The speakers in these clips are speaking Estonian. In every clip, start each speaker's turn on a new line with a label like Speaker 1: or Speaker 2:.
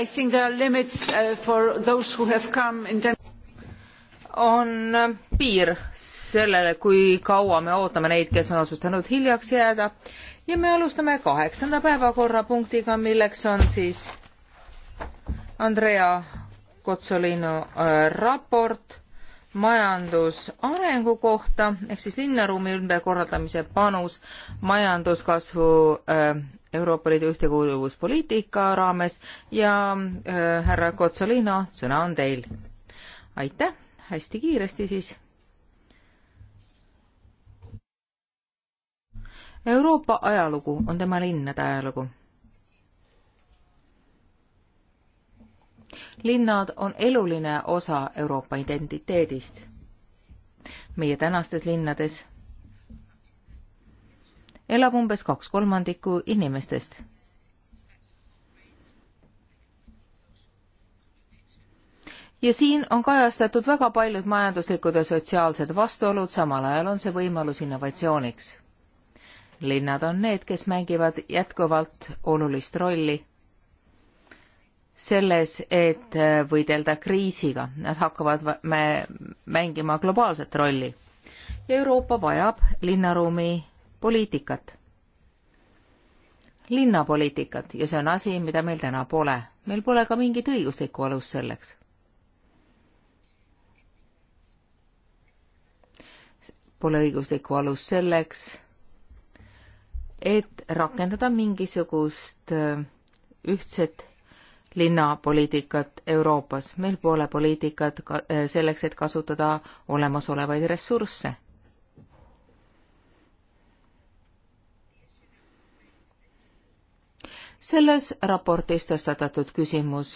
Speaker 1: I think there are limits uh, for those who have come in terms
Speaker 2: on uh, piir sellele, kui kaua me ootame neid, kes on otsustanud hiljaks jääda ja me alustame kaheksanda päevakorrapunktiga, milleks on siis Andrea Kotsolinu äh, raport majandusarengu kohta ehk siis linnaruumi ümberkorraldamise panus majanduskasvu äh, Euroopa Liidu ühtekuuluvuspoliitika raames ja äh, härra Kotsolino, sõna on teil. aitäh, hästi kiiresti siis. Euroopa ajalugu on tema linnade ajalugu. linnad on eluline osa Euroopa identiteedist. meie tänastes linnades elab umbes kaks kolmandikku inimestest. ja siin on kajastatud väga paljud majanduslikud ja sotsiaalsed vastuolud, samal ajal on see võimalus innovatsiooniks. linnad on need, kes mängivad jätkuvalt olulist rolli selles, et võidelda kriisiga, nad hakkavad mängima globaalset rolli. ja Euroopa vajab linnaruumi poliitikat, linnapoliitikat ja see on asi, mida meil täna pole. meil pole ka mingit õiguslikku alust selleks. Pole õiguslikku alust selleks, et rakendada mingisugust äh, ühtset linnapoliitikat Euroopas. meil pole poliitikat ka äh, selleks, et kasutada olemasolevaid ressursse. selles raportis tõstatatud küsimus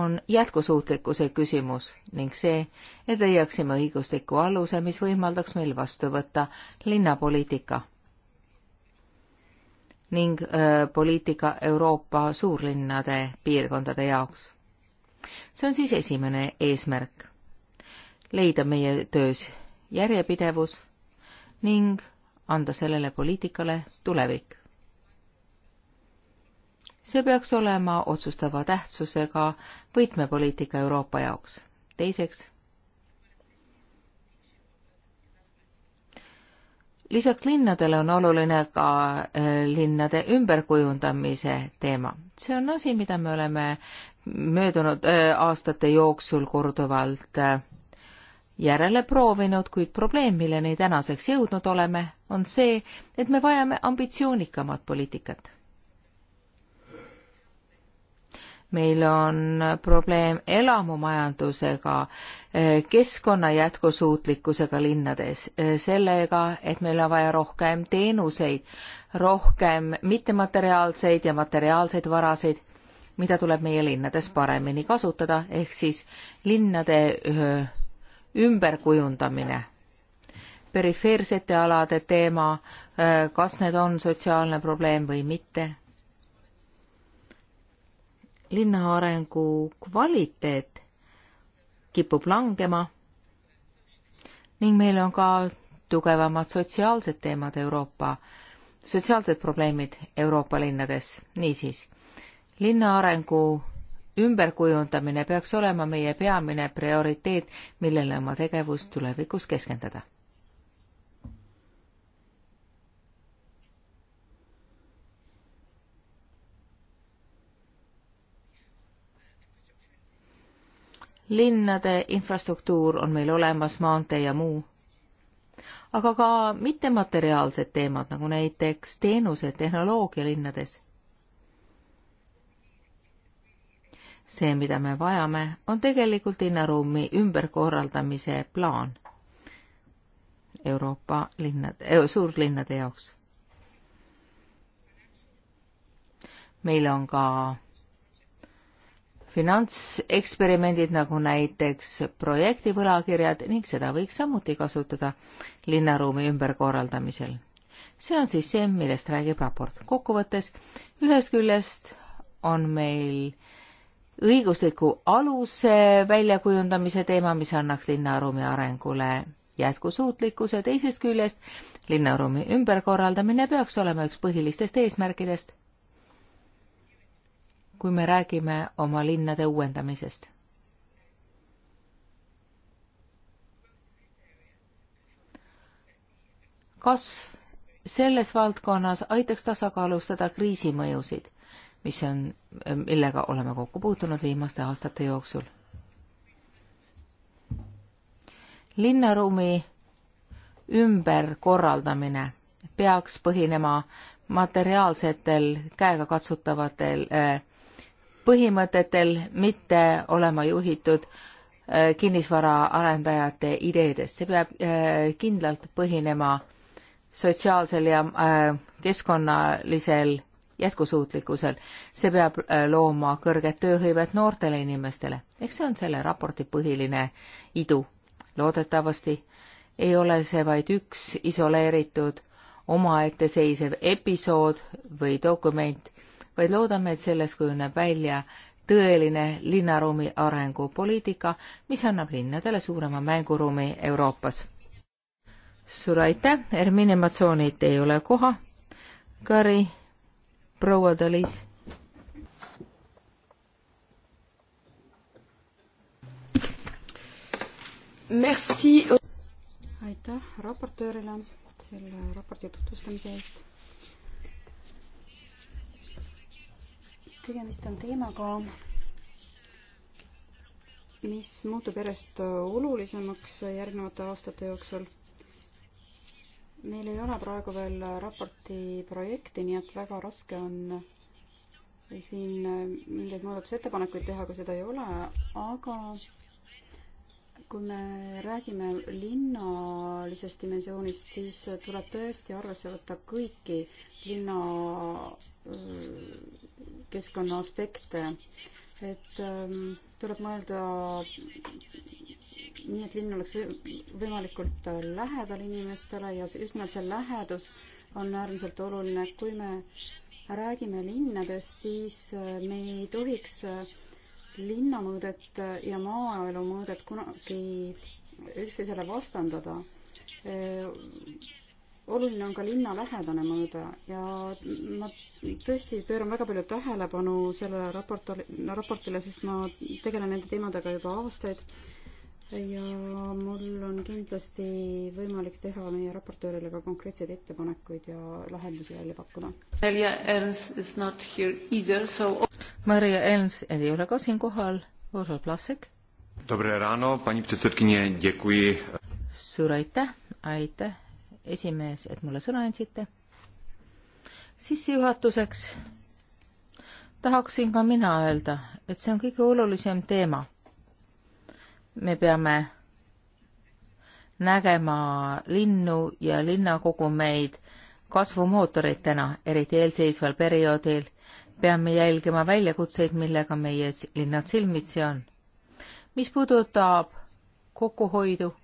Speaker 2: on jätkusuutlikkuse küsimus ning see, et leiaksime õigusliku aluse, mis võimaldaks meil vastu võtta linnapoliitika ning öö, poliitika Euroopa suurlinnade piirkondade jaoks. see on siis esimene eesmärk, leida meie töös järjepidevus ning anda sellele poliitikale tulevik see peaks olema otsustava tähtsusega võtmepoliitika Euroopa jaoks. teiseks, lisaks linnadele on oluline ka äh, linnade ümberkujundamise teema. see on asi, mida me oleme möödunud äh, aastate jooksul korduvalt äh, järele proovinud, kuid probleem, milleni tänaseks jõudnud oleme, on see, et me vajame ambitsioonikamat poliitikat meil on probleem elamumajandusega, eh, keskkonna jätkusuutlikkusega linnades, eh, sellega, et meil on vaja rohkem teenuseid, rohkem mittemateriaalseid ja materiaalseid varasid, mida tuleb meie linnades paremini kasutada, ehk siis linnade eh, ümberkujundamine. perifeersete alade teema, kas need on sotsiaalne probleem või mitte linna arengu kvaliteet kipub langema ning meil on ka tugevamad sotsiaalsed teemad Euroopa, sotsiaalsed probleemid Euroopa linnades. niisiis, linna arengu ümberkujundamine peaks olema meie peamine prioriteet, millele oma tegevust tulevikus keskenduda. linnade infrastruktuur on meil olemas, maantee ja muu. aga ka mittemateriaalsed teemad, nagu näiteks teenused, tehnoloogia linnades. see, mida me vajame, on tegelikult linnaruumi ümberkorraldamise plaan Euroopa linnade, äh, suurlinnade jaoks. meil on ka finantseksperimendid nagu näiteks projektivõlakirjad ning seda võiks samuti kasutada linnaruumi ümberkorraldamisel. see on siis see, millest räägib raport. kokkuvõttes ühest küljest on meil õigusliku aluse väljakujundamise teema, mis annaks linnaruumi arengule jätkusuutlikkuse, teisest küljest linnaruumi ümberkorraldamine peaks olema üks põhilistest eesmärkidest kui me räägime oma linnade uuendamisest. kasv selles valdkonnas aitaks tasakaalustada kriisi mõjusid, mis on, millega oleme kokku puutunud viimaste aastate jooksul. linnaruumi ümberkorraldamine peaks põhinema materiaalsetel käegakatsutavatel äh, põhimõtetel, mitte olema juhitud äh, kinnisvaraarendajate ideedest, see peab äh, kindlalt põhinema sotsiaalsel ja äh, keskkonnalisel jätkusuutlikkusel. see peab looma kõrget tööhõivet noortele inimestele. eks see on selle raporti põhiline idu. loodetavasti ei ole see vaid üks isoleeritud omaette seisev episood või dokument, vaid loodame, et sellest kujuneb välja tõeline linnaruumi arengupoliitika, mis annab linnadele suurema mänguruumi Euroopas. suur aitäh, Ermine Matsoonit ei ole koha. Kari, proua Tõlis.
Speaker 3: aitäh raportöörile selle raporti tutvustamise eest tegemist on teemaga, mis muutub järjest olulisemaks järgnevate aastate jooksul. meil ei ole praegu veel raporti projekti, nii et väga raske on siin mingeid muudatusettepanekuid teha, kui seda ei ole, aga kui me räägime linnalisest dimensioonist, siis tuleb tõesti arvesse võtta kõiki linna keskkonna aspekte, et ähm, tuleb mõelda nii, et linn oleks võimalikult äh, lähedal inimestele ja just nimelt see lähedus on äärmiselt oluline, kui me räägime linnadest, siis äh, me ei tohiks äh, linnamõõdet ja maaelu mõõdet kunagi üksteisele vastandada oluline on ka linna lähedane mõõde ja ma tõesti pööran väga palju tähelepanu sellele raportile, raportile, sest ma tegelen nende teemadega juba aastaid ja mul on kindlasti võimalik teha meie raportöörile ka konkreetseid ettepanekuid ja lahendusi välja pakkuda.
Speaker 1: Maria Ernst is not here either, so Maria
Speaker 2: Ernst ei ole ka siin kohal, Urvo Plasek.
Speaker 4: Dobré ráno, paní předsedkyně, děkuji.
Speaker 2: Suur aitäh, aitäh esimees, et mulle sõna andsite. sissejuhatuseks tahaksin ka mina öelda, et see on kõige olulisem teema. me peame nägema linnu ja linnakogumeid kasvumootoritena, eriti eelseisval perioodil, peame jälgima väljakutseid, millega meie linnad silmitsi on. mis puudutab kokkuhoidu,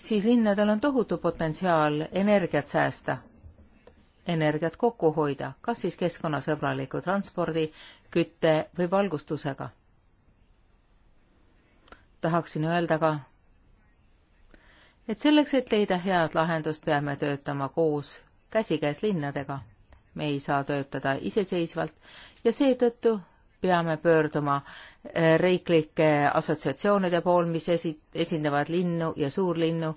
Speaker 2: siis linnadel on tohutu potentsiaal energiat säästa, energiat kokku hoida, kas siis keskkonnasõbraliku transpordi, kütte või valgustusega. tahaksin öelda ka, et selleks, et leida head lahendust, peame töötama koos käsikäes linnadega. me ei saa töötada iseseisvalt ja seetõttu peame pöörduma eh, riiklike assotsiatsioonide pool, mis esi-, esindavad linnu ja suurlinnu,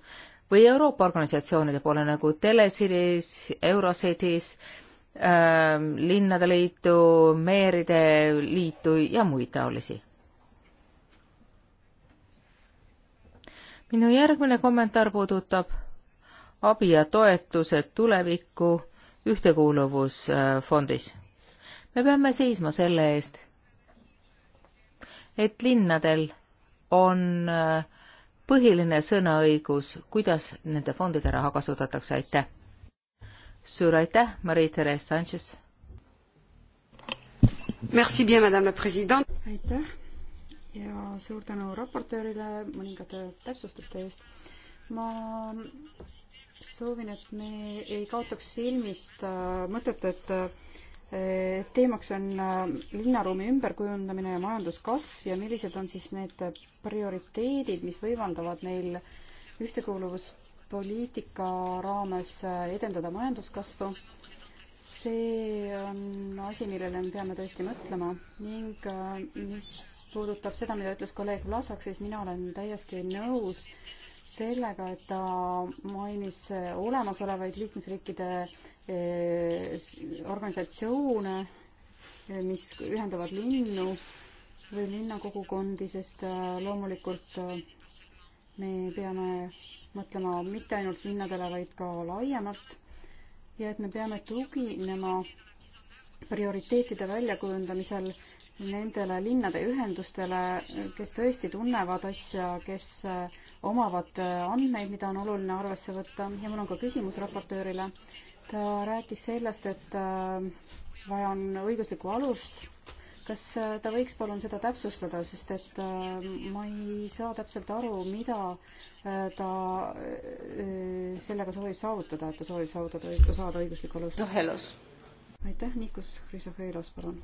Speaker 2: või Euroopa organisatsioonide poole nagu Telesiris, Eurocities äh,, Linnade Liitu, Meeride Liitu ja muid taolisi. minu järgmine kommentaar puudutab abi ja toetused tulevikku ühtekuuluvusfondis. me peame seisma selle eest et linnadel on äh, põhiline sõnaõigus, kuidas nende fondide raha kasutatakse, aitäh! suur aitäh, Marie-Therese Sanchez!
Speaker 3: Merci bien, madame la president! aitäh ja suur tänu raportöörile mõningate täpsustuste eest. ma soovin, et me ei kaotaks silmist äh, mõtet, et äh, teemaks on äh, linnaruumi ümberkujundamine ja majanduskasv ja millised on siis need prioriteedid, mis võimaldavad neil ühtekuuluvuspoliitika raames äh, edendada majanduskasvu. see on asi, millele me peame tõesti mõtlema ning äh, mis puudutab seda, mida ütles kolleeg Vlasak, siis mina olen täiesti nõus sellega, et ta mainis olemasolevaid liikmesriikide Eh, organisatsioone, eh, mis ühendavad linnu või linnakogukondi, sest äh, loomulikult äh, me peame mõtlema mitte ainult linnadele, vaid ka laiemalt ja et me peame tuginema prioriteetide väljakujundamisel nendele linnade ühendustele, kes tõesti tunnevad asja, kes äh, omavad andmeid, mida on oluline arvesse võtta ja mul on ka küsimus raportöörile ta rääkis sellest, et äh, vaja on õiguslikku alust. kas äh, ta võiks palun seda täpsustada, sest et äh, ma ei saa täpselt aru, mida ta sellega soovib saavutada, et ta soovib saavutada, saada õiguslikku alust. Tohelos. aitäh, Nikos Hrisohelos, palun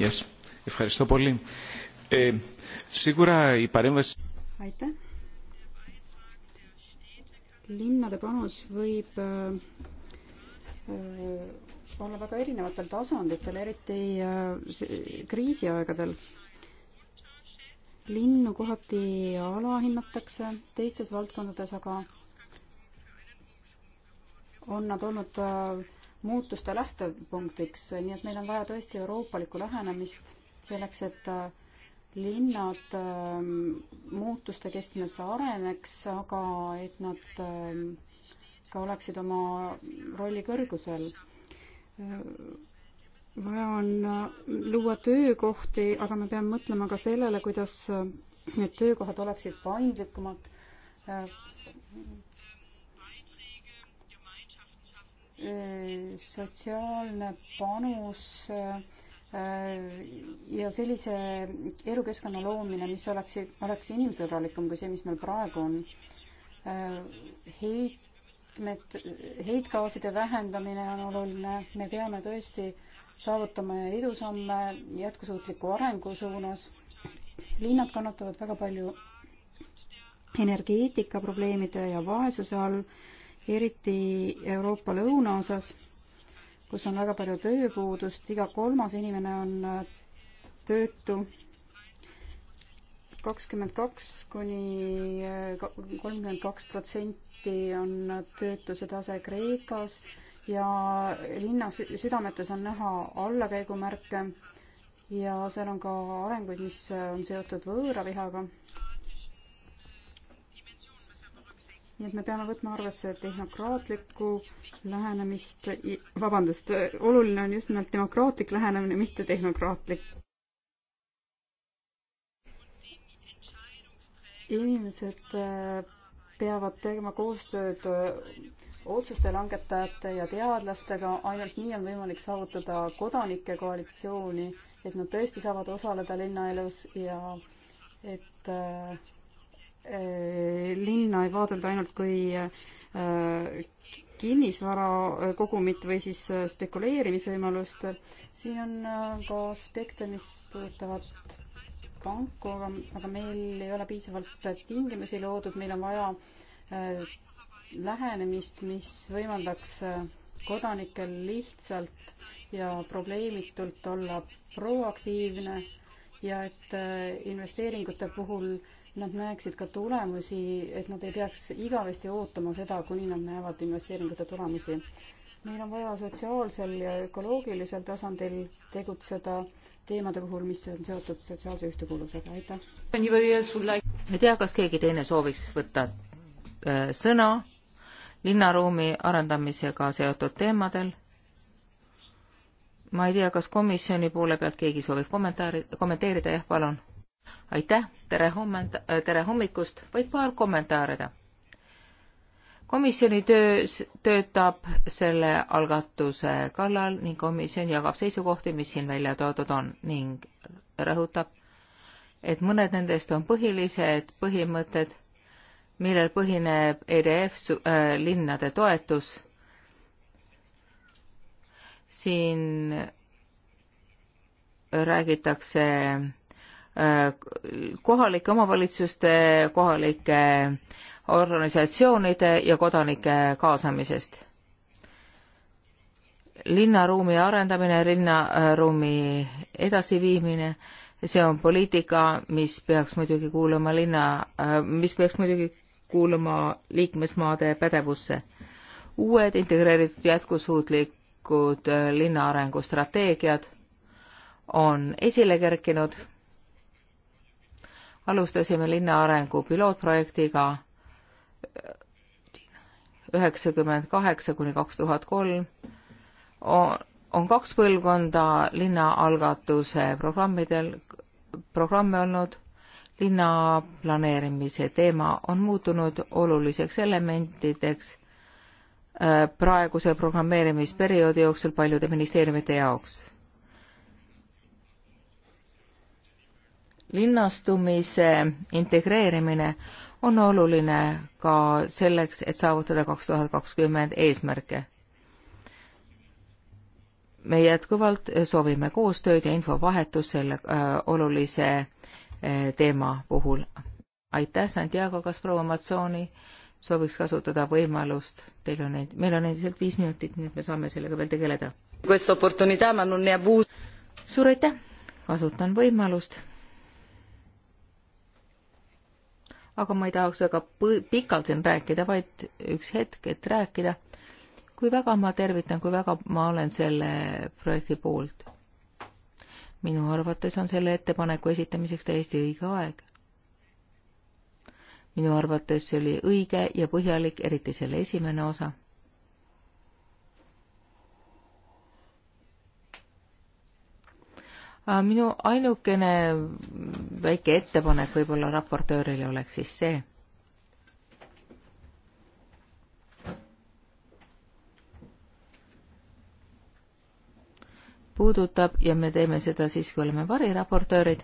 Speaker 1: Yes. Ευχαριστώ πολύ. Ε, σίγουρα η παρέμβαση
Speaker 3: aitäh! linnade panus võib äh, äh, olla väga erinevatel tasanditel, eriti äh, kriisiaegadel. linnu kohati alahinnatakse, teistes valdkondades aga on nad olnud muutuste lähtepunktiks, nii et meil on vaja tõesti euroopalikku lähenemist selleks, et linnad ähm, muutuste keskmes areneks, aga et nad ähm, ka oleksid oma rolli kõrgusel. Äh, vaja on äh, luua töökohti, aga me peame mõtlema ka sellele, kuidas äh, need töökohad oleksid paindlikumad. sotsiaalne panus äh, Äh, ja sellise elukeskkonna loomine, mis oleks, oleks inimsõbralikum kui see, mis meil praegu on. Äh, heitmed, heitgaaside vähendamine on oluline, me peame tõesti saavutama edusamme jätkusuutliku arengu suunas. linnad kannatavad väga palju energeetikaprobleemide ja vaesuse all, eriti Euroopa lõunaosas kus on väga palju tööpuudust, iga kolmas inimene on äh, töötu. kakskümmend kaks kuni äh, kolmkümmend kaks protsenti on äh, töötuse tase Kreekas ja linna südametes on näha allakäigumärke ja seal on ka arenguid, mis on seotud võõravihaga nii et me peame võtma arvesse tehnokraatlikku lähenemist, vabandust, oluline on just nimelt demokraatlik lähenemine, mitte tehnokraatlik. inimesed äh, peavad tegema koostööd äh, otsuste langetajate ja teadlastega, ainult nii on võimalik saavutada kodanike koalitsiooni, et nad tõesti saavad osaleda linnaelus ja et äh, Äh, linna ei vaadelda ainult kui äh, kinnisvarakogumit äh, või siis spekuleerimisvõimalust. siin on ka aspekte, mis puudutavad panku, aga, aga meil ei ole piisavalt tingimusi loodud, meil on vaja lähenemist, mis võimaldaks kodanikel lihtsalt ja probleemitult olla proaktiivne ja et investeeringute puhul äh, nad näeksid ka tulemusi, et nad ei peaks igavesti ootama seda, kuni nad näevad investeeringute tulemusi. meil on vaja sotsiaalsel ja ökoloogilisel tasandil tegutseda teemade puhul, mis on seotud sotsiaalse ühtekuuluvusega, aitäh.
Speaker 2: ei tea, kas keegi teine sooviks võtta äh, sõna linnaruumi arendamisega seotud teemadel. ma ei tea, kas komisjoni poole pealt keegi soovib kommentaari, kommenteerida, jah, palun. aitäh tere hommend-, tere hommikust, vaid paar kommentaarida. komisjoni töös töötab selle algatuse kallal ning komisjon jagab seisukohti, mis siin välja toodud on ning rõhutab, et mõned nendest on põhilised põhimõtted, millel põhineb EDF äh, linnade toetus. siin räägitakse Äh, kohalike omavalitsuste, kohalike organisatsioonide ja kodanike kaasamisest. linnaruumi arendamine, linnaruumi edasiviimine, see on poliitika, mis peaks muidugi kuuluma linna, äh, mis peaks muidugi kuuluma liikmesmaade pädevusse. uued integreeritud jätkusuutlikud äh, linna arengustrateegiad on esile kerkinud alustasime linna arengu pilootprojektiga üheksakümmend kaheksa kuni kaks tuhat kolm on kaks põlvkonda linnaalgatuse programmidel, programme olnud, linnaplaneerimise teema on muutunud oluliseks elementideks äh, praeguse programmeerimisperioodi jooksul paljude ministeeriumite jaoks linnastumise integreerimine on oluline ka selleks, et saavutada kaks tuhat kakskümmend eesmärke. me jätkuvalt soovime koostööd ja infovahetust selle äh, olulise äh, teema puhul. aitäh, Santiago, kas proua Matsooni sooviks kasutada võimalust, teil on neid, meil on endiselt viis minutit, nii et me saame sellega veel tegeleda. suur aitäh, kasutan võimalust aga ma ei tahaks väga pikalt siin rääkida, vaid üks hetk, et rääkida, kui väga ma tervitan, kui väga ma olen selle projekti poolt. minu arvates on selle ettepaneku esitamiseks täiesti õige aeg. minu arvates see oli õige ja põhjalik, eriti selle esimene osa minu ainukene väike ettepanek võib-olla raportöörile oleks siis see, puudutab ja me teeme seda siis, kui oleme variraportöörid.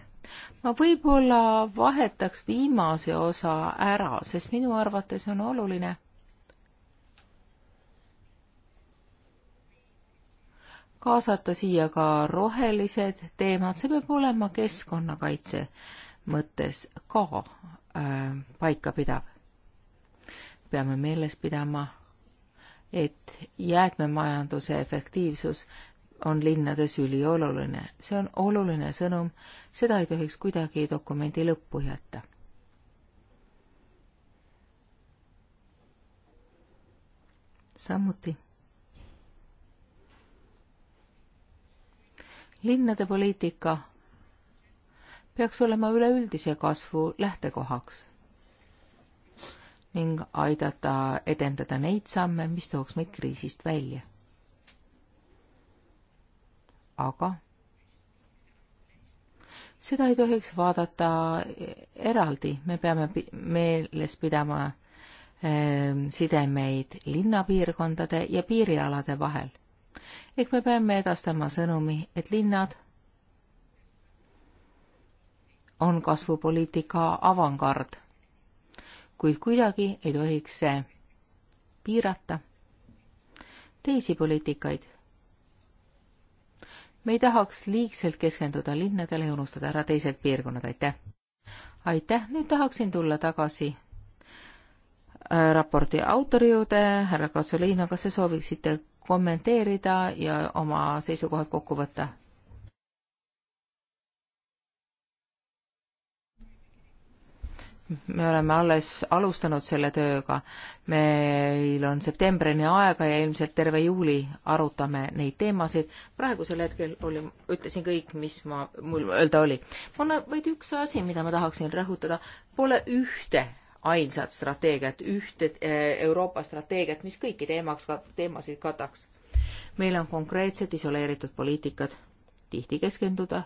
Speaker 2: ma võib-olla vahetaks viimase osa ära, sest minu arvates on oluline kaasata siia ka rohelised teemad, see peab olema keskkonnakaitse mõttes ka äh, paikapidav. peame meeles pidama, et jäätmemajanduse efektiivsus on linnades ülioluline, see on oluline sõnum, seda ei tohiks kuidagi dokumendi lõppu jätta samuti linnade poliitika peaks olema üleüldise kasvu lähtekohaks ning aidata edendada neid samme, mis tooks meid kriisist välja. aga seda ei tohiks vaadata eraldi, me peame meeles pidama äh, sidemeid linnapiirkondade ja piirialade vahel ehk me peame edastama sõnumi, et linnad on kasvupoliitika avangard, kuid kuidagi ei tohiks see piirata teisi poliitikaid. me ei tahaks liigselt keskenduda linnadele ja unustada ära teised piirkonnad, aitäh! aitäh, nüüd tahaksin tulla tagasi äh, raporti autori juurde, härra Kasolino, kas te sooviksite kommenteerida ja oma seisukohad kokku võtta. me oleme alles alustanud selle tööga. meil on septembrini aega ja ilmselt terve juuli arutame neid teemasid. praegusel hetkel oli, ütlesin kõik, mis ma, mul öelda oli. on vaid üks asi, mida ma tahaksin rõhutada. Pole ühte ainsat strateegiat, ühte eh, Euroopa strateegiat, mis kõiki teemaks, teemasid kataks. meil on konkreetsed isoleeritud poliitikad, tihti keskenduda,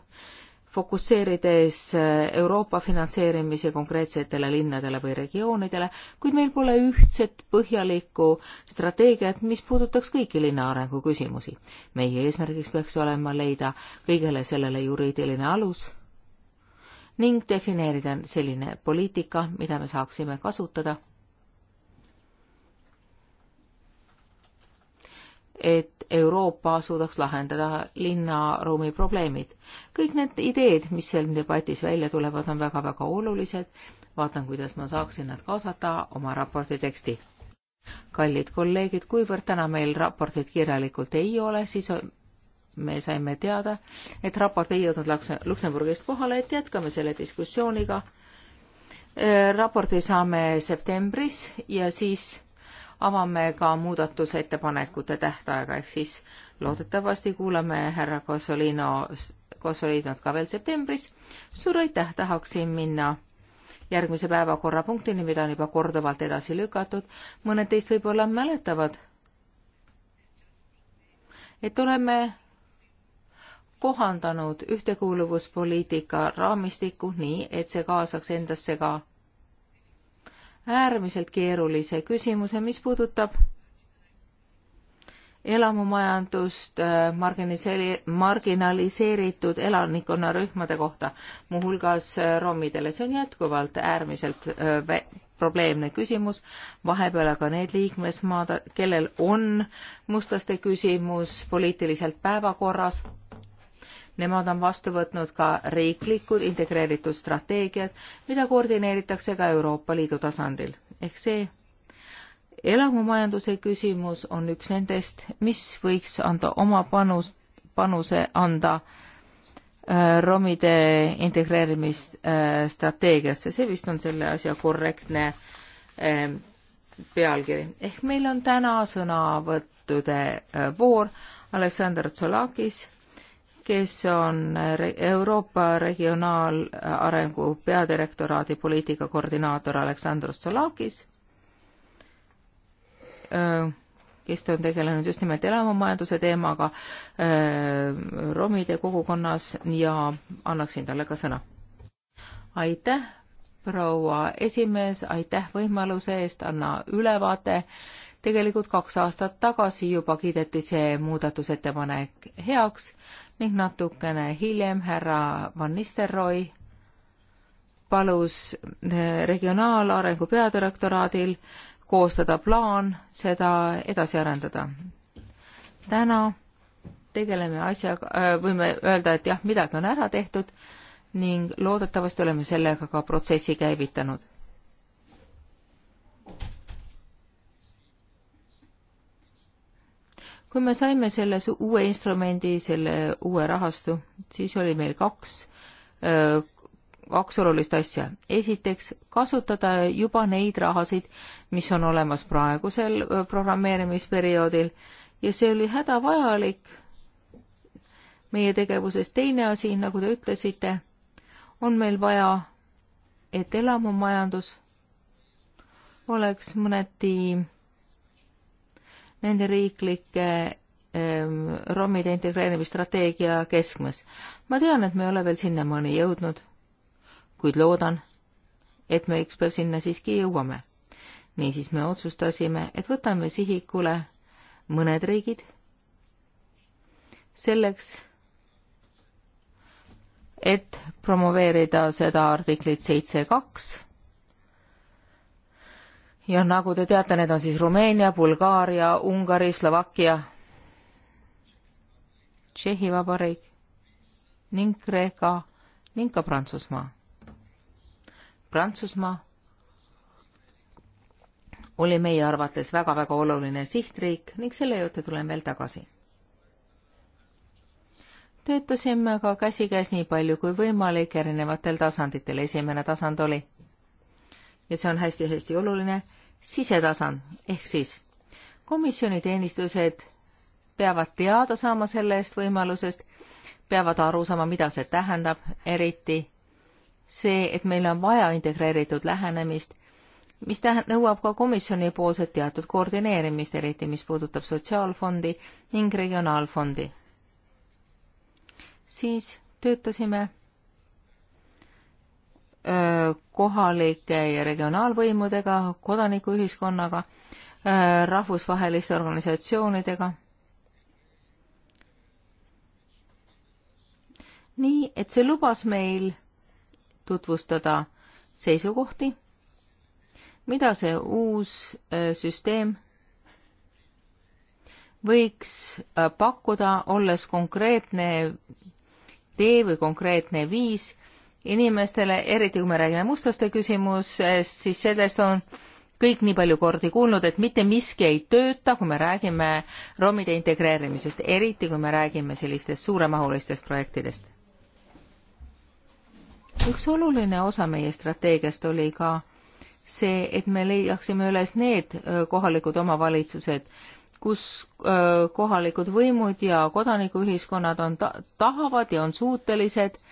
Speaker 2: fokusseerides eh, Euroopa finantseerimise konkreetsetele linnadele või regioonidele, kuid meil pole ühtset põhjalikku strateegiat, mis puudutaks kõiki linna arengu küsimusi. meie eesmärgiks peaks olema leida kõigele sellele juriidiline alus ning defineerida selline poliitika, mida me saaksime kasutada, et Euroopa suudaks lahendada linnaruumi probleemid. kõik need ideed, mis seal debatis välja tulevad, on väga-väga olulised. vaatan, kuidas ma saaksin nad kaasata oma raporti teksti kallid kolleegid, kuivõrd täna meil raportit kirjalikult ei ole, siis me saime teada, et raport ei jõudnud Luksemburgist kohale, et jätkame selle diskussiooniga. Äh, raporti saame septembris ja siis avame ka muudatusettepanekute tähtaega, ehk siis loodetavasti kuulame härra Cosolino, Cosolinot ka veel septembris. suur aitäh, tahaksin minna järgmise päevakorrapunktini, mida on juba korduvalt edasi lükatud. mõned teist võib-olla mäletavad, et oleme kohandanud ühtekuuluvuspoliitika raamistikku nii, et see kaasaks endasse ka äärmiselt keerulise küsimuse, mis puudutab elamumajandust äh, marginaliseeri-, marginaliseeritud elanikkonnarühmade kohta, muuhulgas äh, rommidele. see on jätkuvalt äärmiselt öö, äh, probleemne küsimus, vahepeal aga need liikmesmaad, kellel on mustlaste küsimus poliitiliselt päevakorras, Nemad on vastu võtnud ka riiklikud integreeritud strateegiad, mida koordineeritakse ka Euroopa Liidu tasandil. ehk see elamumajanduse küsimus on üks nendest, mis võiks anda oma panus, panuse anda äh, romide integreerimisstrateegiasse, äh, see vist on selle asja korrektne ähm, pealkiri. ehk meil on täna sõnavõttude äh, voor Aleksander Tsolakis kes on Euroopa Regionaalarengu peadirektoraadi poliitika koordinaator Aleksandros Solakis, kes on tegelenud just nimelt elamumajanduse teemaga romide kogukonnas ja annaksin talle ka sõna. aitäh, proua esimees, aitäh võimaluse eest, anna ülevaate tegelikult kaks aastat tagasi juba kiideti see muudatusettepanek heaks ning natukene hiljem härra Van Nistelrooy palus eh, regionaalarengu peadirektoraadil koostada plaan seda edasi arendada. täna tegeleme asjaga, äh, võime öelda, et jah, midagi on ära tehtud ning loodetavasti oleme sellega ka protsessi käivitanud kui me saime selle uue instrumendi, selle uue rahastu, siis oli meil kaks, äh, kaks olulist asja. esiteks, kasutada juba neid rahasid, mis on olemas praegusel äh, programmeerimisperioodil ja see oli hädavajalik meie tegevuses. teine asi, nagu te ütlesite, on meil vaja, et elamumajandus oleks mõneti nende riiklike ehm, rommide integreerimisstrateegia keskmes. ma tean, et me ei ole veel sinnamaani jõudnud, kuid loodan, et me ükspäev sinna siiski jõuame. niisiis me otsustasime, et võtame sihikule mõned riigid selleks, et promoveerida seda artiklit seitse kaks ja nagu te teate, need on siis Rumeenia, Bulgaaria, Ungari, Slovakkia, Tšehhi Vabariik ning Kreeka ning ka Prantsusmaa. Prantsusmaa oli meie arvates väga-väga oluline sihtriik ning selle juurde tulen veel tagasi. töötasime ka käsikäes nii palju kui võimalik erinevatel tasanditel, esimene tasand oli ja see on hästi-hästi oluline, sisetasand ehk siis komisjoni teenistused peavad teada saama sellest võimalusest, peavad aru saama, mida see tähendab, eriti see, et meil on vaja integreeritud lähenemist, mis tähe-, nõuab ka komisjonipoolset teatud koordineerimist, eriti mis puudutab sotsiaalfondi ning regionaalfondi. siis töötasime kohalike ja regionaalvõimudega, kodanikuühiskonnaga, rahvusvaheliste organisatsioonidega. nii et see lubas meil tutvustada seisukohti, mida see uus süsteem võiks pakkuda, olles konkreetne tee või konkreetne viis inimestele, eriti kui me räägime mustlaste küsimusest, siis sellest on kõik nii palju kordi kuulnud, et mitte miski ei tööta, kui me räägime romide integreerimisest, eriti kui me räägime sellistest suuremahulistest projektidest. üks oluline osa meie strateegiast oli ka see, et me leiaksime üles need kohalikud omavalitsused, kus kohalikud võimud ja kodanikuühiskonnad on ta-, tahavad ja on suutelised äh,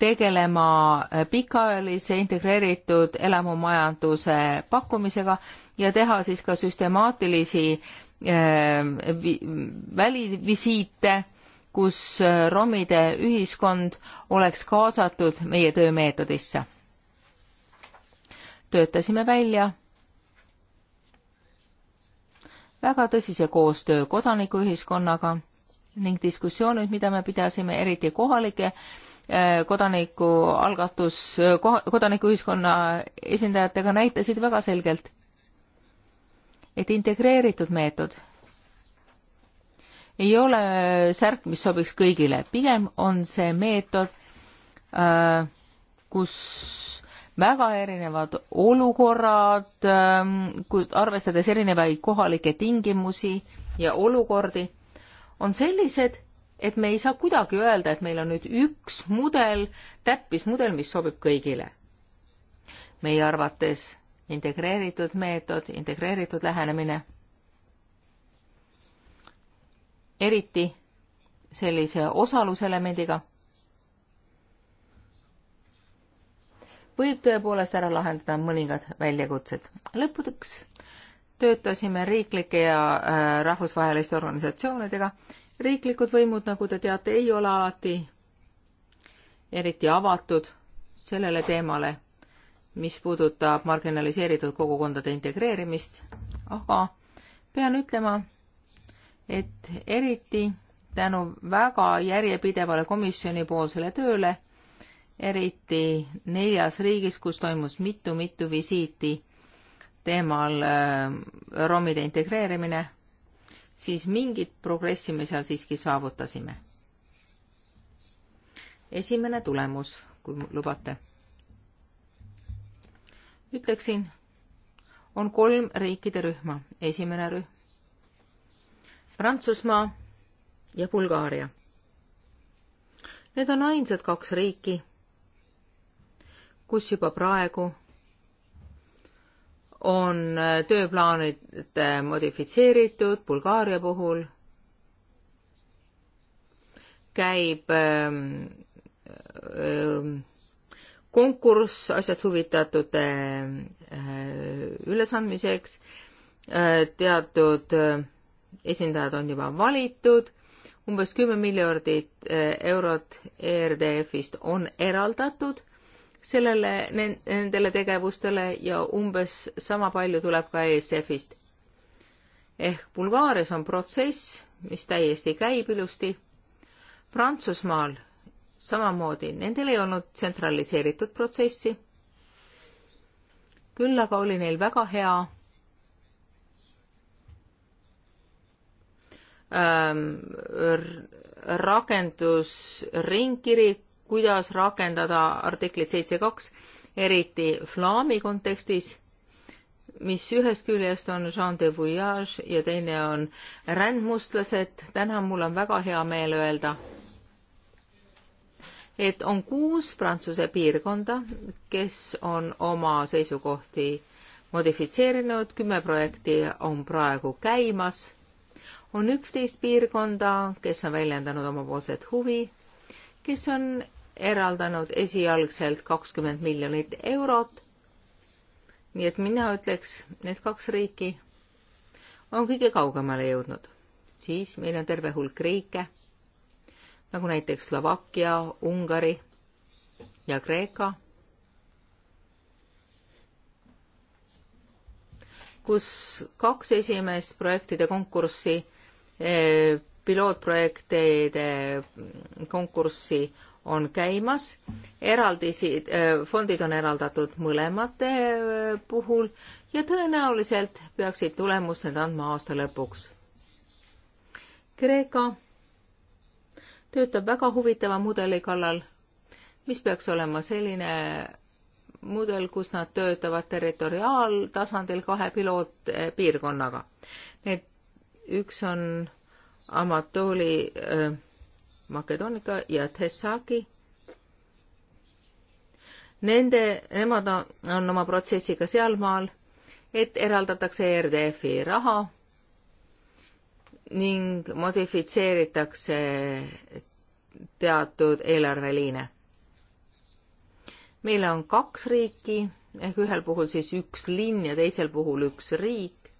Speaker 2: tegelema äh, pikaajalise integreeritud elamumajanduse pakkumisega ja teha siis ka süstemaatilisi äh, välivisiite, kus äh, romide ühiskond oleks kaasatud meie töömeetodisse. töötasime välja väga tõsise koostöö kodanikuühiskonnaga ning diskussioonid, mida me pidasime eriti kohalike Eh, kodanikualgatus, eh, kodanikuühiskonna esindajatega näitasid väga selgelt, et integreeritud meetod ei ole särk, mis sobiks kõigile, pigem on see meetod, eh, kus väga erinevad olukorrad, arvestades erinevaid kohalikke tingimusi ja olukordi, on sellised, et me ei saa kuidagi öelda, et meil on nüüd üks mudel, täppismudel, mis sobib kõigile. meie arvates integreeritud meetod, integreeritud lähenemine, eriti sellise osaluselemendiga, võib tõepoolest ära lahendada mõningad väljakutsed. lõpuks töötasime riiklike ja äh, rahvusvaheliste organisatsioonidega riiklikud võimud, nagu te teate, ei ole alati eriti avatud sellele teemale, mis puudutab marginaliseeritud kogukondade integreerimist, aga pean ütlema, et eriti tänu väga järjepidevale komisjonipoolsele tööle, eriti neljas riigis, kus toimus mitu-mitu visiiti teemal äh, romide integreerimine siis mingit progressi me seal siiski saavutasime. esimene tulemus, kui lubate. ütleksin, on kolm riikide rühma. esimene rühm Prantsusmaa ja Bulgaaria. Need on ainsad kaks riiki, kus juba praegu on tööplaanid modifitseeritud Bulgaaria puhul, käib ähm, ähm, konkurss asjast huvitatute äh, ülesandmiseks, äh, teatud äh, esindajad on juba valitud, umbes kümme miljardit eurot ERDF-ist on eraldatud sellele, nendele tegevustele ja umbes sama palju tuleb ka ESF-ist. ehk Bulgaarias on protsess, mis täiesti käib ilusti. Prantsusmaal samamoodi, nendel ei olnud tsentraliseeritud protsessi. küll aga oli neil väga hea ähm, rakendusringkiri kuidas rakendada artiklit seitse kaks, eriti flaami kontekstis, mis ühest küljest on Jean de Voyage ja teine on rändmustlased. täna mul on väga hea meel öelda, et on kuus Prantsuse piirkonda, kes on oma seisukohti modifitseerinud, kümme projekti on praegu käimas on üksteist piirkonda, kes on väljendanud omapoolset huvi, kes on eraldanud esialgselt kakskümmend miljonit eurot. nii et mina ütleks, need kaks riiki on kõige kaugemale jõudnud. siis meil on terve hulk riike, nagu näiteks Slovakkia, Ungari ja Kreeka, kus kaks esimest projektide konkurssi, eh, pilootprojektide konkurssi on käimas, eraldisid, äh, fondid on eraldatud mõlemate äh, puhul ja tõenäoliselt peaksid tulemust need andma aasta lõpuks. Kreeka töötab väga huvitava mudeli kallal, mis peaks olema selline mudel, kus nad töötavad territoriaaltasandil kahe pilootpiirkonnaga. Äh, need, üks on Amatooli äh, Makedoonika ja Thessaki. Nende, nemad on oma protsessiga sealmaal, et eraldatakse RDF-i raha ning modifitseeritakse teatud eelarveliine. meil on kaks riiki ehk ühel puhul siis üks linn ja teisel puhul üks riik,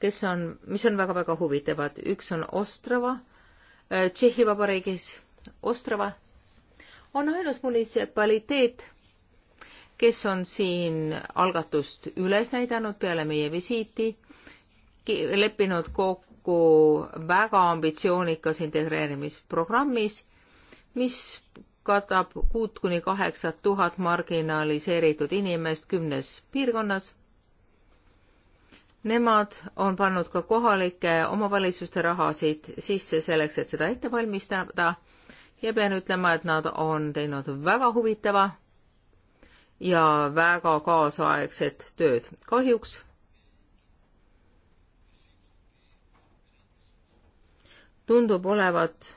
Speaker 2: kes on, mis on väga-väga huvitavad, üks on Ostrava Äh, Tšehhi Vabariigis Ostrava on ainus munitsipaliteet, kes on siin algatust üles näidanud peale meie visiiti, leppinud kokku väga ambitsioonikas integreerimisprogrammis, mis katab kuut kuni kaheksat tuhat marginaliseeritud inimest kümnes piirkonnas Nemad on pannud ka kohalike omavalitsuste rahasid sisse selleks, et seda ette valmistada ja pean ütlema, et nad on teinud väga huvitava ja väga kaasaegset tööd. kahjuks tundub olevat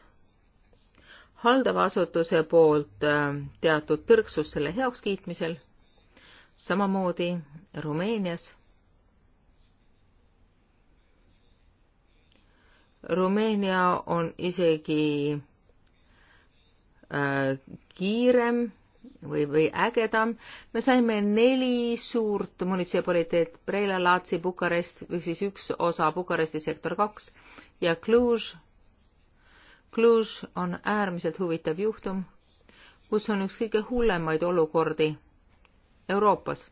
Speaker 2: haldava asutuse poolt äh, teatud tõrksus selle heakskiitmisel, samamoodi Rumeenias Rumeenia on isegi äh, kiirem või, või ägedam. me saime neli suurt munitsipoliteet, Preila, Laatsi, Bukarest, või siis üks osa Bukaresti sektor kaks ja Cluj. Cluj on äärmiselt huvitav juhtum, kus on üks kõige hullemaid olukordi Euroopas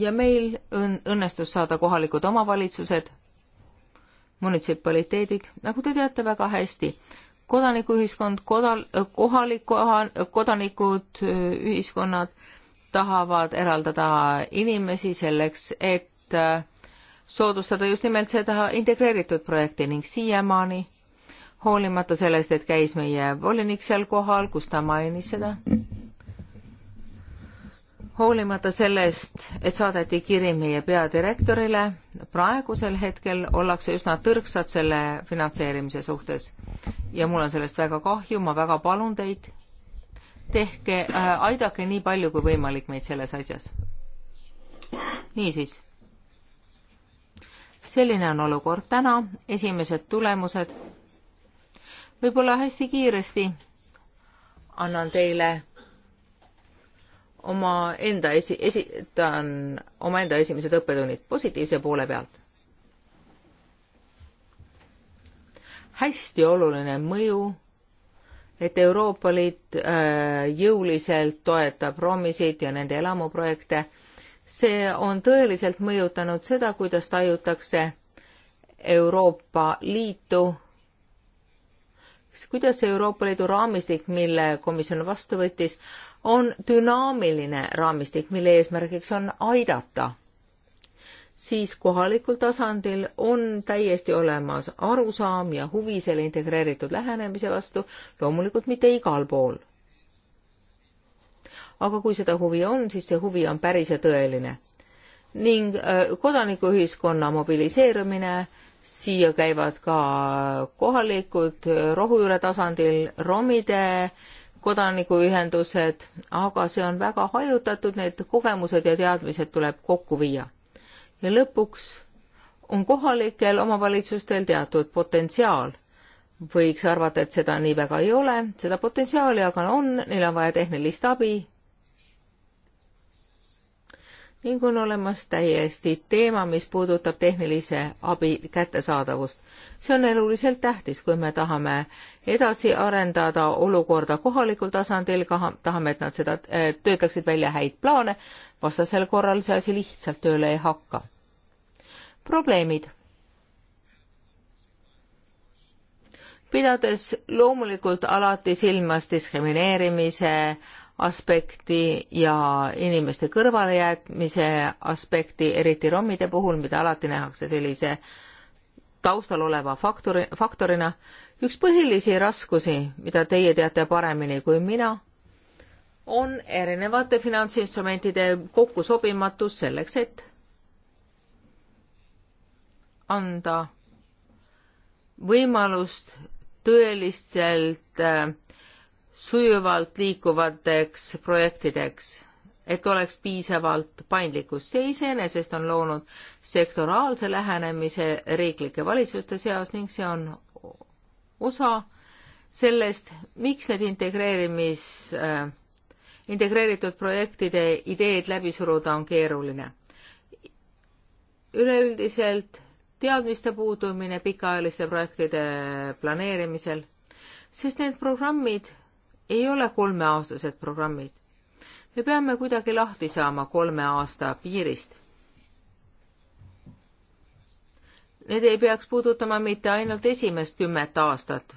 Speaker 2: ja meil õn-, õnnestus saada kohalikud omavalitsused, munitsipaliteedid, nagu te teate väga hästi, kodanikuühiskond, kodal-, kohaliku, kodanikud, ühiskonnad tahavad eraldada inimesi selleks, et äh, soodustada just nimelt seda integreeritud projekti ning siiamaani, hoolimata sellest, et käis meie volinik seal kohal, kus ta mainis seda, hoolimata sellest, et saadeti kiri meie peadirektorile, praegusel hetkel ollakse üsna tõrksad selle finantseerimise suhtes. ja mul on sellest väga kahju, ma väga palun teid, tehke äh,, aidake nii palju kui võimalik meid selles asjas. niisiis, selline on olukord täna, esimesed tulemused. võib-olla hästi kiiresti annan teile omaenda esi-, esitan omaenda esimesed õppetunnid positiivse poole pealt. hästi oluline mõju, et Euroopa Liit äh, jõuliselt toetab ROM-isid ja nende elamuprojekte. see on tõeliselt mõjutanud seda, kuidas tajutakse Euroopa Liitu kuidas Euroopa Liidu raamistik, mille komisjon vastu võttis, on dünaamiline raamistik, mille eesmärgiks on aidata siis kohalikul tasandil on täiesti olemas arusaam ja huvi selle integreeritud lähenemise vastu, loomulikult mitte igal pool. aga kui seda huvi on, siis see huvi on päris ja tõeline. ning äh, kodanikuühiskonna mobiliseerumine, siia käivad ka kohalikud äh, rohujuure tasandil romide äh, kodanikuühendused, aga see on väga hajutatud, need kogemused ja teadmised tuleb kokku viia. ja lõpuks on kohalikel omavalitsustel teatud potentsiaal. võiks arvata, et seda nii väga ei ole, seda potentsiaali aga on, neil on vaja tehnilist abi ning on olemas täiesti teema, mis puudutab tehnilise abi kättesaadavust see on eluliselt tähtis, kui me tahame edasi arendada olukorda kohalikul tasandil, tahame, et nad seda, eh, töötaksid välja häid plaane, vastasel korral see asi lihtsalt tööle ei hakka. probleemid. pidades loomulikult alati silmas diskrimineerimise aspekti ja inimeste kõrvalejätmise aspekti, eriti rommide puhul, mida alati nähakse sellise äh, taustal oleva faktori, faktorina üks põhilisi raskusi, mida teie teate paremini kui mina, on erinevate finantsinstrumentide kokkusobimatus selleks, et anda võimalust tõelistelt äh, sujuvalt liikuvateks projektideks et oleks piisavalt paindlikkust. see iseenesest on loonud sektoraalse lähenemise riiklike valitsuste seas ning see on osa sellest, miks need integreerimis äh,, integreeritud projektide ideed läbi suruda on keeruline. üleüldiselt teadmiste puudumine pikaajaliste projektide planeerimisel, sest need programmid ei ole kolmeaastased programmid me peame kuidagi lahti saama kolme aasta piirist. Need ei peaks puudutama mitte ainult esimest kümmet aastat,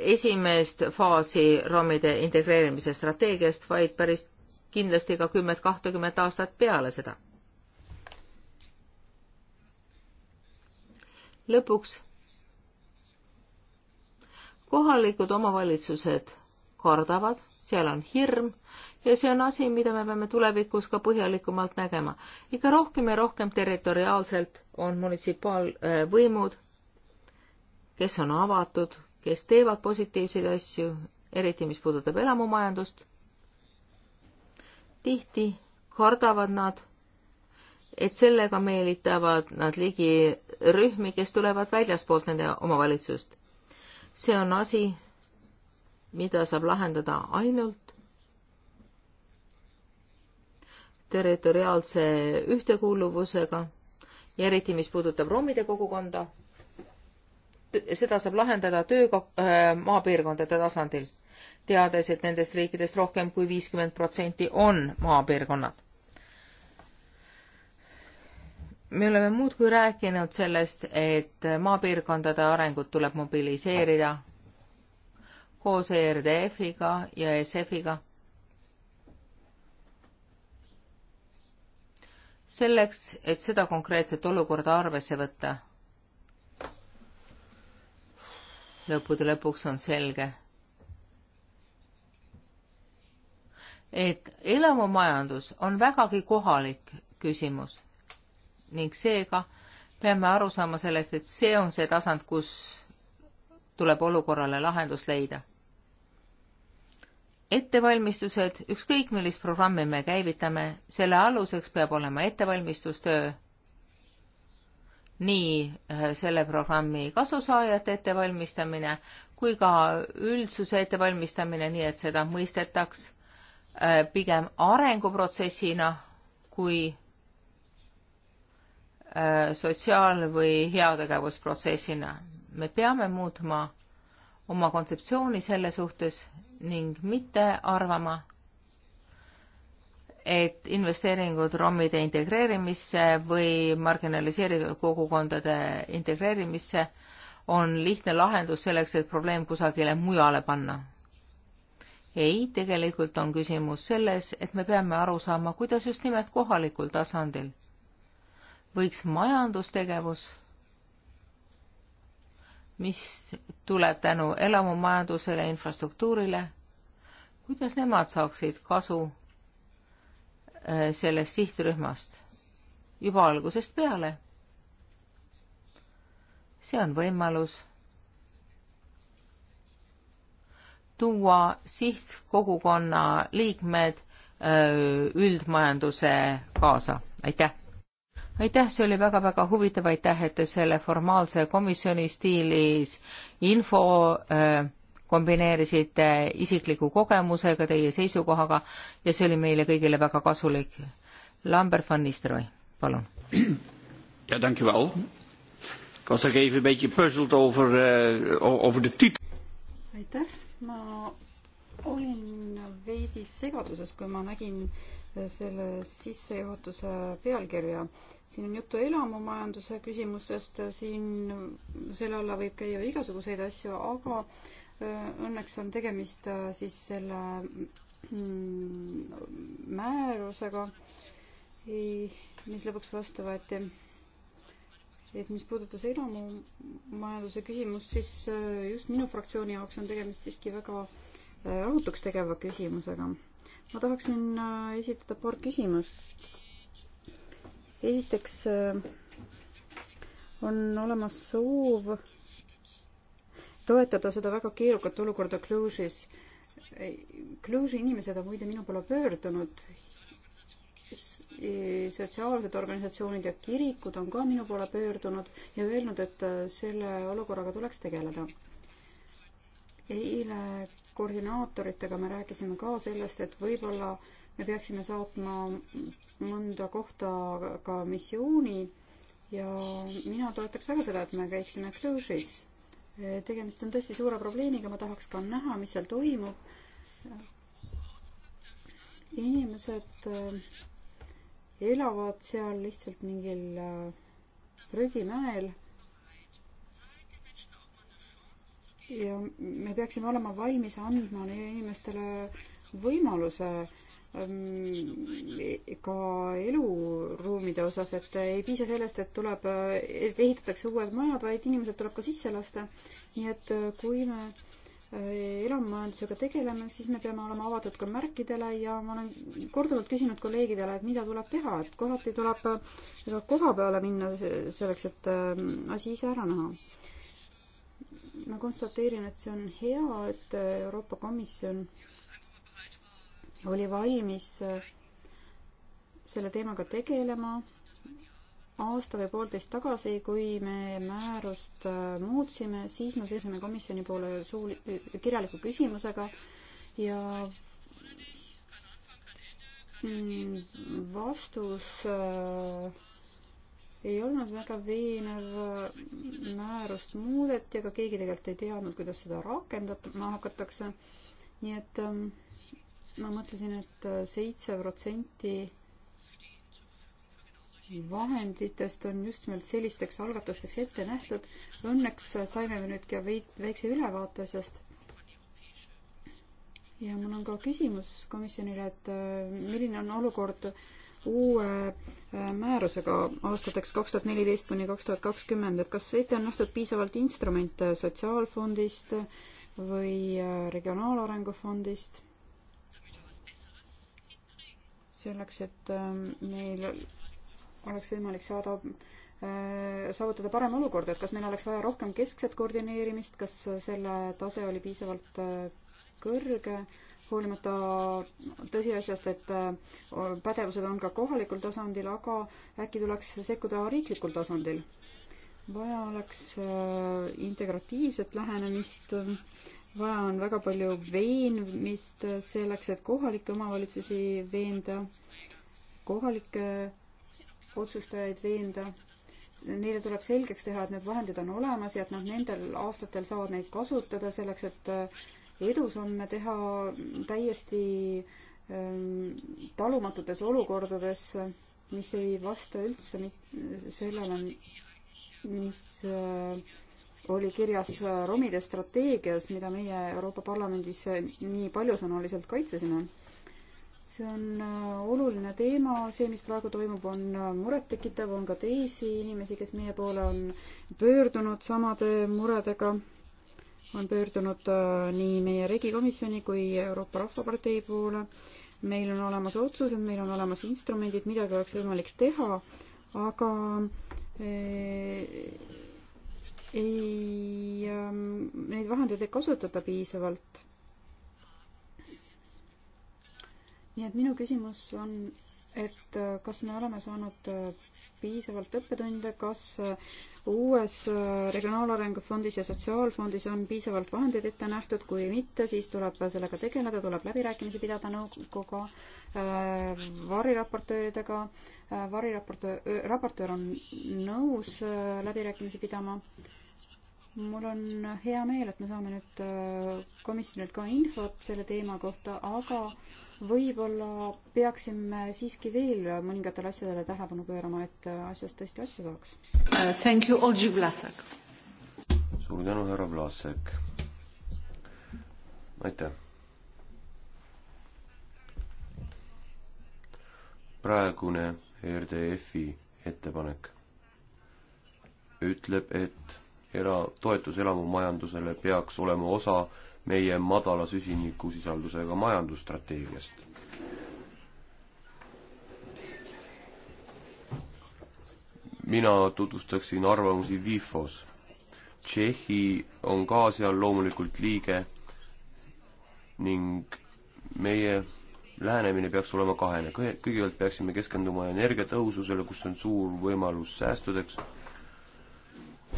Speaker 2: esimest faasi romide integreerimise strateegiast, vaid päris kindlasti ka kümmet, kahtekümmet aastat peale seda. lõpuks kohalikud omavalitsused kardavad seal on hirm ja see on asi, mida me peame tulevikus ka põhjalikumalt nägema. ikka rohkem ja rohkem territoriaalselt on munitsipaalvõimud, kes on avatud, kes teevad positiivseid asju, eriti mis puudutab elamumajandust. tihti kardavad nad, et sellega meelitavad nad ligi rühmi, kes tulevad väljaspoolt nende omavalitsust. see on asi, mida saab lahendada ainult territoriaalse ühtekuuluvusega ja eriti, mis puudutab romide kogukonda. seda saab lahendada tööga äh, maapiirkondade tasandil, teades, et nendest riikidest rohkem kui viiskümmend protsenti on maapiirkonnad. me oleme muudkui rääkinud sellest, et maapiirkondade arengut tuleb mobiliseerida koos ERDF-iga ja ESF-iga. selleks, et seda konkreetset olukorda arvesse võtta. lõppude lõpuks on selge, et elamumajandus on vägagi kohalik küsimus ning seega peame aru saama sellest, et see on see tasand, kus tuleb olukorrale lahendus leida ettevalmistused, ükskõik millist programmi me käivitame, selle aluseks peab olema ettevalmistustöö. nii äh, selle programmi kasusaajate ettevalmistamine kui ka üldsuse ettevalmistamine, nii et seda mõistetaks äh, pigem arenguprotsessina kui äh, sotsiaal- või heategevusprotsessina. me peame muutma oma kontseptsiooni selle suhtes, ning mitte arvama, et investeeringud ROM-ide integreerimisse või marginaliseeritud kogukondade integreerimisse on lihtne lahendus selleks, et probleem kusagile mujale panna. ei, tegelikult on küsimus selles, et me peame aru saama, kuidas just nimelt kohalikul tasandil võiks majandustegevus mis tuleb tänu elamumajandusele, infrastruktuurile, kuidas nemad saaksid kasu äh, sellest sihtrühmast juba algusest peale. see on võimalus tuua sihtkogukonna liikmed äh, üldmajanduse kaasa, aitäh aitäh, see oli väga-väga huvitav, aitäh, et te selle formaalse komisjoni stiilis info äh, kombineerisite isikliku kogemusega, teie seisukohaga ja see oli meile kõigile väga kasulik. Lambert van Nistelrooy, palun.
Speaker 1: ja dankjewel. Ik was ook even een beetje puzzeld over, uh,
Speaker 4: over de titel.
Speaker 3: aitäh, ma olin veidi segaduses, kui ma nägin selle sissejuhatuse pealkirja. siin on juttu elamumajanduse küsimustest, siin selle alla võib käia igasuguseid asju, aga äh, õnneks on tegemist äh, siis selle mm, määrusega, mis lõpuks vastu võeti. et mis puudutas elamumajanduse küsimust, siis äh, just minu fraktsiooni jaoks on tegemist siiski väga rahutuks tegeva küsimusega ma tahaksin äh, esitada paar küsimust. esiteks äh, on olemas soov toetada seda väga keerukat olukorda Cluj'is. Cluj'i inimesed on muide minu poole pöördunud. E, sotsiaalsed organisatsioonid ja kirikud on ka minu poole pöördunud ja öelnud, et äh, selle olukorraga tuleks tegeleda. eile koordinaatoritega me rääkisime ka sellest, et võib-olla me peaksime saatma mõnda kohta ka missiooni ja mina toetaks väga seda, et me käiksime Cluj'is. tegemist on tõesti suure probleemiga, ma tahaks ka näha, mis seal toimub. inimesed äh, elavad seal lihtsalt mingil äh, prügimäel ja me peaksime olema valmis andma neile inimestele võimaluse ähm, ka eluruumide osas, et ei piisa sellest, et tuleb, et ehitatakse uued majad, vaid inimesed tuleb ka sisse lasta. nii et äh, kui me äh, elamumajandusega tegeleme, siis me peame olema avatud ka märkidele ja ma olen korduvalt küsinud kolleegidele, et mida tuleb teha, et kohati tuleb ka äh, koha peale minna selleks, et ähm, asi ise ära näha ma konstateerin, et see on hea, et äh, Euroopa Komisjon oli valmis äh, selle teemaga tegelema aasta või poolteist tagasi, kui me määrust äh, muutsime, siis me pöördusime komisjoni poole suul-, kirjaliku küsimusega ja mm, vastus äh, ei olnud väga veenev, äh, määrust muudeti, aga keegi tegelikult ei teadnud, kuidas seda rakendama hakatakse. nii et ähm, ma mõtlesin et, et äh, seitse protsenti vahenditest on just nimelt sellisteks algatusteks ette nähtud. Õnneks äh, saime me nüüd ka veid, väikse ülevaate asjast. ja mul on ka küsimus komisjonile, et milline on olukord äh, uue äh, määrusega aastateks kaks tuhat neliteist kuni kaks tuhat kakskümmend, et kas ette on nähtud piisavalt instrumente sotsiaalfondist või äh, regionaalarengu fondist? selleks, et ähm, meil oleks võimalik saada, äh, saavutada parem olukord, et kas meil oleks vaja rohkem keskset koordineerimist, kas selle tase oli piisavalt kõrge hoolimata tõsiasjast, et äh, pädevused on ka kohalikul tasandil, aga äkki tuleks sekkuda riiklikul tasandil? vaja oleks äh, integratiivset lähenemist, vaja on väga palju veenmist selleks, et kohalikke omavalitsusi veenda, kohalikke otsustajaid veenda neile tuleb selgeks teha, et need vahendid on olemas ja et nad nendel aastatel saavad neid kasutada selleks, et äh, edusamme teha täiesti ähm, talumatutes olukordades, mis ei vasta üldse sellele, mis äh, oli kirjas äh, romide strateegias, mida meie Euroopa Parlamendis äh, nii paljusõnaliselt kaitsesime. see on oluline teema, see, mis praegu toimub, on murettekitav, on ka teisi inimesi, kes meie poole on pöördunud samade muredega on pöördunud äh, nii meie regikomisjoni kui Euroopa Rahvapartei poole. meil on olemas otsused, meil on olemas instrumendid, midagi oleks võimalik teha, aga äh, ei, ähm, neid vahendeid ei kasutata piisavalt. nii et minu küsimus on, et äh, kas me oleme saanud piisavalt õppetunde, kas äh, uues äh, Regionaalarengu Fondis ja Sotsiaalfondis on piisavalt vahendeid ette nähtud, kui mitte, siis tuleb sellega tegeleda, tuleb läbirääkimisi pidada nõukoguga, äh, variraportööridega, variraportöör, raportöör on nõus läbirääkimisi pidama mul on hea meel, et me saame nüüd komisjonilt ka infot selle teema kohta, aga võib-olla peaksime siiski veel mõningatele asjadele tähelepanu pöörama, et asjast tõesti asja saaks uh,.
Speaker 1: Thank you, Olgi Vlasak.
Speaker 4: suur tänu, härra Vlasak. aitäh. praegune ERDF-i ettepanek ütleb, et era, toetus elamumajandusele peaks olema osa meie madala süsinikusisaldusega majandusstrateegiast. mina tutvustaksin arvamusi WIFO-s. Tšehhi on ka seal loomulikult liige ning meie lähenemine peaks olema kahene. kõigepealt peaksime keskenduma energiatõhususele, kus on suur võimalus säästudeks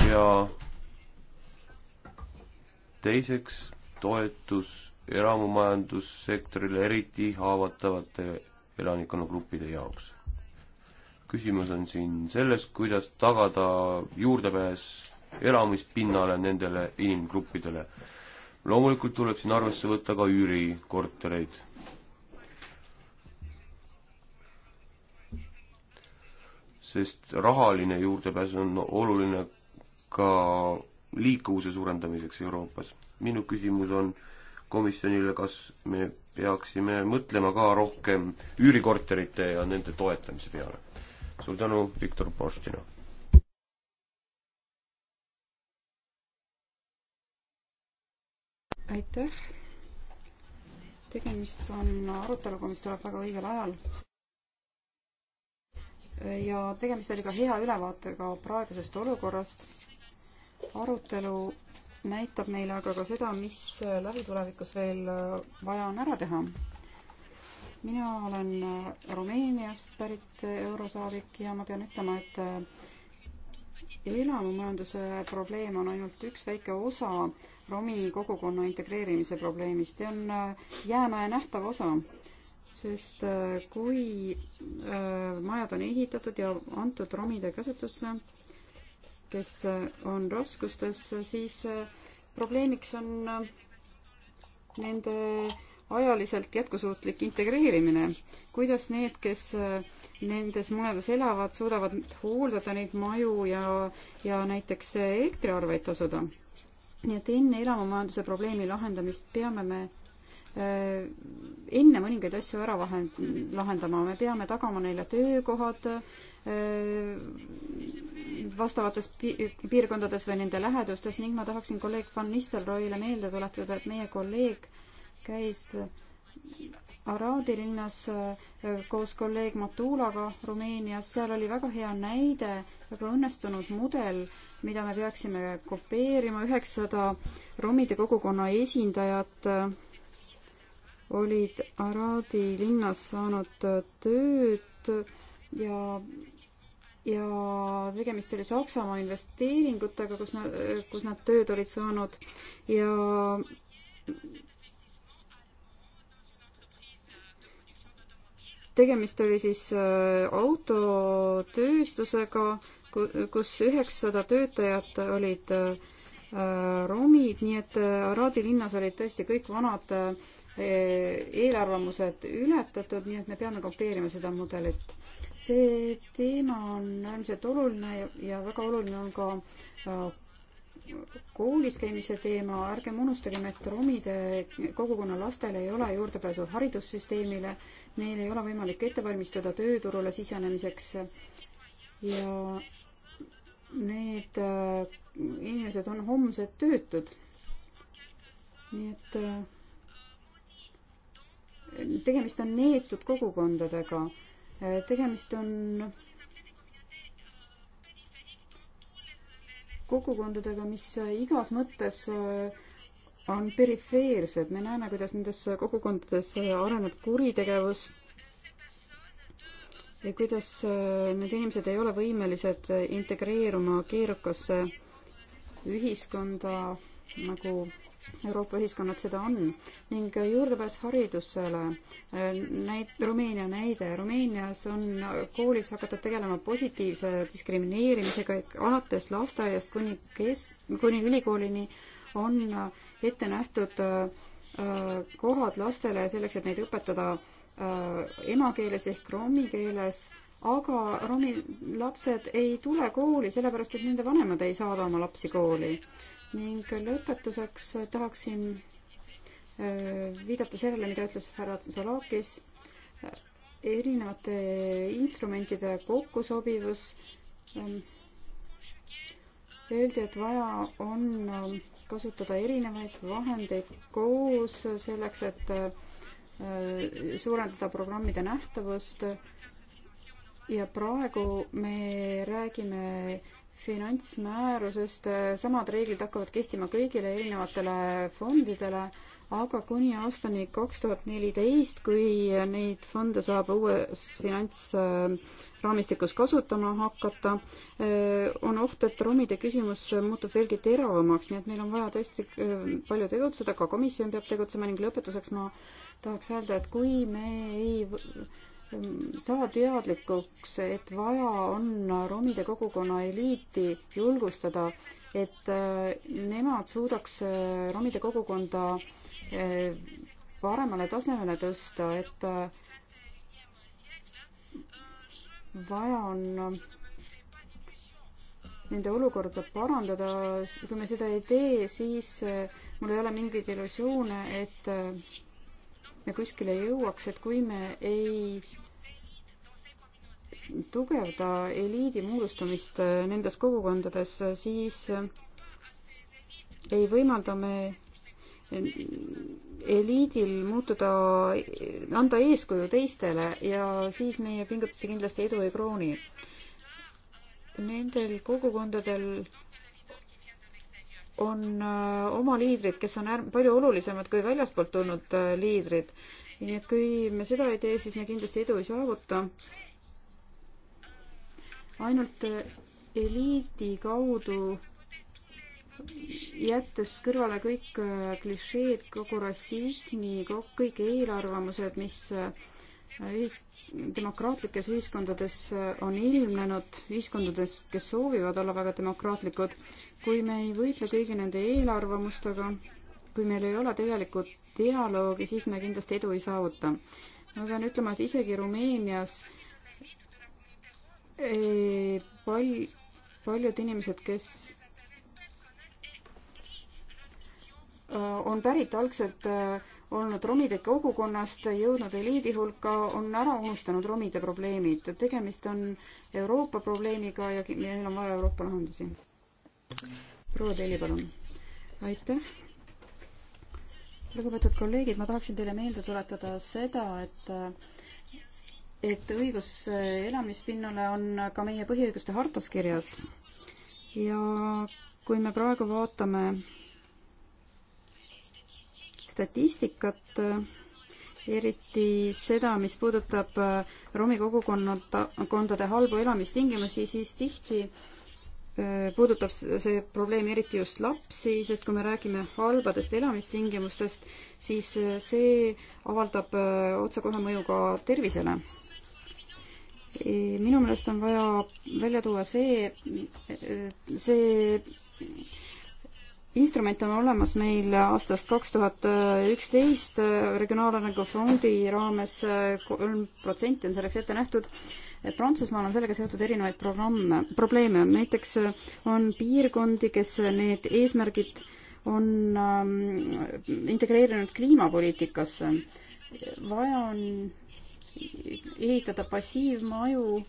Speaker 4: ja teiseks toetus eramumajandussektorile eriti haavatavate elanikkonnagruppide jaoks. küsimus on siin selles, kuidas tagada juurdepääs elamispinnale nendele inimgruppidele. loomulikult tuleb siin arvesse võtta ka üürikortereid. sest rahaline juurdepääs on oluline ka liikuvuse suurendamiseks Euroopas. minu küsimus on komisjonile, kas me peaksime mõtlema ka rohkem üürikorterite ja nende toetamise peale. suur tänu, Viktor Postina.
Speaker 3: aitäh. tegemist on aruteluga, mis tuleb väga õigel ajal. ja tegemist oli ka hea ülevaatega praegusest olukorrast arutelu näitab meile aga ka seda, mis lähitulevikus veel vaja on ära teha. mina olen Rumeeniast pärit eurosaadik ja ma pean ütlema, et elamumajanduse probleem on ainult üks väike osa romi kogukonna integreerimise probleemist, see on jäämäe nähtav osa sest kui majad on ehitatud ja antud romide käsutusse, kes eh, on raskustes, siis eh, probleemiks on eh, nende ajaliselt jätkusuutlik integreerimine. kuidas need, kes nendes majades elavad, suudavad hooldada neid maju ja, ja näiteks elektriarveid tasuda? nii et enne elamumajanduse probleemi lahendamist peame me enne mõningaid asju ära vahend-, lahendama, me peame tagama neile töökohad, Äh, vastavates piirkondades või nende lähedustes ning ma tahaksin kolleeg Van Nistelrooile meelde tuletada, et meie kolleeg käis Araadi linnas äh, koos kolleeg Matulaga Rumeenias, seal oli väga hea näide, väga õnnestunud mudel, mida me peaksime kopeerima, üheksasada romide kogukonna esindajat äh, olid Araadi linnas saanud tööd ja ja tegemist oli Saksamaa investeeringutega, kus nad, kus nad tööd olid saanud ja tegemist oli siis äh, autotööstusega, kus üheksasada töötajat olid äh, romid, nii et äh, Araadi linnas olid tõesti kõik vanad eelarvamused ületatud, nii et me peame kopeerima seda mudelit see teema on äärmiselt oluline ja väga oluline on ka äh, koolis käimise teema, ärgem unustagem, et romide kogukonna lastel ei ole juurdepääsu haridussüsteemile, neil ei ole võimalik ette valmistuda tööturule sisenemiseks ja need äh, inimesed on homsed töötud. nii et äh, tegemist on neetud kogukondadega Äh, tegemist on kogukondadega, mis äh, igas mõttes äh, on perifeersed, me näeme, kuidas nendes kogukondades areneb kuritegevus ja kuidas need inimesed ei ole võimelised integreeruma keerukasse ühiskonda nagu Euroopa ühiskonnad seda on ning juurdepääs haridusele, näit-, Rumeenia näide, Rumeenias on koolis hakatud tegelema positiivse diskrimineerimisega, et alates lasteaiast kuni kes-, kuni ülikoolini on ette nähtud äh, kohad lastele selleks, et neid õpetada äh, emakeeles ehk romi keeles, aga romi lapsed ei tule kooli sellepärast, et nende vanemad ei saada oma lapsi kooli ning lõpetuseks tahaksin äh, viidata sellele, mida ütles härra Zalakis, äh, erinevate instrumentide kokkusobivus. Ähm, öeldi, et vaja on ähm, kasutada erinevaid vahendeid koos selleks, et äh, suurendada programmide nähtavust. ja praegu me räägime äh, finantsmäärusest, samad reeglid hakkavad kehtima kõigile erinevatele fondidele, aga kuni aastani kaks tuhat neliteist, kui neid fonde saab uues finantsraamistikus kasutama hakata, on oht, et romide küsimus muutub veelgi teravamaks, nii et meil on vaja tõesti äh, palju tegutseda, ka komisjon peab tegutsema ning lõpetuseks ma tahaks öelda, et kui me ei saa teadlikuks, et vaja on romide kogukonna eliiti julgustada, et äh, nemad suudaks äh, romide kogukonda äh, paremale tasemele tõsta, et vaja on nende olukorda parandada, kui me seda ei tee, siis mul ei ole mingeid illusioone, et me kuskile jõuaks, et kui me ei tugevda eliidi moodustamist nendes kogukondades, siis ei võimalda me eliidil muutuda, anda eeskuju teistele ja siis meie pingutusi kindlasti edu ei krooni. Nendel kogukondadel on äh, oma liidrid, kes on äär-, palju olulisemad kui väljaspoolt tulnud äh, liidrid. nii et kui me seda ei tee, siis me kindlasti edu ei saavuta. ainult äh, eliidi kaudu jättes kõrvale kõik klišeed, kogu rassismi, kõik eelarvamused, mis ühis-, demokraatlikes ühiskondades äh, on ilmnenud, ühiskondades, kes soovivad olla väga demokraatlikud, kui me ei võitle kõigi nende eelarvamustega, kui meil ei ole tegelikku dialoogi, siis me kindlasti edu ei saavuta. ma pean ütlema, et isegi Rumeenias eh, pal-, paljud inimesed, kes äh, on pärit algselt äh, olnud romide kogukonnast jõudnud eliidi hulka, on ära unustanud romide probleemid. tegemist on Euroopa probleemiga ja meil on vaja Euroopa lahendusi. proua Teli, palun. aitäh. lugupeetud kolleegid, ma tahaksin teile meelde tuletada seda, et et õigus elamispinnale on ka meie põhiõiguste hartas kirjas. ja kui me praegu vaatame statistikat, eriti seda, mis puudutab äh, romi kogukondade halbu elamistingimusi, siis tihti äh, puudutab see probleem eriti just lapsi, sest kui me räägime halbadest elamistingimustest, siis äh, see avaldab otsekohe mõju ka tervisele. E, minu meelest on vaja välja tuua see, see instrument on olemas meil aastast kaks tuhat üksteist Regionaalarengu Fondi raames, kolm protsenti on selleks ette nähtud. Prantsusmaal on sellega seotud erinevaid programme, probleeme, näiteks on piirkondi, kes need eesmärgid on ähm, integreerinud kliimapoliitikasse. vaja on ehitada passiivmaju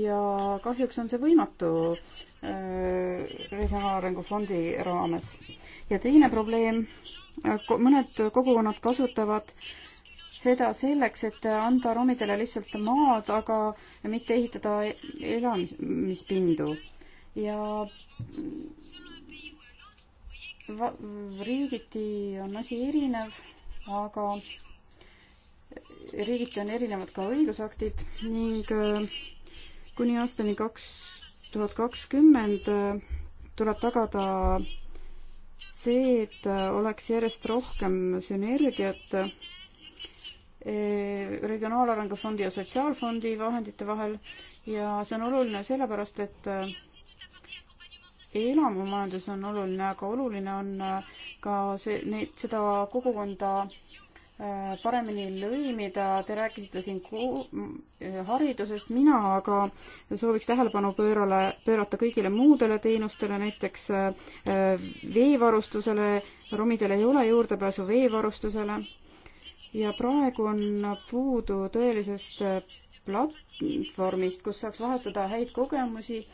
Speaker 3: ja kahjuks on see võimatu Äh, Regionaalarengu Fondi raames. ja teine probleem, äh, mõned kogukonnad kasutavad seda selleks, et anda romidele lihtsalt maad, aga mitte ehitada elamispindu. ja va-, riigiti on asi erinev, aga riigiti on erinevad ka õigusaktid ning äh, kuni aastani kaks tuhat kakskümmend äh, tuleb tagada see, et äh, oleks järjest rohkem sünergiat äh, Regionaalarengu Fondi ja Sotsiaalfondi vahendite vahel ja see on oluline sellepärast, et elamumajandus on oluline, aga oluline on ka see, neid, seda kogukonda Äh, paremini lõimida, te rääkisite siin äh, haridusest, mina aga sooviks tähelepanu pöörale, pöörata kõigile muudele teenustele, näiteks äh, veevarustusele, romidel ei ole juurdepääsu veevarustusele ja praegu on puudu tõelisest platvormist, kus saaks vahetada häid kogemusi,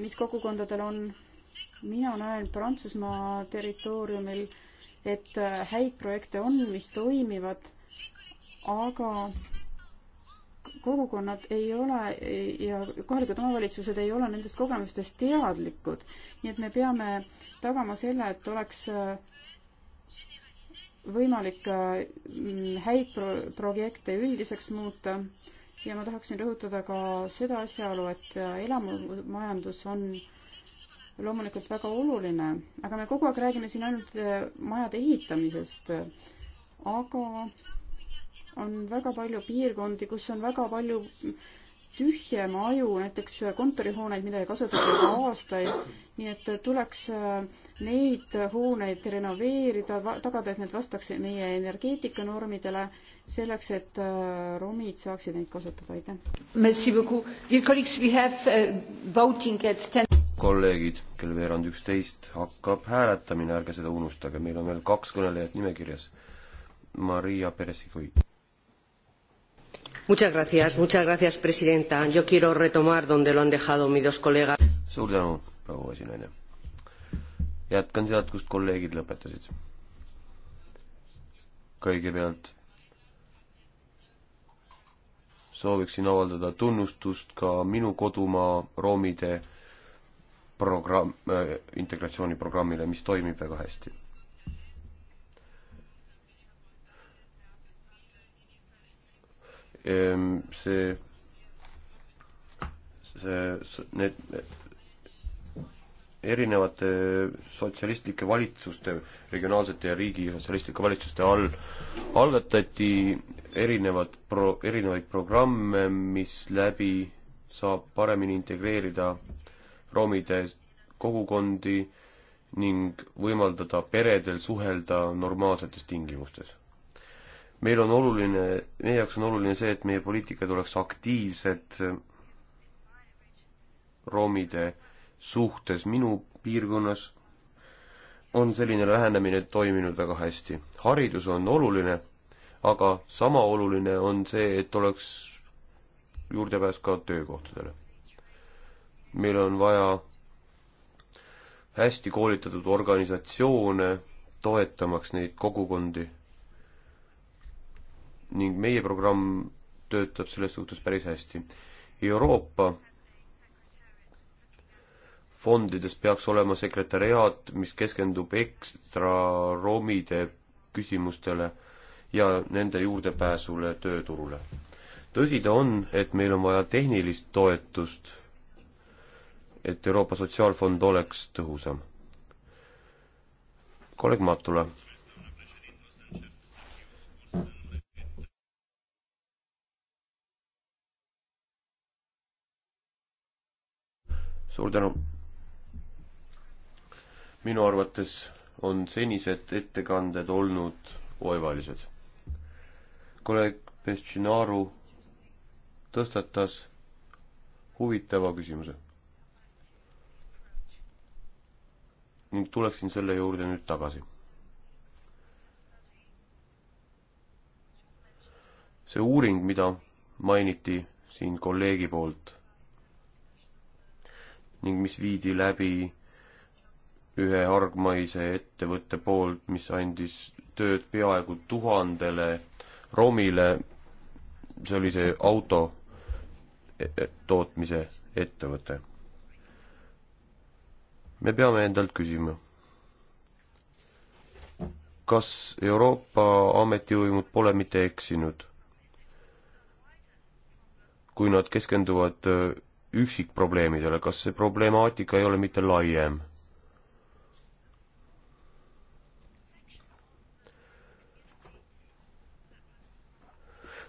Speaker 3: mis kogukondadel on. mina näen Prantsusmaa territooriumil äh, et äh, häid projekte on, mis toimivad, aga kogukonnad ei ole ja kohalikud omavalitsused ei ole nendest kogemustest teadlikud. nii et me peame tagama selle, et oleks äh, võimalik äh, häid pro-, projekte üldiseks muuta ja ma tahaksin rõhutada ka seda asjaolu, et elamumajandus on äh, loomulikult väga oluline, aga me kogu aeg räägime siin ainult äh, majade ehitamisest. aga on väga palju piirkondi, kus on väga palju tühje maju, näiteks äh, kontorihooneid, mida ei kasutata juba aastaid, nii et äh, tuleks neid hooneid renoveerida, tagada, et need vastaks meie energeetikanormidele, selleks, et romid saaksid neid kasutada, aitäh
Speaker 4: kolleegid, kell veerand üksteist hakkab hääletamine, ärge seda unustage, meil on veel kaks kõnelejat nimekirjas. Maria Peresicuit.
Speaker 1: Muchas gracias, muchas gracias, presidenta. Yo quiero
Speaker 4: retomar donde lo han dejado mis dos colegas. suur tänu, proua esinaine. jätkan sealt, kust kolleegid lõpetasid. kõigepealt sooviksin avaldada tunnustust ka minu kodumaa roomide programm, äh, integratsiooniprogrammile, mis toimib väga hästi. Ehm, see, see, need erinevate sotsialistlike valitsuste, regionaalsete ja riigi sotsialistlike valitsuste all algatati erinevad pro-, erinevaid programme, mis läbi saab paremini integreerida romide kogukondi ning võimaldada peredel suhelda normaalsetes tingimustes. meil on oluline, meie jaoks on oluline see, et meie poliitikad oleks aktiivsed romide suhtes minu piirkonnas on selline lähenemine toiminud väga hästi. haridus on oluline, aga sama oluline on see, et oleks juurdepääs ka töökohtadele meil on vaja hästi koolitatud organisatsioone, toetamaks neid kogukondi. ning meie programm töötab selles suhtes päris hästi. Euroopa fondides peaks olema sekretäriaat, mis keskendub ekstra romide küsimustele ja nende juurdepääsule tööturule. tõsi ta on, et meil on vaja tehnilist toetust et Euroopa Sotsiaalfond oleks tõhusam. kolleeg Matula. suur tänu. minu arvates on senised ettekanded olnud oivalised. kolleeg Pestšinaru tõstatas huvitava küsimuse ning tuleksin selle juurde nüüd tagasi. see uuring, mida mainiti siin kolleegi poolt ning mis viidi läbi ühe hargmaise ettevõtte poolt, mis andis tööd peaaegu tuhandele romile, see oli see auto e, e, tootmise ettevõte me peame endalt küsima, kas Euroopa ametivõimud pole mitte eksinud, kui nad keskenduvad äh, üksikprobleemidele, kas see problemaatika ei ole mitte laiem?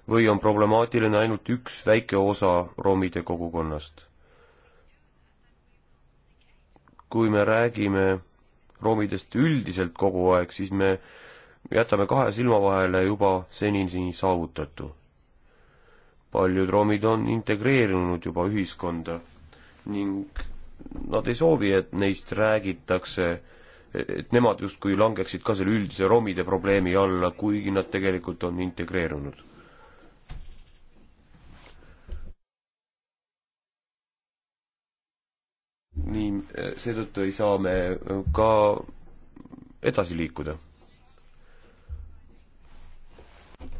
Speaker 4: või on problemaatiline ainult üks väike osa romide kogukonnast? kui me räägime roomidest üldiselt kogu aeg, siis me jätame kahe silma vahele juba senini saavutatu. paljud roomid on integreerunud juba ühiskonda ning nad ei soovi, et neist räägitakse, et nemad justkui langeksid ka selle üldise romide probleemi alla, kuigi nad tegelikult on integreerunud nii, eh, seetõttu ei saa me eh, ka edasi liikuda.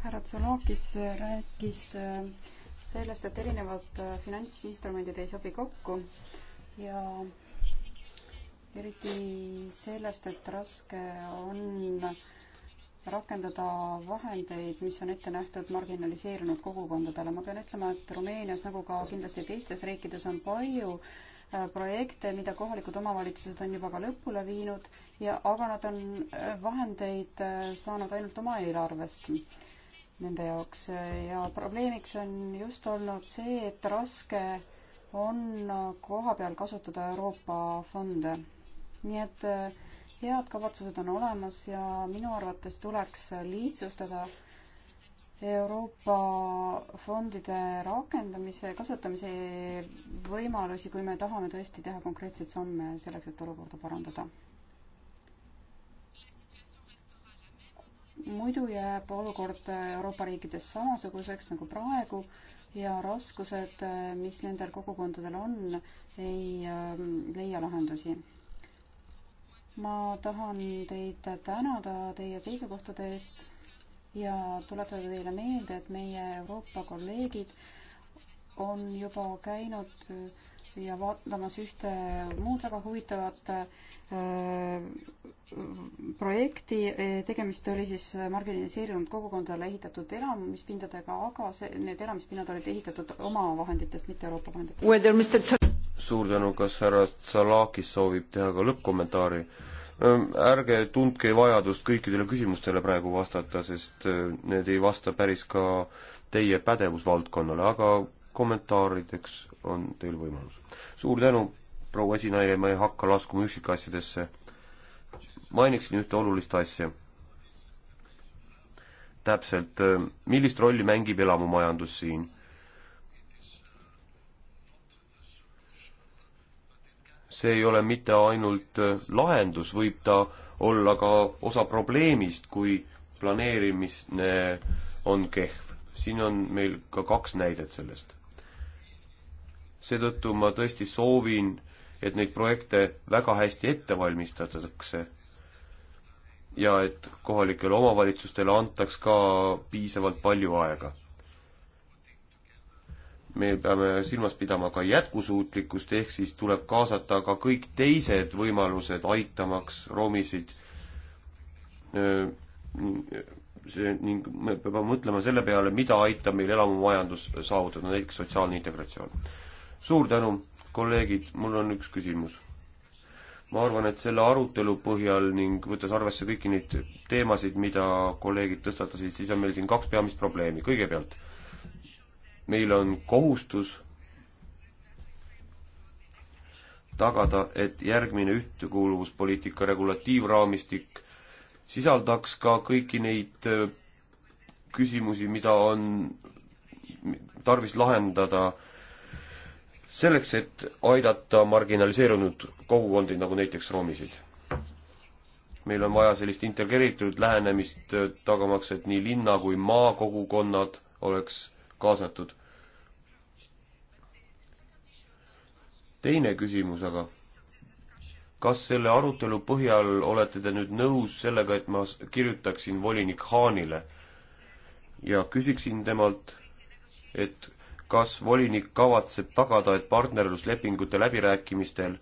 Speaker 3: härra Tsolokis rääkis eh, sellest, et erinevad finantsinstrumendid ei sobi kokku ja eriti sellest, et raske on rakendada vahendeid, mis on ette nähtud marginaliseerunud kogukondadele. ma pean ütlema, et Rumeenias nagu ka kindlasti teistes riikides on palju äh, Äh, projekte, mida kohalikud omavalitsused on juba ka lõpule viinud ja, aga nad on äh, vahendeid äh, saanud ainult oma eelarvest nende jaoks ja probleemiks on just olnud see, et raske on koha peal kasutada Euroopa fonde. nii et head kavatsused on olemas ja minu arvates tuleks lihtsustada äh, Euroopa fondide rakendamise, kasutamise võimalusi, kui me tahame tõesti teha konkreetseid samme selleks, et olukorda parandada. muidu jääb olukord Euroopa riikides samasuguseks nagu praegu ja raskused, mis nendel kogukondadel on, ei ähm, leia lahendusi. ma tahan teid tänada teie seisukohtade eest ja tuletada teile meelde, et meie Euroopa kolleegid on juba käinud äh, ja vaatamas ühte muud väga huvitavat äh, projekti, äh, tegemist oli siis marginaliseerunud kogukondadele ehitatud elamispindadega, aga see, need elamispinnad olid ehitatud oma vahenditest, mitte Euroopa
Speaker 1: vahenditest.
Speaker 4: suur tänu, kas härra Tsalakis soovib teha ka lõppkommentaari? ärge tundke vajadust kõikidele küsimustele praegu vastata, sest need ei vasta päris ka teie pädevusvaldkonnale, aga kommentaarideks on teil võimalus. suur tänu, proua esinaine, ma ei hakka laskuma üksikasjadesse. mainiksin ühte olulist asja. täpselt, millist rolli mängib elamumajandus siin see ei ole mitte ainult äh, lahendus, võib ta olla ka osa probleemist, kui planeerimine on kehv. siin on meil ka kaks näidet sellest. seetõttu ma tõesti soovin, et neid projekte väga hästi ette valmistatakse ja et kohalikele omavalitsustele antaks ka piisavalt palju aega meil peame silmas pidama ka jätkusuutlikkust, ehk siis tuleb kaasata ka kõik teised võimalused aitamaks romisid. see ning me peame mõtlema selle peale, mida aitab meil elamumajandus saavutada, näiteks sotsiaalne integratsioon. suur tänu, kolleegid, mul on üks küsimus. ma arvan, et selle arutelu põhjal ning võttes arvesse kõiki neid teemasid, mida kolleegid tõstatasid, siis on meil siin kaks peamist probleemi. kõigepealt meil on kohustus tagada, et järgmine ühtekuuluvuspoliitika regulatiivraamistik sisaldaks ka kõiki neid äh, küsimusi, mida on tarvis lahendada selleks, et aidata marginaliseerunud kogukondi, nagu näiteks romisid. meil on vaja sellist integreeritud lähenemist, äh, tagamaks, et nii linna kui maakogukonnad oleks kaasatud. teine küsimus aga, kas selle arutelu põhjal olete te nüüd nõus sellega, et ma kirjutaksin volinik Haanile ja küsiksin temalt, et kas volinik kavatseb tagada, et partnerluslepingute läbirääkimistel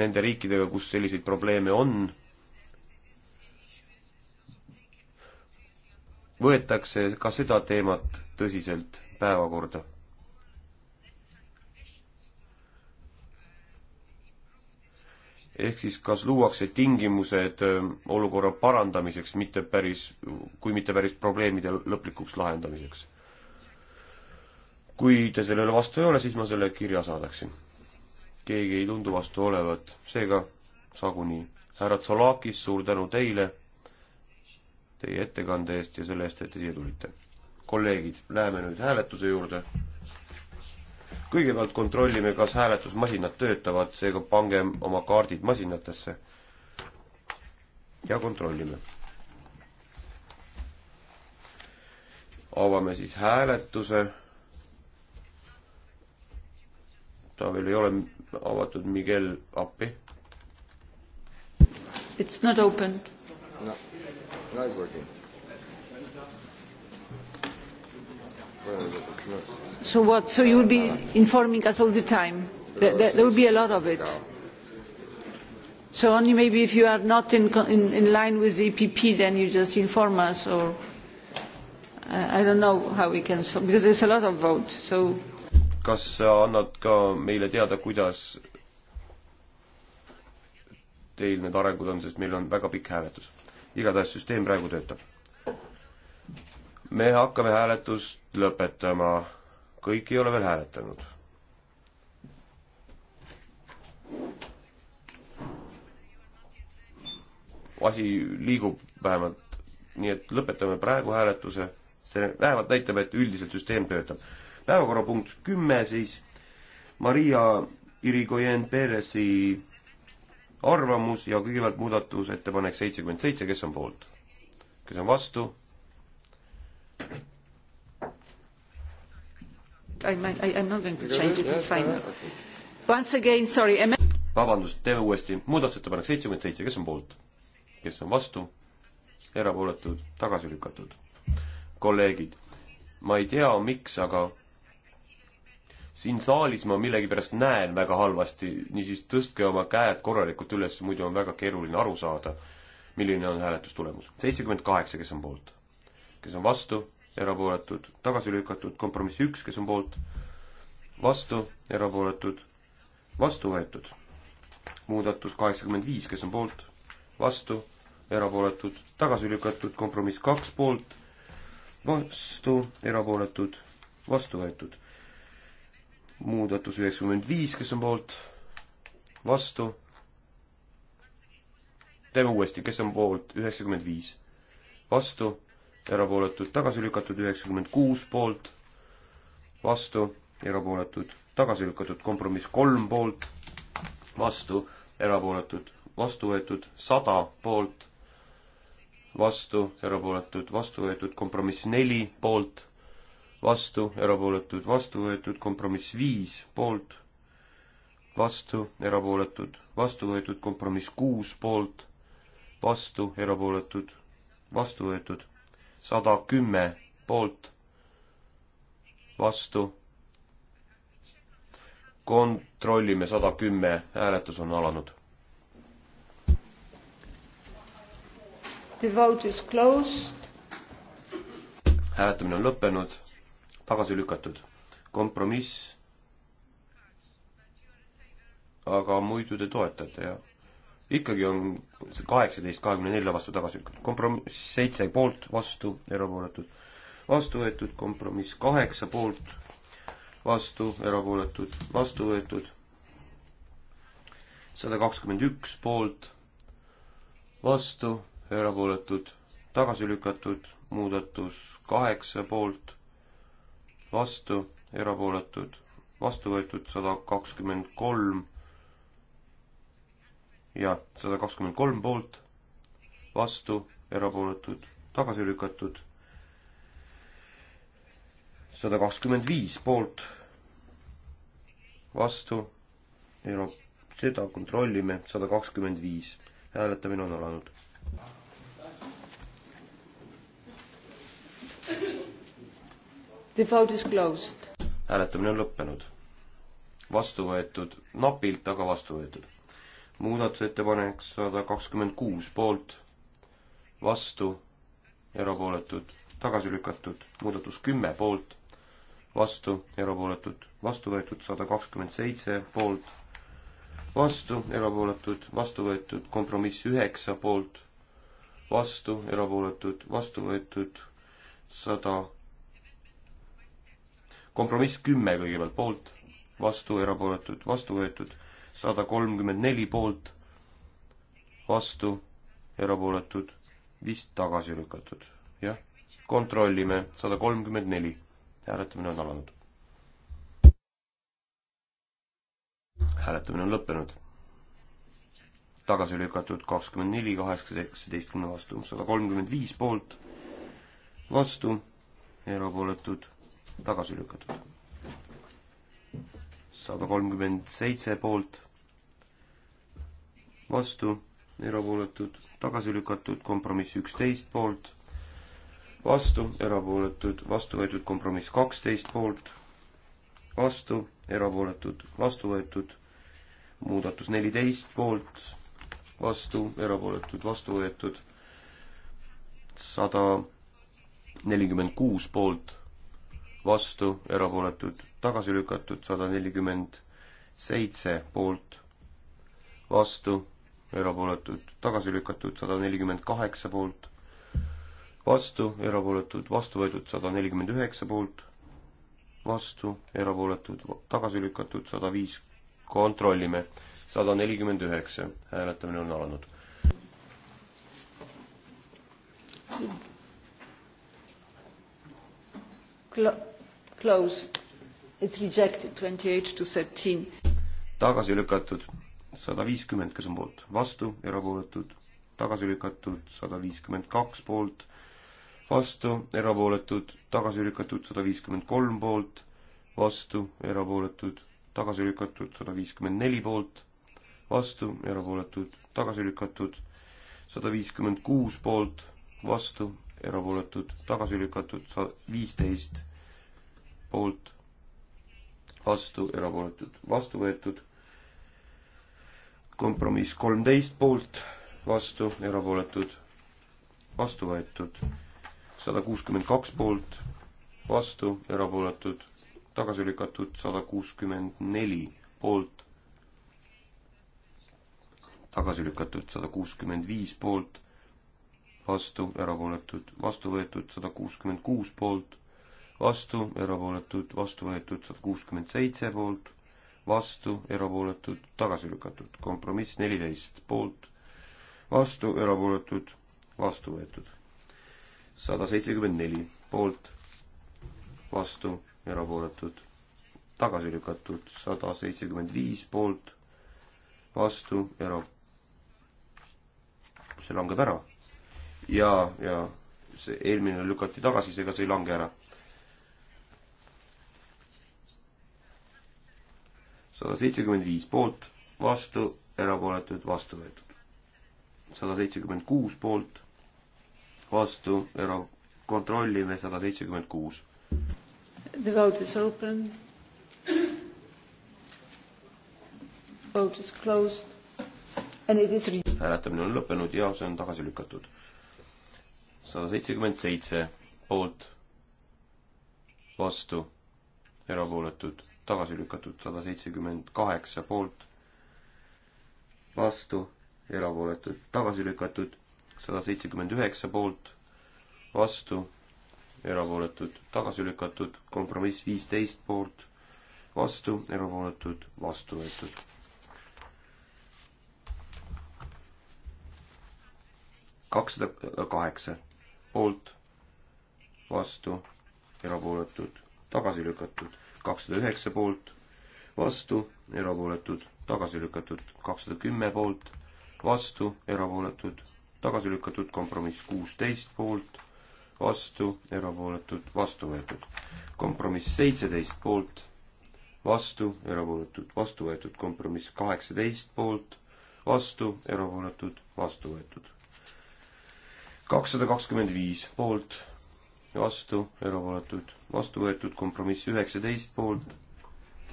Speaker 4: nende riikidega, kus selliseid probleeme on, võetakse ka seda teemat tõsiselt päevakorda. ehk siis kas luuakse tingimused olukorra parandamiseks, mitte päris, kui mitte päris probleemide lõplikuks lahendamiseks? kui te sellele vastu ei ole, siis ma selle kirja saadaksin. keegi ei tundu vastu olevat, seega saagu nii. härra Tsolakis, suur tänu teile, teie ettekande eest ja selle eest, et te siia tulite. kolleegid, läheme nüüd hääletuse juurde kõigepealt kontrollime, kas hääletusmasinad töötavad, seega pangem oma kaardid masinatesse ja kontrollime. avame siis hääletuse. ta veel ei ole avatud, Miguel, appi.
Speaker 1: It's not opened. no, no it's working. So what? So you will be informing us all the time. There, there, there will be a lot of it. So only maybe if you are not in, in, in line with the EPP, then you just inform us, or uh, I don't know how we can, so, because there's a lot of vote. So.
Speaker 4: kas sa annad ka meile teada, kuidas teil need arengud on, sest meil on väga pikk hääletus. igatahes süsteem praegu töötab. me hakkame hääletust lõpetama. kõik ei ole veel hääletanud. asi liigub vähemalt, nii et lõpetame praegu hääletuse. see vähemalt näitab, et üldiselt süsteem töötab. päevakorrapunkt kümme siis Maria Irigoyen Peresi arvamus ja kõigepealt muudatusettepanek seitsekümmend seitse, kes on poolt? kes on vastu?
Speaker 1: I'm, I'm not going to change it, it's fine. Once again, sorry.
Speaker 4: vabandust, teeme uuesti. muudatusettepanek seitsekümmend seitse, kes on poolt? kes on vastu? erapooletud, tagasi lükatud. kolleegid, ma ei tea, miks, aga siin saalis ma millegipärast näen väga halvasti, niisiis tõstke oma käed korralikult üles, muidu on väga keeruline aru saada, milline on hääletustulemus. seitsekümmend kaheksa, kes on poolt? kes on vastu? erapooletud, tagasi lükatud, kompromiss üks, kes on poolt, vastu, erapooletud, vastu võetud. muudatus kaheksakümmend viis, kes on poolt, vastu, erapooletud, tagasi lükatud, kompromiss kaks poolt, vastu, erapooletud, vastu võetud. muudatus üheksakümmend viis, kes on poolt, vastu, teeme uuesti, kes on poolt, üheksakümmend viis, vastu erapooletud, tagasi lükatud üheksakümmend kuus poolt, vastu, erapooletud, tagasi lükatud, kompromiss kolm poolt, vastu, erapooletud, vastu võetud sada poolt, vastu, erapooletud, vastu võetud, kompromiss neli poolt, vastu, erapooletud, vastu võetud, kompromiss viis poolt, vastu, erapooletud, vastu võetud, kompromiss kuus poolt, vastu, erapooletud, vastu võetud sada kümme poolt, vastu. kontrollime sada kümme, hääletus on alanud.
Speaker 1: The vote is closed.
Speaker 4: hääletamine on lõppenud, tagasi lükatud. kompromiss. aga muidu te toetate, jah? ikkagi on see kaheksateist kahekümne nelja vastu tagasi lükatud. kompromiss seitse poolt, vastu, erapooletud. vastu võetud, kompromiss kaheksa poolt, vastu, erapooletud, vastu võetud. sada kakskümmend üks poolt, vastu, erapooletud, tagasi lükatud, muudatus kaheksa poolt, vastu, erapooletud, vastu võetud sada kakskümmend kolm ja sada kakskümmend kolm poolt, vastu, erapooletud, tagasi lükatud. sada kakskümmend viis poolt, vastu, ero-, seda kontrollime, sada kakskümmend viis. hääletamine on alanud. The vote is closed. hääletamine on lõppenud. vastu võetud, napilt, aga vastu võetud muudatusettepanek sada kakskümmend kuus poolt, vastu, erapooletud, tagasi lükatud, muudatus kümme poolt, vastu, erapooletud, vastu võetud sada kakskümmend seitse poolt, vastu, erapooletud, vastu võetud, kompromiss üheksa poolt, vastu, erapooletud, vastu võetud sada 100 kompromiss kümme kõigepealt poolt, vastu erapooletud, vastu võetud, sada kolmkümmend neli poolt, vastu, erapooletud, vist tagasi lükatud, jah. kontrollime, sada kolmkümmend neli, hääletamine on alanud. hääletamine on lõppenud. tagasi lükatud kakskümmend neli, kaheksateistkümne vastu, sada kolmkümmend viis poolt, vastu, erapooletud, tagasi lükatud. sada kolmkümmend seitse poolt vastu, erapooletud, tagasi lükatud, kompromiss üksteist poolt, vastu, erapooletud, vastu võetud, kompromiss kaksteist poolt, vastu, erapooletud, vastu võetud, muudatus neliteist poolt, vastu, erapooletud, vastu võetud, sada nelikümmend kuus poolt, vastu, erapooletud, tagasi lükatud, sada nelikümmend seitse poolt, vastu, erapooletud, tagasi lükatud sada nelikümmend kaheksa poolt, vastu, erapooletud, vastu võetud sada nelikümmend üheksa poolt, vastu, erapooletud, tagasi lükatud sada viis, kontrollime, sada nelikümmend üheksa, hääletamine on alanud.
Speaker 1: Close. It's rejected, twenty eight to thirteen.
Speaker 4: tagasi lükatud sada viiskümmend, kes on poolt, vastu, erapooletud, tagasi lükatud, sada viiskümmend kaks poolt, vastu, erapooletud, tagasi lükatud, sada viiskümmend kolm poolt, vastu, erapooletud, tagasi lükatud, sada viiskümmend neli poolt, vastu, erapooletud, tagasi lükatud, sada viiskümmend kuus poolt, vastu, erapooletud, tagasi lükatud, sa-, viisteist poolt, vastu, erapooletud, vastu võetud kompromiss kolmteist poolt, vastu, erapooletud, vastu võetud. sada kuuskümmend kaks poolt, vastu, erapooletud, tagasi lükatud, sada kuuskümmend neli poolt, tagasi lükatud, sada kuuskümmend viis poolt, vastu, erapooletud, vastu võetud, sada kuuskümmend kuus poolt, vastu, erapooletud, vastu võetud, sada kuuskümmend seitse poolt vastu, erapooletud, tagasi lükatud. kompromiss neliteist poolt, vastu, erapooletud, vastu võetud. sada seitsekümmend neli poolt, vastu, erapooletud, tagasi lükatud. sada seitsekümmend viis poolt, vastu, era-, see langeb ära. ja, ja see eelmine lükati tagasi, seega see ei lange ära sada seitsekümmend viis poolt, vastu, erapooletud, vastu võetud. sada seitsekümmend kuus poolt, vastu, era-, kontrollime sada seitsekümmend kuus.
Speaker 1: The vote is open. Vote is closed and it is re-.
Speaker 4: hääletamine on lõppenud ja see on tagasi lükatud. sada seitsekümmend seitse poolt, vastu, erapooletud tagasi lükatud sada seitsekümmend kaheksa poolt, vastu, erapooletud, tagasi lükatud sada seitsekümmend üheksa poolt, vastu, erapooletud, tagasi lükatud, kompromiss viisteist poolt, vastu, erapooletud, vastu võetud. kakssada kaheksa poolt, vastu, erapooletud, tagasi lükatud kakssada üheksa poolt, vastu, erapooletud, tagasi lükatud, kakssada kümme poolt, vastu, erapooletud, tagasi lükatud, kompromiss kuusteist poolt, vastu, erapooletud, vastu võetud. kompromiss seitseteist poolt, vastu, erapooletud, vastu võetud, kompromiss kaheksateist poolt, vastu, erapooletud, vastu võetud. kakssada kakskümmend viis poolt, vastu, erapooletud, vastu võetud, kompromiss üheksateist poolt,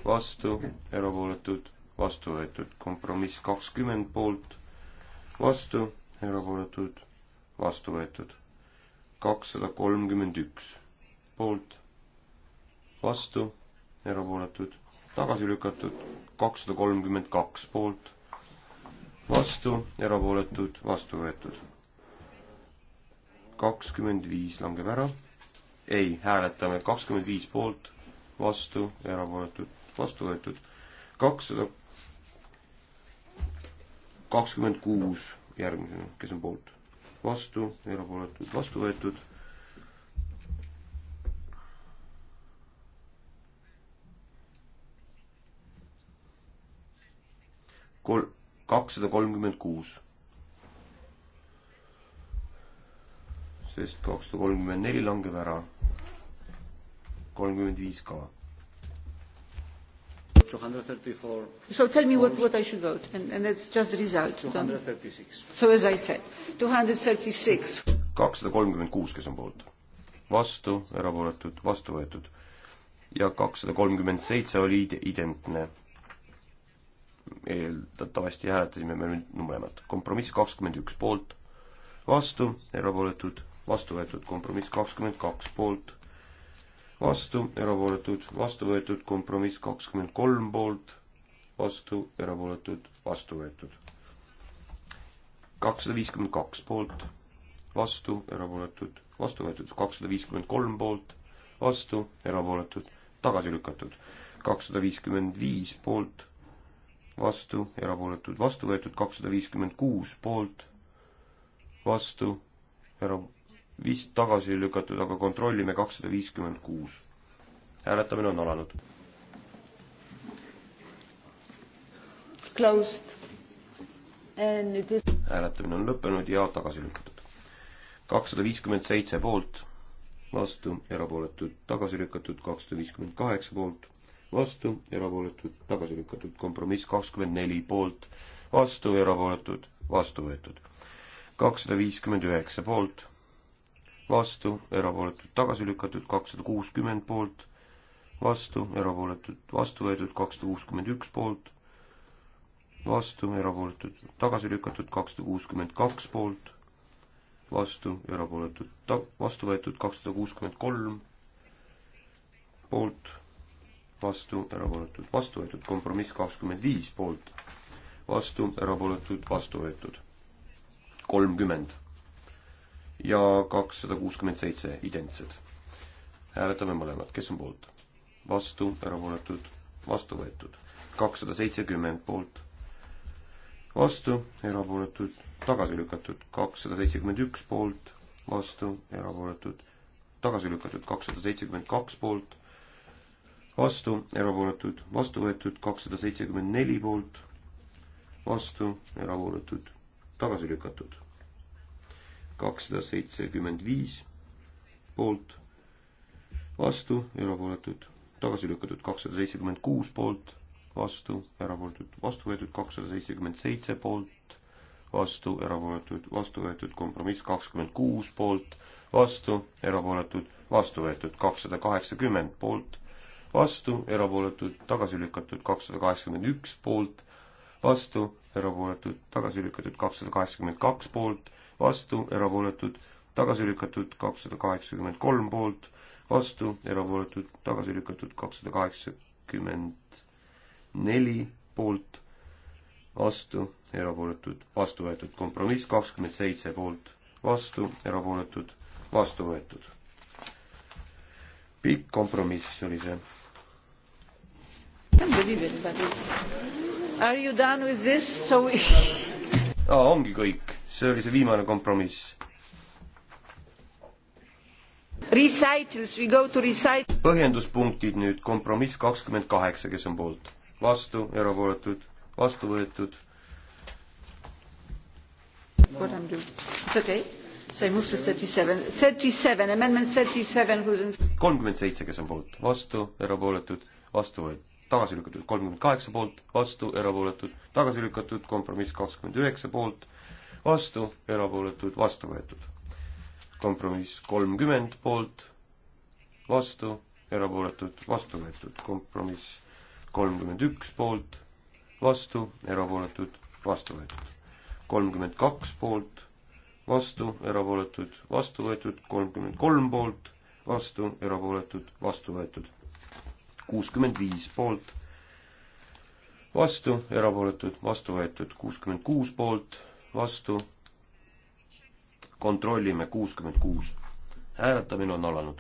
Speaker 4: vastu, erapooletud, vastu võetud, kompromiss kakskümmend poolt, vastu, erapooletud, vastu võetud, kakssada kolmkümmend üks poolt, vastu, erapooletud, tagasi lükatud, kakssada kolmkümmend kaks poolt, vastu, erapooletud, vastu võetud. kakskümmend viis langeb ära ei, hääletame kakskümmend viis poolt, vastu, erapooletud, vastu võetud, kakssada kakskümmend kuus järgmisena, kes on poolt, vastu, erapooletud, vastu võetud. kol-, kakssada kolmkümmend kuus. sest kakssada kolmkümmend neli langeb ära kolmkümmend viis ka. So
Speaker 1: tell me what, what I should vote and, and it's just the result. 236. So as I said, 236.
Speaker 4: kakssada kolmkümmend kuus, kes on poolt. vastu, erapooletud, vastu võetud. ja kakssada kolmkümmend seitse oli identne eeldatavasti hääletasime me nüüd mõlemat. kompromiss kakskümmend üks poolt, vastu, erapooletud, vastu võetud, kompromiss kakskümmend kaks poolt, vastu, erapooletud, vastu võetud, kompromiss kakskümmend kolm poolt, vastu, erapooletud, vastu võetud. kakssada viiskümmend kaks poolt, vastu, erapooletud, vastu võetud, kakssada viiskümmend kolm poolt, vastu, erapooletud, tagasi lükatud. kakssada viiskümmend viis poolt, vastu, erapooletud, vastu võetud, kakssada viiskümmend kuus poolt, vastu, era-, vist tagasi lükatud, aga kontrollime kakssada viiskümmend kuus. hääletamine on alanud. Is... hääletamine on lõppenud ja tagasi lükatud. kakssada viiskümmend seitse poolt, vastu, erapooletud, tagasi lükatud, kakssada viiskümmend kaheksa poolt, vastu, erapooletud, tagasi lükatud, kompromiss kakskümmend neli poolt, vastu, erapooletud, vastu võetud. kakssada viiskümmend üheksa poolt vastu, erapooletud tagasi lükatud kakssada kuuskümmend poolt, vastu, erapooletud vastu võetud kakssada kuuskümmend üks poolt, vastu, erapooletud tagasi lükatud kakssada kuuskümmend kaks poolt, vastu, erapooletud ta-, vastu võetud kakssada kuuskümmend kolm poolt, vastu, erapooletud vastu võetud, kompromiss kakskümmend viis poolt, vastu, erapooletud vastu võetud, kolmkümmend ja kakssada kuuskümmend seitse identsed. hääletame mõlemad, kes on poolt? vastu, erapooletud, vastu võetud. kakssada seitsekümmend poolt, vastu, erapooletud, tagasi lükatud. kakssada seitsekümmend üks poolt, vastu, erapooletud, tagasi lükatud. kakssada seitsekümmend kaks poolt, vastu, erapooletud, vastu võetud. kakssada seitsekümmend neli poolt, vastu, erapooletud, tagasi lükatud kakssada seitsekümmend viis poolt, vastu, erapooletud, tagasi lükatud kakssada seitsekümmend kuus poolt, vastu, erapooletud, vastu võetud kakssada seitsekümmend seitse poolt, vastu, erapooletud, vastu võetud kompromiss kakskümmend kuus poolt, vastu, erapooletud, vastu võetud kakssada kaheksakümmend poolt, vastu, erapooletud, tagasi lükatud kakssada kaheksakümmend üks poolt, vastu, erapooletud, tagasi lükatud kakssada kaheksakümmend kaks poolt, vastu, erapooletud, tagasi lükatud kakssada kaheksakümmend kolm poolt, vastu, erapooletud, tagasi lükatud kakssada kaheksakümmend neli poolt, vastu, erapooletud, vastu võetud, kompromiss kakskümmend seitse poolt, vastu, erapooletud, vastu võetud. pikk kompromiss oli see.
Speaker 1: I can't believe it, but it's Are you done with this? So we...
Speaker 4: ah, ongi kõik, see oli see viimane kompromiss.
Speaker 1: Recitals, we go to recit-.
Speaker 4: põhjenduspunktid nüüd, kompromiss kakskümmend kaheksa, kes on poolt, vastu, erapooletud, vastu võetud.
Speaker 1: What I am doing, it's okay. So I move to thirty-seven, thirty-seven, amendment thirty-seven, who's in.
Speaker 4: kolmkümmend seitse, kes on poolt, vastu, erapooletud, vastu võetud tagasi lükatud kolmkümmend kaheksa poolt, vastu, erapooletud, tagasi lükatud, kompromiss kakskümmend üheksa poolt, vastu, erapooletud, vastu võetud. kompromiss kolmkümmend poolt, vastu, erapooletud, vastu võetud, kompromiss kolmkümmend üks poolt, vastu, erapooletud, vastu võetud. kolmkümmend kaks poolt, vastu, erapooletud, vastu võetud, kolmkümmend kolm poolt, vastu, erapooletud, vastu võetud kuuskümmend viis poolt, vastu, erapooletud, vastu võetud kuuskümmend kuus poolt, vastu, kontrollime kuuskümmend kuus. hääletamine on alanud.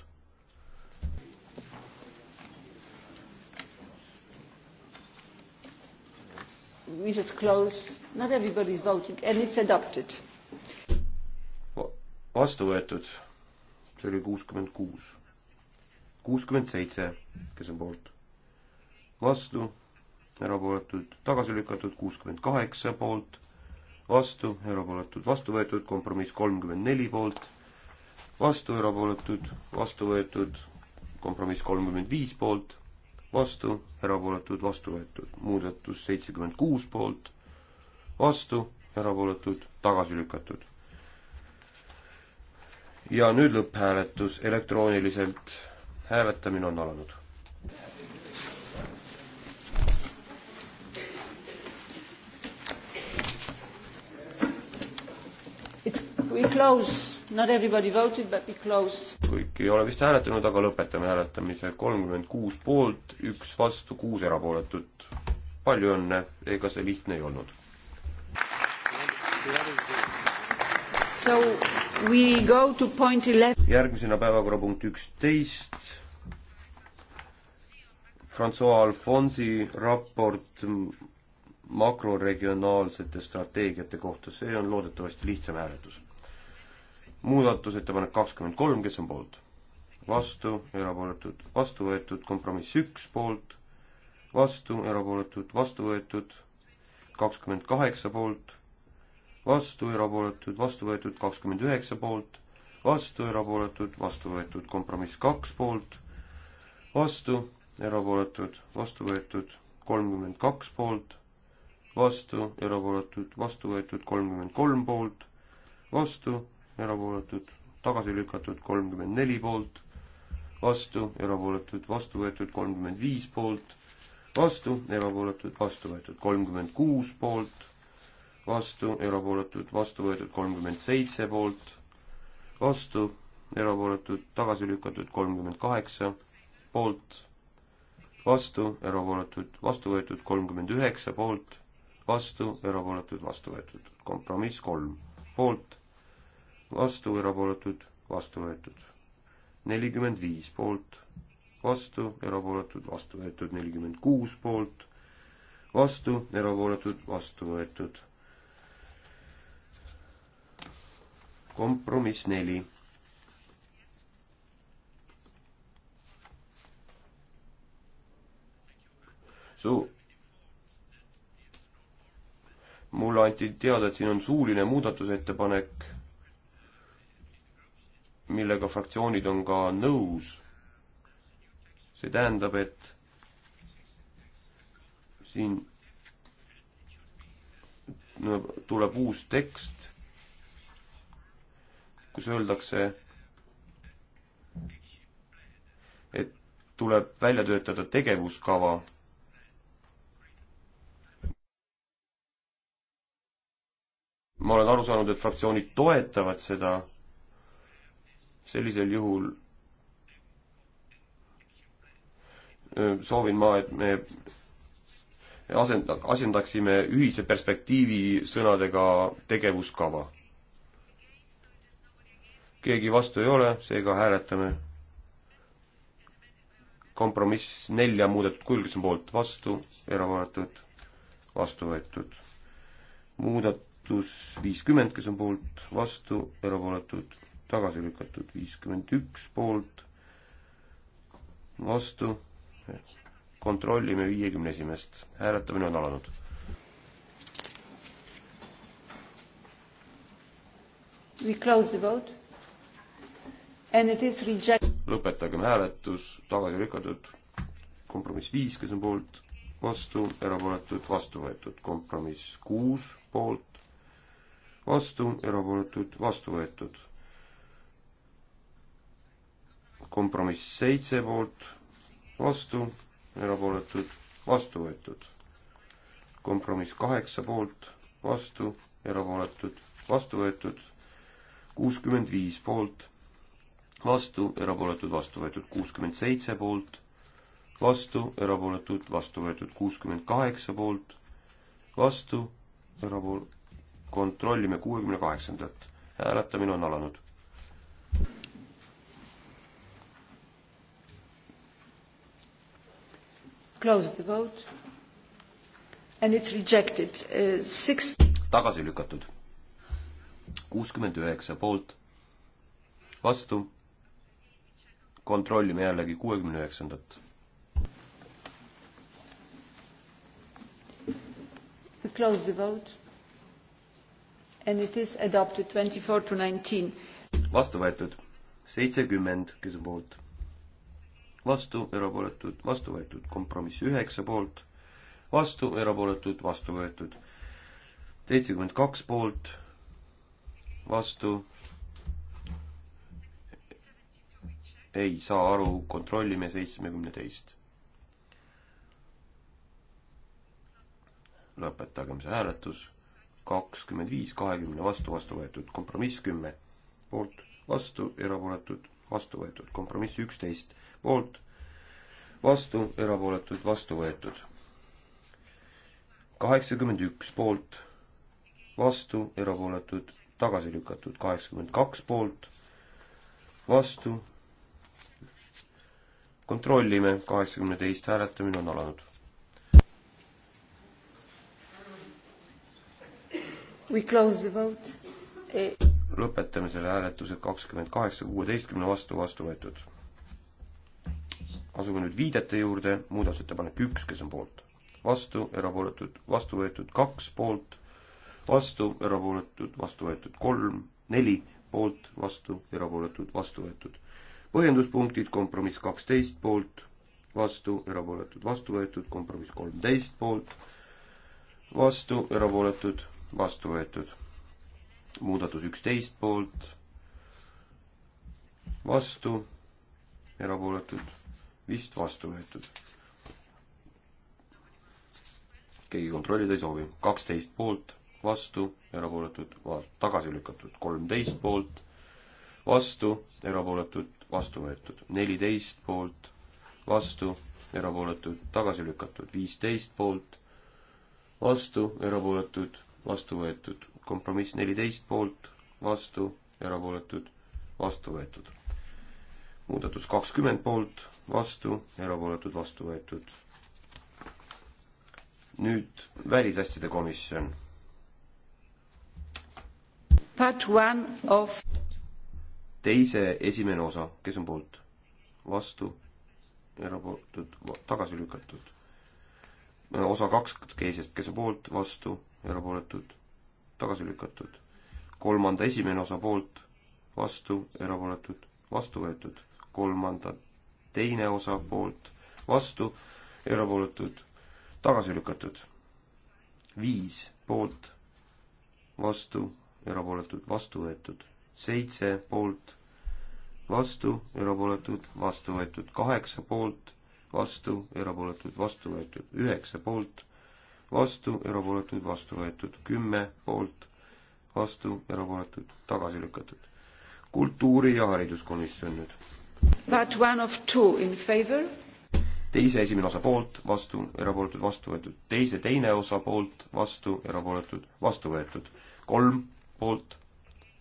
Speaker 1: We just close, not everybody is voting and it's adopted.
Speaker 4: vastu võetud, see oli kuuskümmend kuus kuuskümmend seitse, kes on poolt, vastu, erapooletud, tagasi lükatud, kuuskümmend kaheksa poolt, vastu, erapooletud, vastu võetud, kompromiss kolmkümmend neli poolt, vastu, erapooletud, vastu võetud, kompromiss kolmkümmend viis poolt, vastu, erapooletud, vastu võetud, muudatus seitsekümmend kuus poolt, vastu, erapooletud, tagasi lükatud. ja nüüd lõpphääletus elektrooniliselt hääletamine on alanud.
Speaker 1: We close, not everybody voted, but we close.
Speaker 4: kõik ei ole vist hääletanud, aga lõpetame hääletamise. kolmkümmend kuus poolt, üks vastu, kuus erapooletut. palju õnne, ega see lihtne ei olnud. So järgmisena päevakorrapunkt üksteist. Francois Alfonsi raport makroregionaalsete strateegiate kohta, see on loodetavasti lihtsam hääletus. muudatusettepanek kakskümmend kolm, kes on poolt? vastu, erapooletud, vastu võetud, kompromiss üks poolt, vastu, erapooletud, vastu võetud, kakskümmend kaheksa poolt vastu, erapooletud, vastu võetud kakskümmend üheksa poolt, vastu, erapooletud, vastu võetud kompromiss kaks poolt, vastu, erapooletud, vastu võetud kolmkümmend kaks poolt, vastu, erapooletud, vastu võetud kolmkümmend kolm poolt, vastu, erapooletud, tagasi lükatud kolmkümmend neli poolt, vastu, erapooletud, vastu võetud kolmkümmend viis poolt, vastu, erapooletud, vastu võetud kolmkümmend kuus poolt vastu, erapooletud, vastu võetud kolmkümmend seitse poolt, vastu, erapooletud, tagasi lükatud kolmkümmend kaheksa poolt, vastu, erapooletud, vastu võetud kolmkümmend üheksa poolt, vastu, erapooletud, vastu võetud. kompromiss kolm poolt, vastu, erapooletud, vastu võetud. nelikümmend viis poolt, vastu, erapooletud, vastu võetud, nelikümmend kuus poolt, vastu, erapooletud, vastu võetud kompromiss neli. su-, mulle anti teada, et siin on suuline muudatusettepanek, millega fraktsioonid on ka nõus. see tähendab, et siin tuleb uus tekst kus öeldakse, et tuleb välja töötada tegevuskava. ma olen aru saanud, et fraktsioonid toetavad seda. sellisel juhul soovin ma, et me asend-, asendaksime ühise perspektiivi sõnadega tegevuskava keegi vastu ei ole, seega hääletame kompromiss nelja muudetud kujul, kes on poolt vastu, erapooletud, vastu võetud. muudatus viiskümmend, kes on poolt vastu, erapooletud, tagasi lükatud, viiskümmend üks poolt vastu, kontrollime viiekümne esimest, hääletamine on alanud.
Speaker 1: We close the vote lõpetagem
Speaker 4: hääletus, tagasi lükatud, kompromiss viis, kes on poolt, vastu, erapooletud, vastu võetud, kompromiss kuus poolt, vastu, erapooletud, vastu võetud. kompromiss seitse poolt, vastu, erapooletud, vastu võetud. kompromiss kaheksa poolt, vastu, erapooletud, vastu võetud, kuuskümmend viis poolt vastu, erapooletud, vastu võetud kuuskümmend seitse poolt, vastu, erapooletud, vastu võetud kuuskümmend kaheksa poolt, vastu, erapool-, kontrollime kuuekümne kaheksandat. hääletamine on alanud.
Speaker 1: Close the vote and it's rejected uh, six
Speaker 4: tagasi lükatud. kuuskümmend üheksa poolt, vastu kontrollime jällegi kuuekümne üheksandat.
Speaker 1: We close the vote and it is adopted twenty four to nineteen.
Speaker 4: vastu võetud seitsekümmend, kes on poolt vastu, erapooletud, vastu võetud, kompromiss üheksa poolt, vastu, erapooletud, vastu võetud, seitsekümmend kaks poolt, vastu, ei saa aru, kontrollime seitsmekümne teist. lõpetagem see hääletus, kakskümmend viis, kahekümne vastu, vastu võetud, kompromiss kümme, poolt, vastu, erapooletud, vastu võetud, kompromiss üksteist, poolt, vastu, erapooletud, vastu võetud. kaheksakümmend üks poolt, vastu, erapooletud, tagasi lükatud, kaheksakümmend kaks poolt, vastu, kontrollime, kaheksakümne teist hääletamine on alanud.
Speaker 1: We close the vote e.
Speaker 4: lõpetame selle hääletuse kakskümmend kaheksa kuueteistkümne vastu vastu võetud. asume nüüd viidete juurde, muudatusettepanek üks, kes on poolt, vastu, erapooletud, vastu võetud kaks poolt, vastu, erapooletud, vastu võetud kolm, neli poolt, vastu, erapooletud, vastu võetud põhjenduspunktid, kompromiss kaksteist poolt, vastu, erapooletud, vastu võetud, kompromiss kolmteist poolt, vastu, erapooletud, vastu võetud. muudatus üksteist poolt, vastu, erapooletud, vist vastu võetud. keegi kontrollida ei soovi, kaksteist poolt, vastu, erapooletud, tagasi lükatud, kolmteist poolt, vastu, erapooletud, vastu võetud, neliteist poolt vastu, erapooletud, tagasi lükatud, viisteist poolt vastu, erapooletud, vastu võetud, kompromiss neliteist poolt vastu, erapooletud, vastu võetud. muudatus kakskümmend poolt vastu, erapooletud, vastu võetud. nüüd välisasjade komisjon.
Speaker 1: Part one of
Speaker 4: teise esimene osa, kes on poolt? vastu, erapooletud, tagasi lükatud. osa kaks teisest, kes on poolt, vastu, erapooletud, tagasi lükatud. kolmanda esimene osa poolt, vastu, erapooletud, vastu võetud. kolmanda teine osa poolt, vastu, erapooletud, tagasi lükatud. viis poolt, vastu, erapooletud, vastu võetud seitse poolt, vastu, erapooletud, vastu võetud kaheksa poolt, vastu, erapooletud, vastu võetud üheksa poolt, vastu, erapooletud, vastu võetud kümme poolt, vastu, erapooletud, tagasi lükatud. kultuuri- ja hariduskomisjon nüüd.
Speaker 1: But one of two in favor?
Speaker 4: teise esimene osa poolt, vastu, erapooletud, vastu võetud. teise teine osa poolt, vastu, erapooletud, vastu võetud. kolm poolt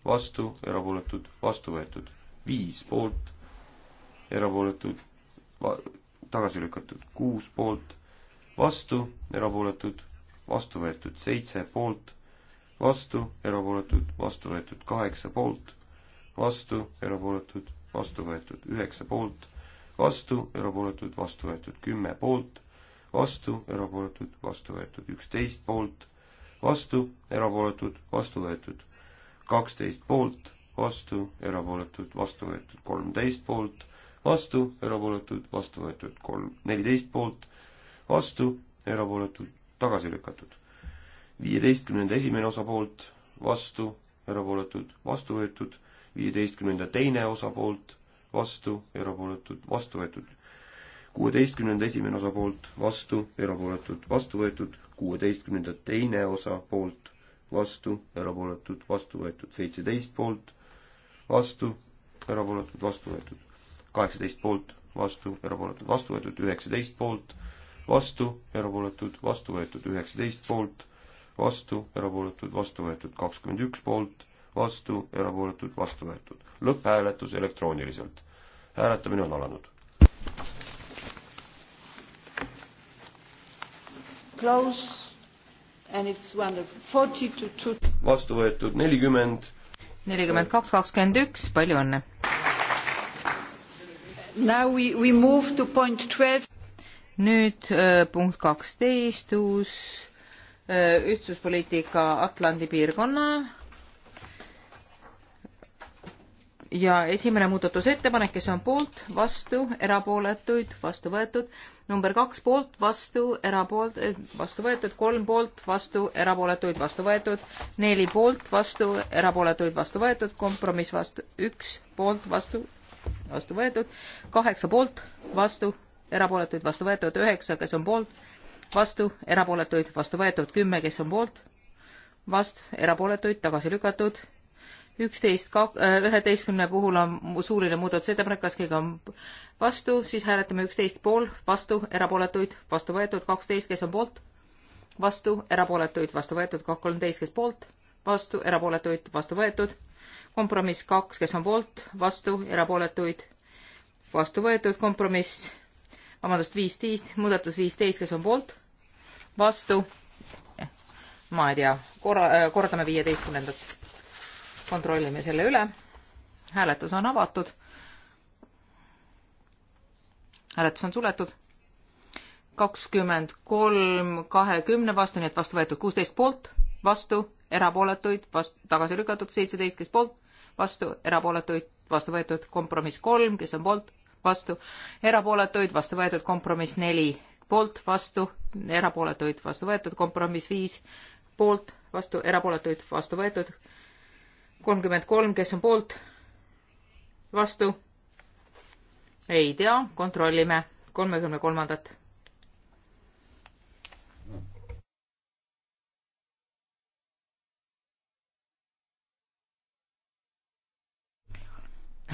Speaker 4: vastu, erapooletud, vastu võetud. viis poolt, erapooletud, tagasi lükatud. kuus poolt, vastu, erapooletud, vastu võetud. seitse poolt, vastu, erapooletud, vastu võetud. kaheksa poolt, vastu, erapooletud, vastu võetud. üheksa poolt, vastu, erapooletud, vastu võetud. kümme poolt, vastu, erapooletud, vastu võetud. üksteist poolt, vastu, erapooletud, vastu võetud kaksteist poolt, vastu, erapooletud, vastu võetud kolmteist poolt, vastu, erapooletud, vastu võetud kolm, neliteist poolt, vastu, erapooletud, tagasi lükatud. viieteistkümnenda esimene osa poolt, vastu, erapooletud, vastu võetud, viieteistkümnenda teine osa poolt, vastu, erapooletud, vastu võetud. kuueteistkümnenda esimene osa poolt, vastu, erapooletud, vastu võetud, kuueteistkümnenda teine osa poolt, vastu, erapooletud, vastu võetud. seitseteist poolt, vastu, erapooletud, vastu võetud. kaheksateist poolt, vastu, erapooletud, vastu võetud. üheksateist poolt, vastu, erapooletud, vastu võetud. üheksateist poolt, vastu, erapooletud, vastu võetud. kakskümmend üks poolt, vastu, erapooletud, vastu võetud. lõpphääletus elektrooniliselt. hääletamine on alanud.
Speaker 1: Close
Speaker 4: vastu võetud nelikümmend. nelikümmend
Speaker 2: kaks, kakskümmend üks, palju õnne. nüüd äh, punkt kaksteist, uus äh, ühtsuspoliitika Atlandi piirkonna ja esimene muudatusettepanek, kes on poolt, vastu, erapooletuid, vastu võetud, number kaks poolt, vastu, erapoolt-, eh, vastu võetud, kolm poolt, vastu, erapooletuid, vastu võetud, neli poolt, vastu, erapooletuid, vastu võetud, kompromiss vastu, üks poolt, vastu, vastu võetud, kaheksa poolt, vastu, erapooletuid, vastu võetud, üheksa, kes on poolt, vastu, erapooletuid, vastu võetud, kümme, kes on poolt, vastu, erapooletuid, tagasi lükatud üksteist, äh, üheteistkümne puhul on suuline muudatusettepanek, kas keegi on vastu, siis hääletame üksteist pool, vastu, erapooletuid, vastu võetud, kaksteist, kes on poolt, vastu, erapooletuid, vastu võetud, kolmteist, kes poolt, vastu, erapooletuid, vastu võetud, kompromiss kaks, kes on poolt, vastu, erapooletuid, vastu võetud, kompromiss, vabandust, viisteist, muudatus viisteist, kes on poolt, vastu, ma ei tea, korra, äh, kordame viieteistkümnendat kontrollime selle üle. hääletus on avatud. hääletus on suletud. kakskümmend kolm kahekümne vastu, nii et vastu võetud kuusteist poolt, vastu, erapooletuid, vast-, tagasi lükatud seitseteist, kes poolt, vastu, erapooletuid, vastu võetud kompromiss kolm, kes on poolt, vastu, erapooletuid, vastu võetud kompromiss neli, poolt, vastu, erapooletuid, vastu võetud kompromiss viis, poolt, vastu, erapooletuid, vastu võetud kolmkümmend kolm, kes on poolt? vastu? ei tea, kontrollime kolmekümne kolmandat.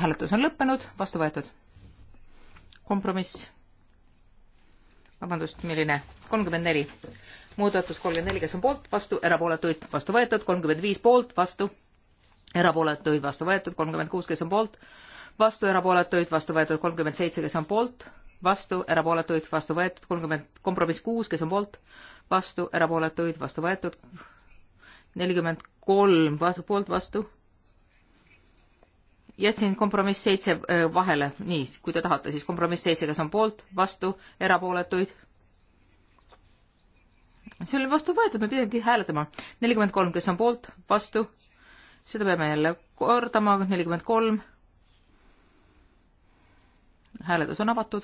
Speaker 2: hääletus on lõppenud, vastu võetud. kompromiss. vabandust, milline? kolmkümmend neli. muudatus kolmkümmend neli, kes on poolt, vastu, erapooletuid, vastu võetud, kolmkümmend viis poolt, vastu erapooletuid vastu võetud kolmkümmend kuus, kes on poolt, vastu erapooletuid vastu võetud kolmkümmend seitse, kes on poolt, vastu erapooletuid vastu võetud kolmkümmend, kompromiss kuus, kes on poolt, vastu erapooletuid vastu võetud nelikümmend kolm, vastu, poolt vastu. jätsin kompromiss seitse vahele, nii, kui te tahate, siis kompromiss seitse, kes on poolt, vastu, erapooletuid see oli vastu võetud, me pidimegi hääletama. nelikümmend kolm, kes on poolt, vastu, seda peame jälle kordama, nelikümmend kolm. hääletus on avatud.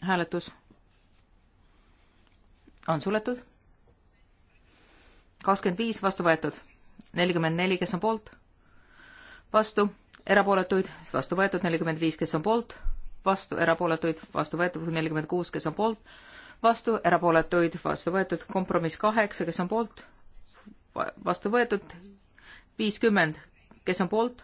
Speaker 2: hääletus on suletud. kakskümmend viis vastu võetud, nelikümmend neli, kes on poolt, vastu, erapooletuid, vastu võetud, nelikümmend viis, kes on poolt, vastu, erapooletuid, vastu võetud, nelikümmend kuus, kes on poolt, vastu, erapooletuid, vastu võetud, kompromiss kaheksa, kes on poolt vastu võetud, viiskümmend, kes on poolt,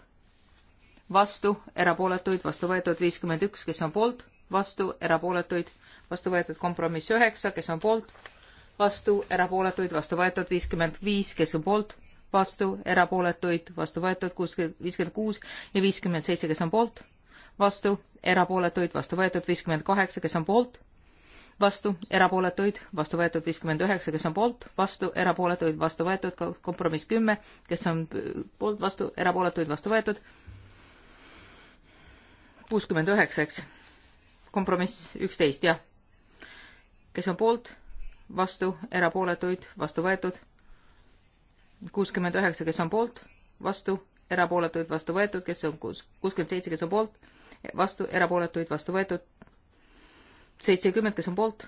Speaker 2: vastu, erapooletuid, vastu võetud, viiskümmend üks, kes on poolt, vastu, erapooletuid, vastu võetud, kompromiss üheksa, kes on poolt, vastu, erapooletuid, vastu võetud, viiskümmend viis, kes on poolt, vastu, erapooletuid, vastu võetud, kuuskümmend, viiskümmend kuus ja viiskümmend seitse, kes on poolt, vastu, erapooletuid, vastu võetud, viiskümmend kaheksa, kes on poolt vastu, erapooletuid, vastu võetud viiskümmend üheksa, kes on poolt, vastu, erapooletuid, vastu võetud, kompromiss kümme, kes on poolt, vastu, erapooletuid, vastu võetud, kuuskümmend üheksa, eks, kompromiss üksteist, jah. kes on poolt, vastu, erapooletuid, vastu võetud, kuuskümmend üheksa, kes on poolt, vastu, erapooletuid, vastu võetud, kes on kuus, kuuskümmend seitse, kes on poolt, vastu, erapooletuid, vastu võetud, seitsekümmend, kes on poolt,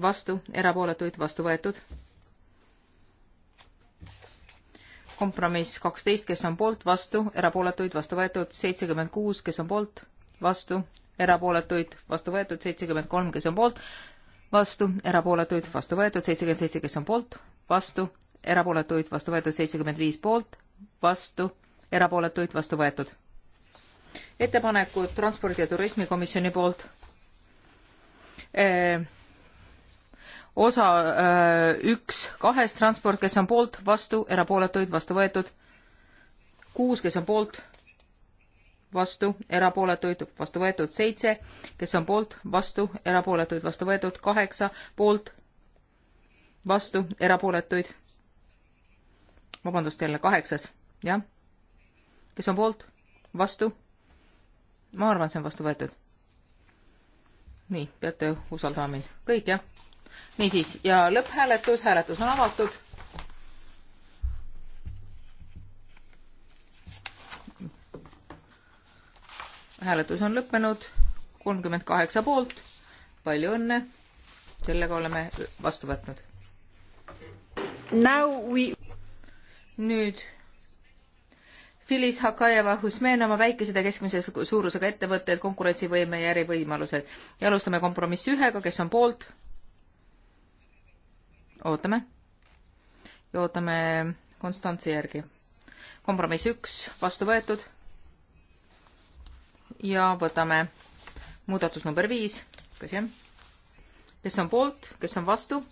Speaker 2: vastu, erapooletuid, vastu võetud. kompromiss kaksteist, kes on poolt, vastu, erapooletuid, vastu võetud, seitsekümmend kuus, kes on poolt, vastu, erapooletuid, vastu võetud, seitsekümmend kolm, kes on poolt, vastu, erapooletuid, vastu võetud, seitsekümmend seitse, kes on poolt, vastu, erapooletuid, vastu võetud, seitsekümmend viis poolt, vastu, erapooletuid, vastu võetud. ettepanekud Transpordi- ja Turismikomisjoni poolt Äh, osa äh, üks kahest transport, kes on poolt, vastu, erapooletuid, vastu võetud. kuus, kes on poolt, vastu, erapooletuid, vastu võetud. seitse, kes on poolt, vastu, erapooletuid, vastu võetud. kaheksa, poolt, vastu, erapooletuid. vabandust, jälle kaheksas, jah. kes on poolt, vastu? ma arvan, see on vastu võetud nii, peate usaldama mind. kõik, jah? niisiis, ja lõpphääletus, hääletus on avatud. hääletus on lõppenud, kolmkümmend kaheksa poolt, palju õnne, sellega oleme vastu võtnud. We... nüüd Filis, Hakajeva, Husmen oma väikesed ja keskmise suurusega ettevõtted, konkurentsivõime ja ärivõimalused. ja alustame kompromissi ühega, kes on poolt? ootame. ja ootame Konstantsi järgi. kompromiss üks, vastu võetud. ja võtame muudatus number viis, kas jah? kes on poolt, kes on vastu?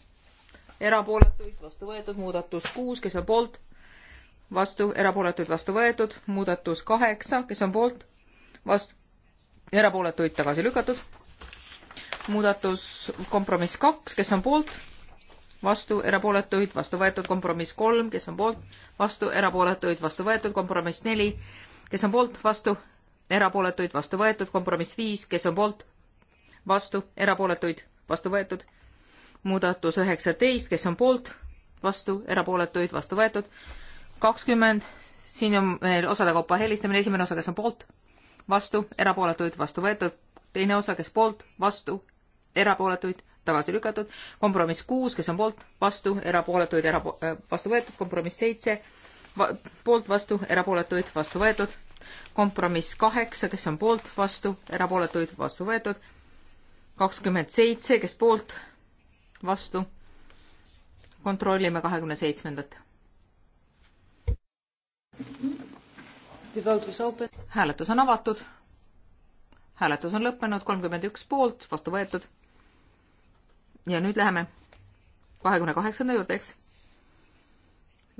Speaker 2: erapooletuid, vastu võetud, muudatus kuus, kes on poolt? vastu, erapooletuid vastu võetud, muudatus kaheksa, kes on poolt, vastu, erapooletuid tagasi lükatud, muudatus kompromiss kaks, kes on poolt, vastu, erapooletuid vastu võetud, kompromiss kolm, kes on poolt, vastu, erapooletuid vastu võetud, kompromiss neli, kes on poolt, vastu, erapooletuid vastu võetud, kompromiss viis, kes on poolt, vastu, erapooletuid vastu võetud, muudatus üheksateist, kes on poolt, vastu, erapooletuid vastu võetud, kakskümmend, siin on meil osade kaupa helistamine, esimene osa, kes on poolt, vastu, erapooletuid, vastu võetud, teine osa, kes poolt, vastu, erapooletuid, tagasi lükatud, kompromiss kuus, kes on poolt, vastu, erapooletuid, era-, äh, vastu võetud, kompromiss seitse, poolt, vastu, erapooletuid, vastu võetud, kompromiss kaheksa, kes on poolt, vastu, erapooletuid, vastu võetud, kakskümmend seitse, kes poolt, vastu, kontrollime kahekümne seitsmendat hääletus on avatud. hääletus on lõppenud, kolmkümmend üks poolt, vastu võetud. ja nüüd läheme kahekümne kaheksanda juurde, eks.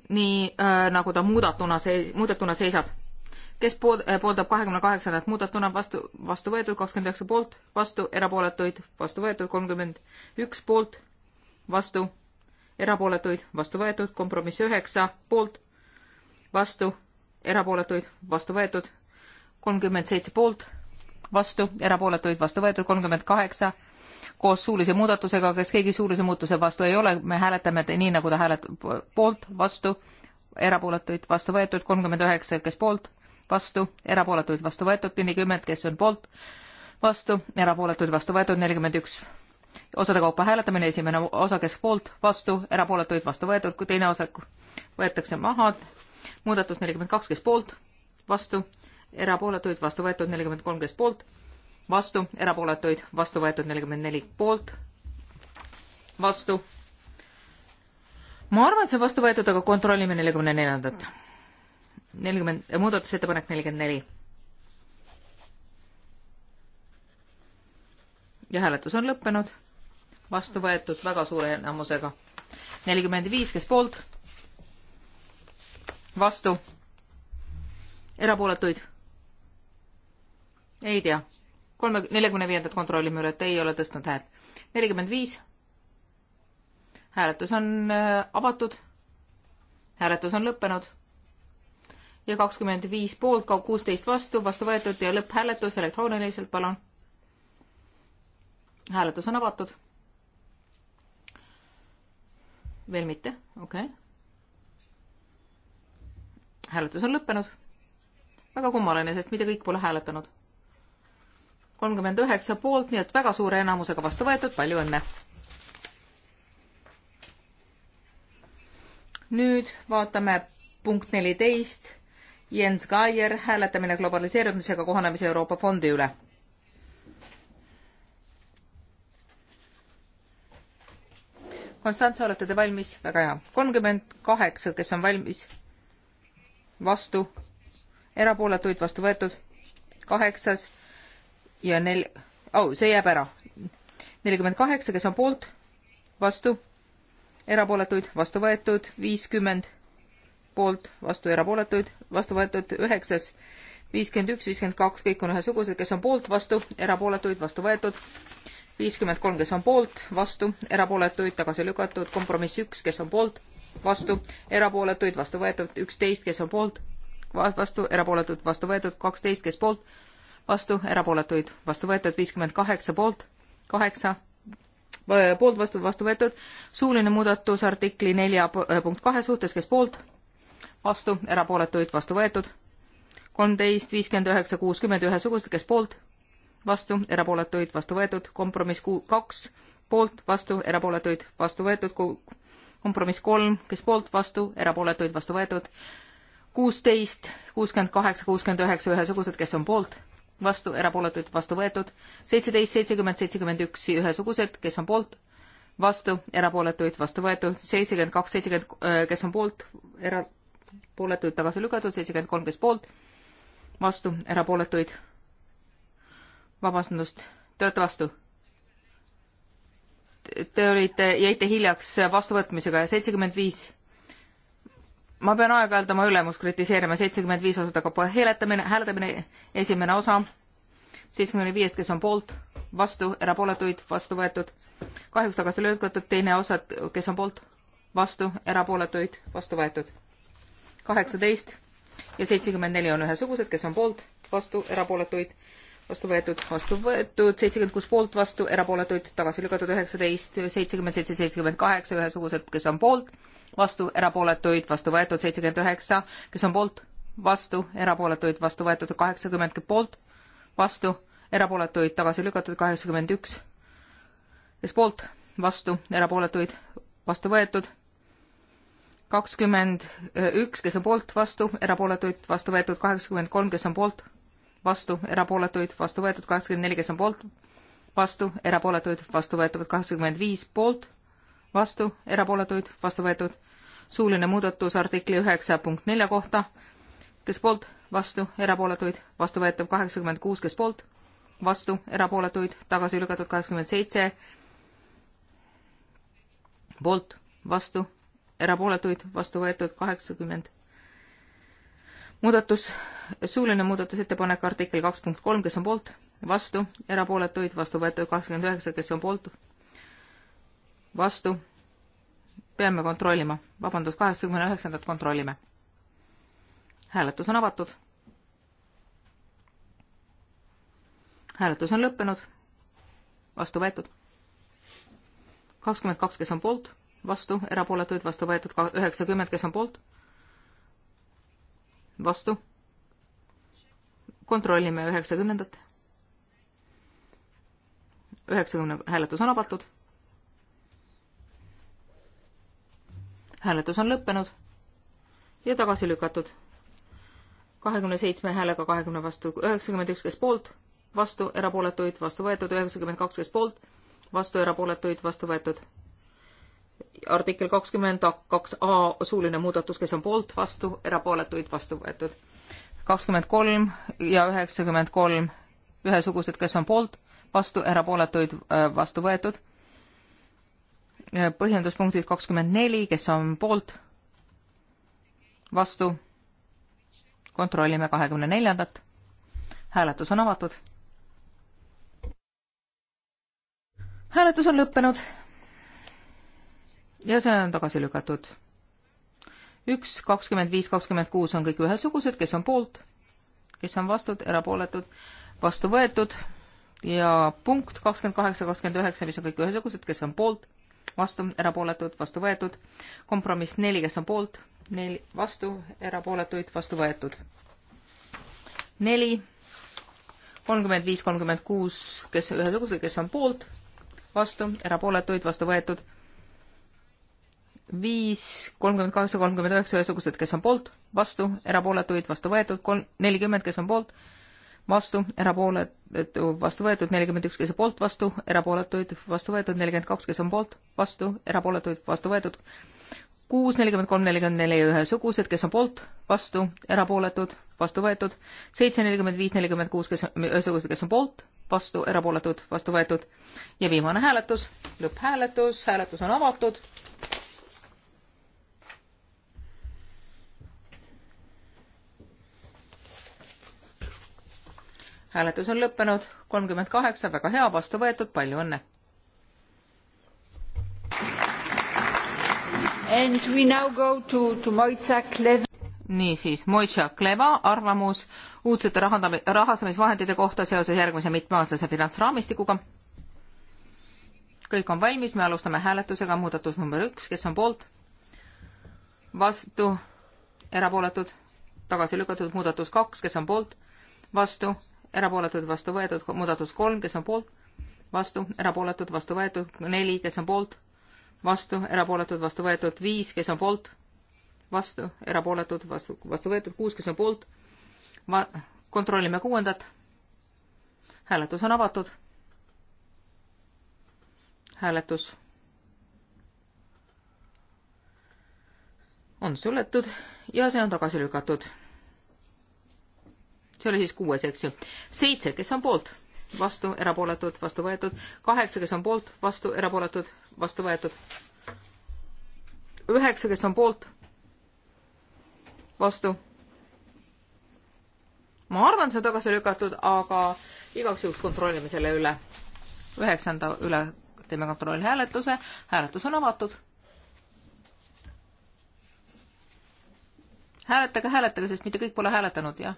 Speaker 2: nii äh, nagu ta muudatuna see, muudetuna seisab. kes pool- äh,, pooldab kahekümne kaheksandat muudatuna, vastu, vastu võetud, kakskümmend üheksa poolt, vastu, erapooletuid, vastu võetud, kolmkümmend üks poolt, vastu, erapooletuid, vastu võetud, kompromiss üheksa poolt vastu, erapooletuid, vastu võetud, kolmkümmend seitse poolt, vastu, erapooletuid, vastu võetud, kolmkümmend kaheksa koos suulise muudatusega, kas keegi suulise muutuse vastu ei ole, me hääletame nii, nagu ta häälet-, poolt, vastu, erapooletuid, vastu võetud, kolmkümmend üheksa, kes poolt, vastu, erapooletuid, vastu võetud, nelikümmend, kes on poolt, vastu, erapooletuid, vastu võetud, nelikümmend üks osade kaupa hääletamine, esimene osa, kes poolt, vastu, erapooletuid, vastu võetud, kui teine osa võetakse maha, muudatus nelikümmend kaks, kes poolt, vastu, erapooletuid, vastu võetud nelikümmend kolm, kes poolt, vastu, erapooletuid, vastu võetud nelikümmend neli poolt, vastu. ma arvan, et see on vastu võetud, aga kontrollime neljakümne neljandat. nelikümmend, eh, muudatusettepanek nelikümmend neli. ja hääletus on lõppenud, vastu võetud väga suure enamusega. nelikümmend viis, kes poolt vastu, erapooletuid? ei tea. kolme, neljakümne viiendat kontrollime üle, et ei ole tõstnud häält. nelikümmend viis. hääletus on äh, avatud. hääletus on lõppenud ja kakskümmend viis poolt, kuusteist vastu, vastu võetud ja lõpphääletus elektrooniliselt, palun. hääletus on avatud. veel mitte, okei okay hääletus on lõppenud. väga kummaline, sest mitte kõik pole hääletanud. kolmkümmend üheksa poolt, nii et väga suure enamusega vastu võetud, palju õnne. nüüd vaatame punkt neliteist, Jens Geier, hääletamine globaliseerumisega kohanemise Euroopa fondi üle Konstantse, olete te valmis? väga hea. kolmkümmend kaheksa, kes on valmis? vastu, erapooletuid vastu võetud, kaheksas ja nel-, au oh,, see jääb ära. nelikümmend kaheksa, kes on poolt, vastu, erapooletuid vastu võetud, viiskümmend poolt, vastu erapooletuid, vastu võetud üheksas, viiskümmend üks, viiskümmend kaks, kõik on ühesugused, kes on poolt, vastu, erapooletuid vastu võetud, viiskümmend kolm, kes on poolt, vastu, erapooletuid tagasi lükatud, kompromiss üks, kes on poolt, vastu, erapooletuid, vastu võetud üksteist, kes on poolt, vastu, erapooletud, vastu võetud kaksteist, kes poolt, vastu, erapooletuid, vastu võetud viiskümmend kaheksa poolt, kaheksa poolt vastu, vastu võetud, suuline muudatus artikli nelja äh, punkt kahe suhtes, kes poolt, vastu, erapooletuid, vastu võetud, kolmteist, viiskümmend üheksa, kuuskümmend ühesugused, kes poolt, vastu, erapooletuid, vastu võetud, kompromiss kuu-, kaks, poolt, vastu, erapooletuid, vastu võetud, kompromiss kolm, kes poolt, vastu, erapooletuid, vastu võetud. kuusteist, kuuskümmend kaheksa, kuuskümmend üheksa, ühesugused, kes on poolt, vastu, erapooletuid, vastu võetud. seitseteist, seitsekümmend, seitsekümmend üks, ühesugused, kes on poolt, vastu, erapooletuid, vastu võetud. seitsekümmend kaks, seitsekümmend, äh, kes on poolt, erapooletuid tagasi lükatud, seitsekümmend kolm, kes poolt, vastu, erapooletuid, vabandust, te olete vastu te olite, jäite hiljaks vastuvõtmisega ja seitsekümmend viis. ma pean aeg-ajalt oma ülemust kritiseerima, seitsekümmend viis osa tagab hääletamine, hääletamine, esimene osa, seitsmekümne viiest, kes on poolt, vastu, erapooletuid, vastu võetud, kahjuks tagasi lükatud, teine osa, kes on poolt, vastu, erapooletuid, vastu võetud, kaheksateist ja seitsekümmend neli on ühesugused, kes on poolt, vastu, erapooletuid vastu võetud, vastu võetud, seitsekümmend kuus poolt vastu, erapooletuid tagasi lükatud üheksateist, seitsekümmend seitse, seitsekümmend kaheksa, ühesugused, kes on poolt, vastu, erapooletuid, vastu võetud seitsekümmend üheksa, kes on poolt, vastu, erapooletuid, vastu võetud kaheksakümmend poolt, vastu, erapooletuid, tagasi lükatud kaheksakümmend üks, kes poolt, vastu, erapooletuid, vastu võetud kakskümmend üks, kes on poolt, vastu, erapooletuid, vastu võetud kaheksakümmend kolm, kes on poolt, vastu, erapooletuid, vastu võetud kaheksakümmend neli, kes on poolt, vastu, erapooletuid, vastu võetud kaheksakümmend viis, poolt, vastu, erapooletuid, vastu võetud. suuline muudatus artikli üheksa punkt nelja kohta, kes poolt, vastu, erapooletuid, vastu võetav kaheksakümmend kuus, kes poolt, vastu, erapooletuid, tagasi lükatud kaheksakümmend seitse, poolt, vastu, erapooletuid, vastu võetud kaheksakümmend. muudatus suuline muudatusettepanek artikkel kaks punkt kolm, kes on poolt, vastu, erapooletuid, vastu võetud kakskümmend üheksa, kes on poolt, vastu, peame kontrollima, vabandust, kaheksakümne üheksandat kontrollime. hääletus on avatud. hääletus on lõppenud, vastu võetud. kakskümmend kaks, kes on poolt, vastu, erapooletuid, vastu võetud üheksakümmend, kes on poolt, vastu kontrollime üheksakümnendat. üheksakümne hääletus on avatud. hääletus on lõppenud ja tagasi lükatud. kahekümne seitsme häälega kahekümne vastu, üheksakümmend üks, kes poolt, vastu, erapooletuid, vastu võetud, üheksakümmend kaks, kes poolt, vastu, erapooletuid, vastu võetud. artikkel kakskümmend kaks A suuline muudatus, kes on poolt, vastu, erapooletuid, vastu võetud kakskümmend kolm ja üheksakümmend kolm ühesugused, kes on poolt, vastu, erapooletuid äh, vastu võetud. põhjenduspunktid kakskümmend neli, kes on poolt, vastu, kontrollime kahekümne neljandat. hääletus on avatud. hääletus on lõppenud ja see on tagasi lükatud üks, kakskümmend viis, kakskümmend kuus on kõik ühesugused, kes on poolt, kes on vastu, erapooletud, vastu võetud ja punkt kakskümmend kaheksa, kakskümmend üheksa, mis on kõik ühesugused, kes on poolt, vastu, erapooletud, vastu võetud, kompromiss neli, kes on poolt, neli, vastu, erapooletuid, vastu võetud. neli, kolmkümmend viis, kolmkümmend kuus, kes ühesugused, kes on poolt, vastu, erapooletuid, vastu võetud viis, kolmkümmend kaheksa, kolmkümmend üheksa ühesugused, kes on poolt, vastu, erapooletuid, vastu võetud, kolm, nelikümmend, kes on poolt, vastu, erapooletu, vastu võetud, nelikümmend üks, kes on poolt, vastu, erapooletuid, vastu võetud, nelikümmend kaks, kes on poolt, vastu, erapooletuid, vastu võetud, kuus, nelikümmend kolm, nelikümmend neli ühesugused, kes on poolt, vastu, erapooletud, vastu võetud, seitse, nelikümmend viis, nelikümmend kuus, kes on, ühesugused, kes on poolt, vastu, erapooletud, vastu võetud ja viimane hääletus, lõpphääletus, hääletus on avatud hääletus on lõppenud, kolmkümmend kaheksa, väga hea, vastu võetud, palju õnne. niisiis, Moitša Kleva arvamus uudsete rahandami-, rahastamisvahendite kohta seoses järgmise mitmeaastase finantsraamistikuga. kõik on valmis, me alustame hääletusega, muudatus number üks, kes on poolt? vastu, erapooletud, tagasi lükatud, muudatus kaks, kes on poolt? vastu, erapooletud, vastu võetud, muudatus kolm, kes on poolt, vastu, erapooletud, vastu võetud, neli, kes on poolt, vastu, erapooletud, vastu võetud, viis, kes on poolt, vastu, erapooletud, vastu, vastu võetud, kuus, kes on poolt, va-, kontrollime kuuendat, hääletus on avatud, hääletus on suletud ja see on tagasi lükatud see oli siis kuues, eks ju. seitse, kes on poolt, vastu, erapooletud, vastu võetud. kaheksa, kes on poolt, vastu, erapooletud, vastu võetud. üheksa, kes on poolt, vastu. ma arvan, see on tagasi lükatud, aga igaks juhuks kontrollime selle üle. üheksanda üle teeme kontrollhääletuse, hääletus on avatud hääletage, hääletage, sest mitte kõik pole hääletanud, jah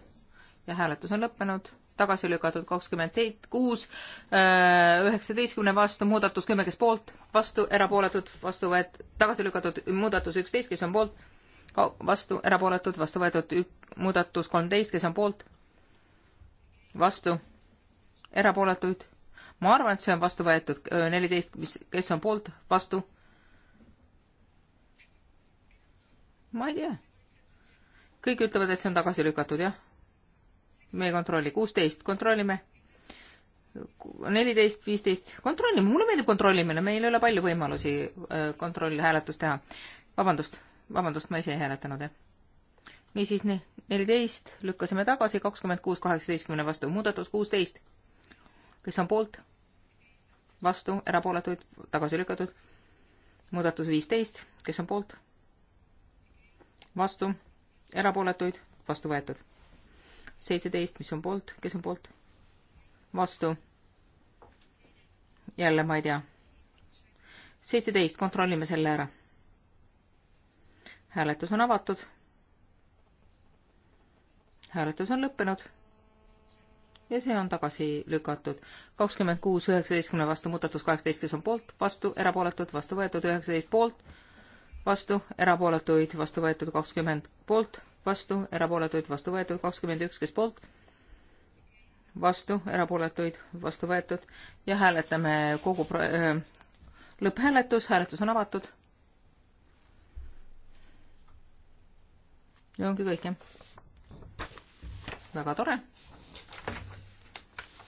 Speaker 2: ja hääletus on lõppenud, tagasi lükatud kakskümmend seit-, kuus, äh, üheksateistkümne vastu, muudatus kümme, kes poolt, vastu, erapooletud, vastu võet-, tagasi lükatud muudatus üksteist, kes on poolt, vastu, erapooletud, vastu võetud ük-, muudatus kolmteist, kes on poolt, vastu, erapooletuid, ma arvan, et see on vastu võetud, äh, neliteist, mis, kes on poolt, vastu, ma ei tea. kõik ütlevad, et see on tagasi lükatud, jah me ei kontrolli, kuusteist kontrollime, neliteist, viisteist, kontrollime, mulle meeldib kontrollimine, meil ei ole palju võimalusi äh, kontrolli, hääletust teha. vabandust, vabandust, ma ise ei hääletanud, jah. niisiis, neliteist lükkasime tagasi, kakskümmend kuus kaheksateistkümne vastu, muudatus kuusteist. kes on poolt? vastu, erapooletuid, tagasi lükatud. muudatus viisteist, kes on poolt? vastu, erapooletuid, vastu võetud seitseteist, mis on poolt, kes on poolt? vastu. jälle ma ei tea. seitseteist, kontrollime selle ära. hääletus on avatud. hääletus on lõppenud. ja see on tagasi lükatud. kakskümmend kuus üheksateistkümne vastu, muudatus kaheksateist, kes on poolt, vastu, erapooletud, vastu võetud, üheksateist poolt, vastu, erapooletuid, vastu võetud kakskümmend poolt vastu, erapooletuid, vastu võetud, kakskümmend üks, kes poolt, vastu, erapooletuid, vastu võetud ja hääletame kogu pro-, lõpphääletus, hääletus on avatud. ja ongi kõik, jah. väga tore.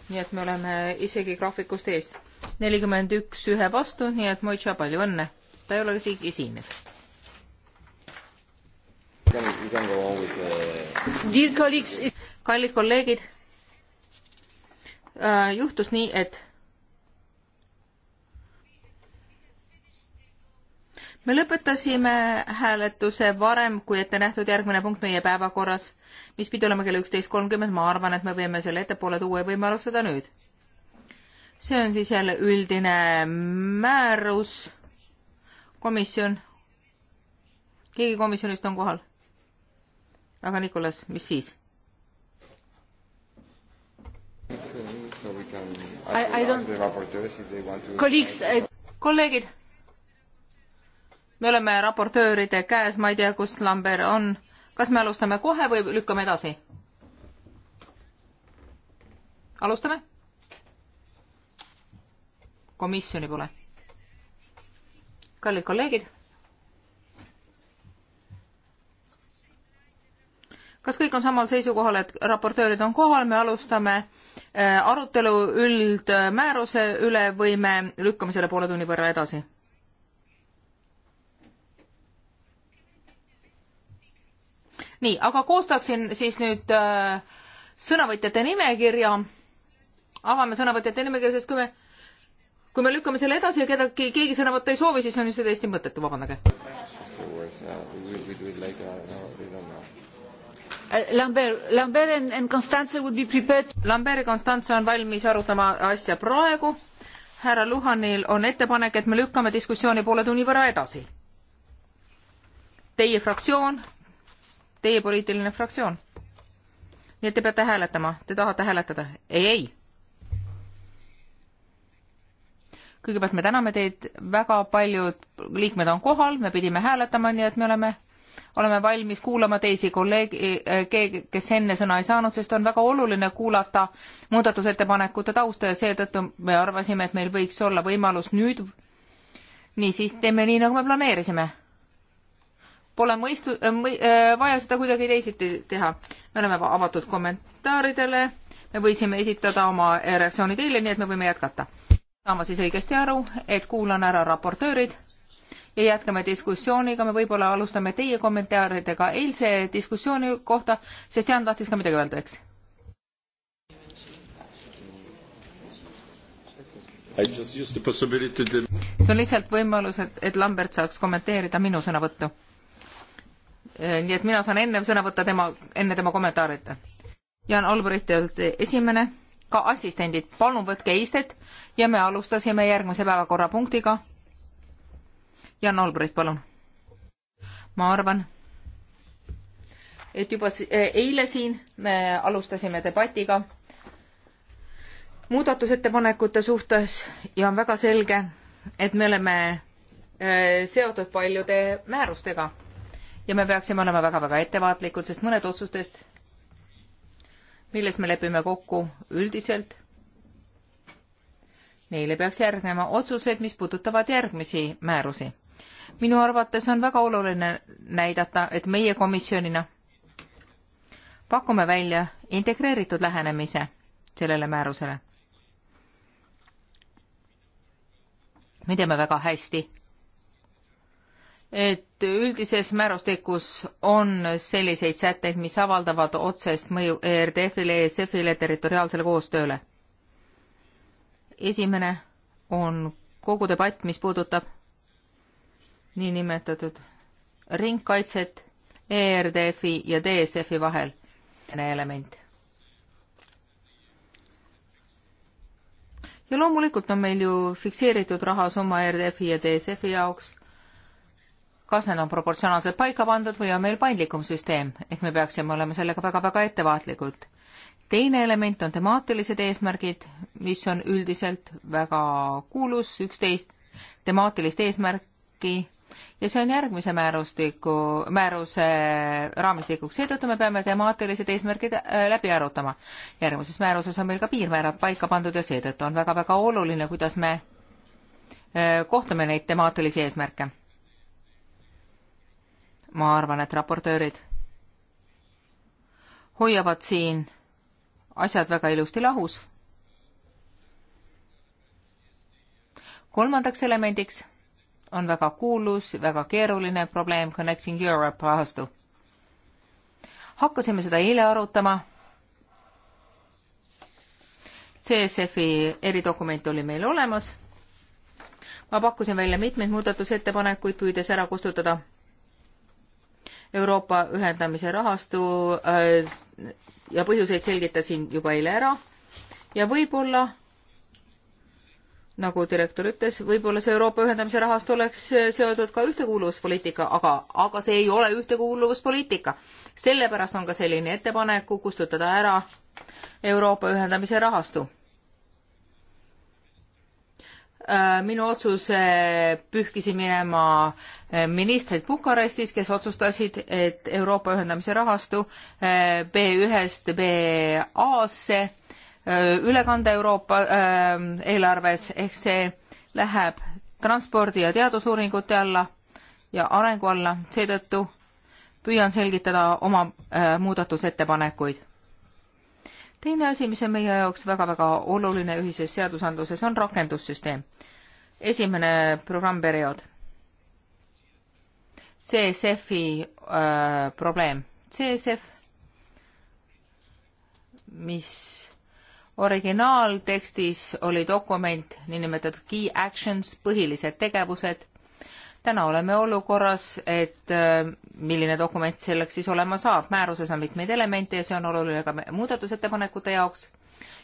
Speaker 2: nii et me oleme isegi graafikust ees. nelikümmend üks ühe vastu, nii et Moitša, palju õnne. ta ei ole isegi esimees The... Uh, kallid kolleegid, äh, juhtus nii, et me lõpetasime hääletuse varem kui ette nähtud järgmine punkt meie päevakorras, mis pidi olema kell üksteist kolmkümmend, ma arvan, et me võime selle ettepoole tuua ja võime alustada nüüd. see on siis jälle üldine määrus, komisjon, keegi komisjonist on kohal aga Nikolas, mis siis? Eh, kolleegid, me oleme raportööride käes, ma ei tea, kus Lambert on. kas me alustame kohe või lükkame edasi? alustame? komisjoni pole. kallid kolleegid kas kõik on samal seisukohal, et raportöörid on kohal, me alustame äh, arutelu üldmääruse üle või me lükkame selle poole tunni võrra edasi? nii, aga koostaksin siis nüüd äh, sõnavõtjate nimekirja, avame sõnavõtjate nimekirja, sest kui me kui me lükkame selle edasi ja kedagi, keegi sõna võtta ei soovi, siis on ju see täiesti mõttetu, vabandage. Uh, Lambert, Lambert and, and Constanze would be prepared. Lambert ja Constanze on valmis arutama asja praegu. härra Luhanil on ettepanek, et me lükkame diskussiooni poole tunni võrra edasi. Teie fraktsioon, teie poliitiline fraktsioon. nii et te peate hääletama, te tahate hääletada? ei, ei. kõigepealt me täname teid, väga paljud liikmed on kohal, me pidime hääletama, nii et me oleme oleme valmis kuulama teisi kolleege, eh, kes enne sõna ei saanud, sest on väga oluline kuulata muudatusettepanekute tausta ja seetõttu me arvasime, et meil võiks olla võimalus nüüd. niisiis teeme nii, nagu me planeerisime. Pole mõistu- või,, eh, eh, vaja seda kuidagi teisiti teha. me oleme avatud kommentaaridele, me võisime esitada oma reaktsioonid eile, nii et me võime jätkata. saama siis õigesti aru, et kuulan ära raportöörid ja jätkame diskussiooniga, me võib-olla alustame teie kommentaaridega eilse diskussiooni kohta, sest Jaan tahtis ka midagi öelda, eks?
Speaker 4: see
Speaker 2: on lihtsalt võimalus, et, et Lambert saaks kommenteerida minu sõnavõttu. Äh, nii et mina saan enne sõna võtta tema, enne tema kommentaarita. Jan Albrecht te olete esimene, ka assistendid, palun võtke istet ja me alustasime järgmise päevakorrapunktiga Jan Olbrecht, palun. ma arvan, et juba eh, eile siin me alustasime debatiga muudatusettepanekute suhtes ja on väga selge, et me oleme eh, seotud paljude määrustega ja me peaksime olema väga-väga ettevaatlikud, sest mõned otsustest, milles me lepime kokku üldiselt, neile peaks järgnema otsuseid, mis puudutavad järgmisi määrusi minu arvates on väga oluline näidata, et meie komisjonina pakume välja integreeritud lähenemise sellele määrusele. me teame väga hästi, et üldises määrustikus on selliseid sätteid, mis avaldavad otsest mõju ERDF-ile, ESF-ile, territoriaalsele koostööle. esimene on kogu debatt, mis puudutab niinimetatud ringkaitset ERDF-i ja DSF-i vahel element. ja loomulikult on meil ju fikseeritud rahasumma RDF-i ja DSF-i jaoks. kas need on proportsionaalselt paika pandud või on meil paindlikum süsteem, ehk me peaksime olema sellega väga-väga ettevaatlikud. teine element on temaatilised eesmärgid, mis on üldiselt väga kuulus, üksteist temaatilist eesmärki ja see on järgmise määrustiku, määruse raamistikuks, seetõttu me peame temaatilised eesmärgid äh, läbi arutama. järgmises määruses on meil ka piirmäärad paika pandud ja seetõttu on väga-väga oluline, kuidas me äh, kohtame neid temaatilisi eesmärke. ma arvan, et raportöörid hoiavad siin asjad väga ilusti lahus. kolmandaks elemendiks on väga kuulus, väga keeruline probleem Connecting Europe rahastu. hakkasime seda eile arutama. CSF-i eridokument oli meil olemas. ma pakkusin välja mitmeid muudatusettepanekuid, püüdes ära kustutada Euroopa ühendamise rahastu äh, ja põhjuseid selgitasin juba eile ära ja võib-olla nagu direktor ütles, võib-olla see Euroopa ühendamise rahast oleks eh, seotud ka ühtekuuluvuspoliitika, aga, aga see ei ole ühtekuuluvuspoliitika. sellepärast on ka selline ettepanek kukustutada ära Euroopa ühendamise rahastu. Äh, minu otsuse pühkisin minema eh, ministrid Bukarestis, kes otsustasid, et Euroopa ühendamise rahastu eh, B1-st BA-sse Äh, üle kanda Euroopa äh, eelarves, ehk see läheb transpordi ja teadusuuringute alla ja arengu alla, seetõttu püüan selgitada oma äh, muudatusettepanekuid. teine asi, mis on meie jaoks väga-väga oluline ühises seadusandluses, on rakendussüsteem. esimene programmperiood. CSF-i öö, probleem. CSF, mis originaaltekstis oli dokument niinimetatud key actions, põhilised tegevused. täna oleme olukorras, et äh, milline dokument selleks siis olema saab, määruses on mitmeid elemente ja see on oluline ka muudatusettepanekute jaoks.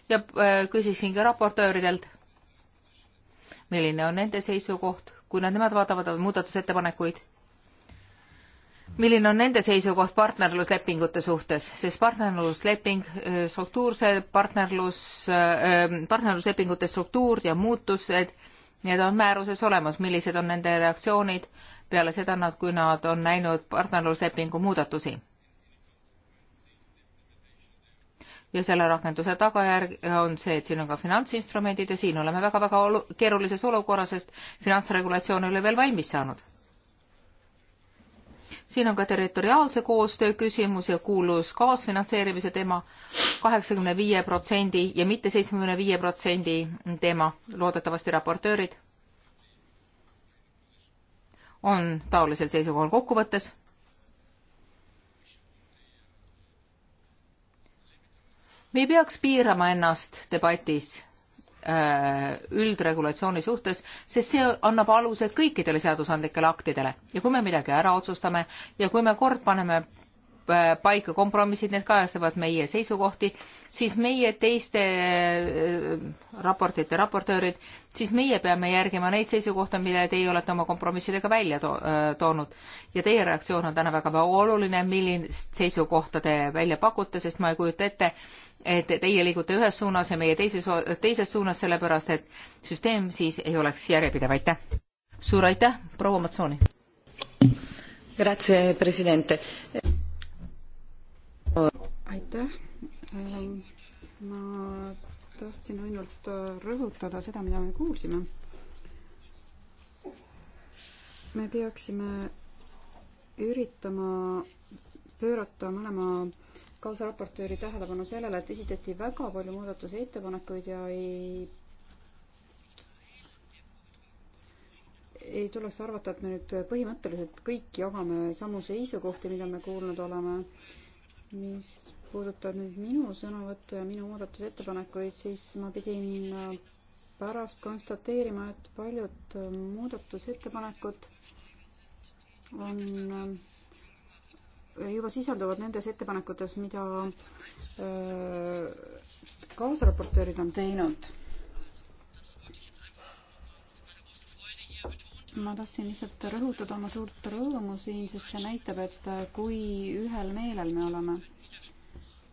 Speaker 2: ja äh, küsisin ka raportööridelt, milline on nende seisukoht, kui nad, nemad vaatavad muudatusettepanekuid milline on nende seisukoht partnerluslepingute suhtes, sest partnerlusleping, äh, struktuurse partnerlus, äh, partnerluslepingute struktuur ja muutused, need on määruses olemas, millised on nende reaktsioonid peale seda, nad, kui nad on näinud partnerluslepingu muudatusi. ja selle rakenduse tagajärg on see, et siin on ka finantsinstrumendid ja siin oleme väga-väga olu-, keerulises olukorras, sest finantsregulatsioon ei ole veel valmis saanud siin on ka territoriaalse koostöö küsimus ja kuulus kaasfinantseerimise teema, kaheksakümne viie protsendi ja mitte seitsmekümne viie protsendi teema, loodetavasti raportöörid on taolisel seisukohal kokkuvõttes. me ei peaks piirama ennast debatis Äh, üldregulatsiooni suhtes, sest see annab aluse kõikidele seadusandlikele aktidele ja kui me midagi ära otsustame ja kui me kord paneme äh, paika kompromissid, need kajastavad meie seisukohti, siis meie teiste äh, raportite raportöörid, siis meie peame järgima neid seisukohti, mille teie olete oma kompromissidega välja to toonud. ja teie reaktsioon on täna väga oluline, millist seisukohta te välja pakute, sest ma ei kujuta ette, et teie liigute ühes suunas ja meie teises, teises suunas, sellepärast et süsteem siis ei oleks järjepidev, aitäh. suur aitäh, proua Matsooni. Grazie, president.
Speaker 3: aitäh. Ähm, ma tahtsin ainult äh, rõhutada seda, mida me kuulsime. me peaksime üritama pöörata mõlema kaasraportööri tähelepanu sellele, et esitati väga palju muudatusettepanekuid ja ei ei tuleks arvata, et me nüüd põhimõtteliselt kõik jagame samu seisukohti, mida me kuulnud oleme. mis puudutab nüüd minu sõnavõttu ja minu muudatusettepanekuid, siis ma pidin pärast konstateerima, et paljud muudatusettepanekud on juba sisalduvad nendes ettepanekutes, mida äh, kaasraportöörid on teinud. ma tahtsin lihtsalt rõhutada oma suurt rõõmu siin, sest see näitab, et kui ühel meelel me oleme.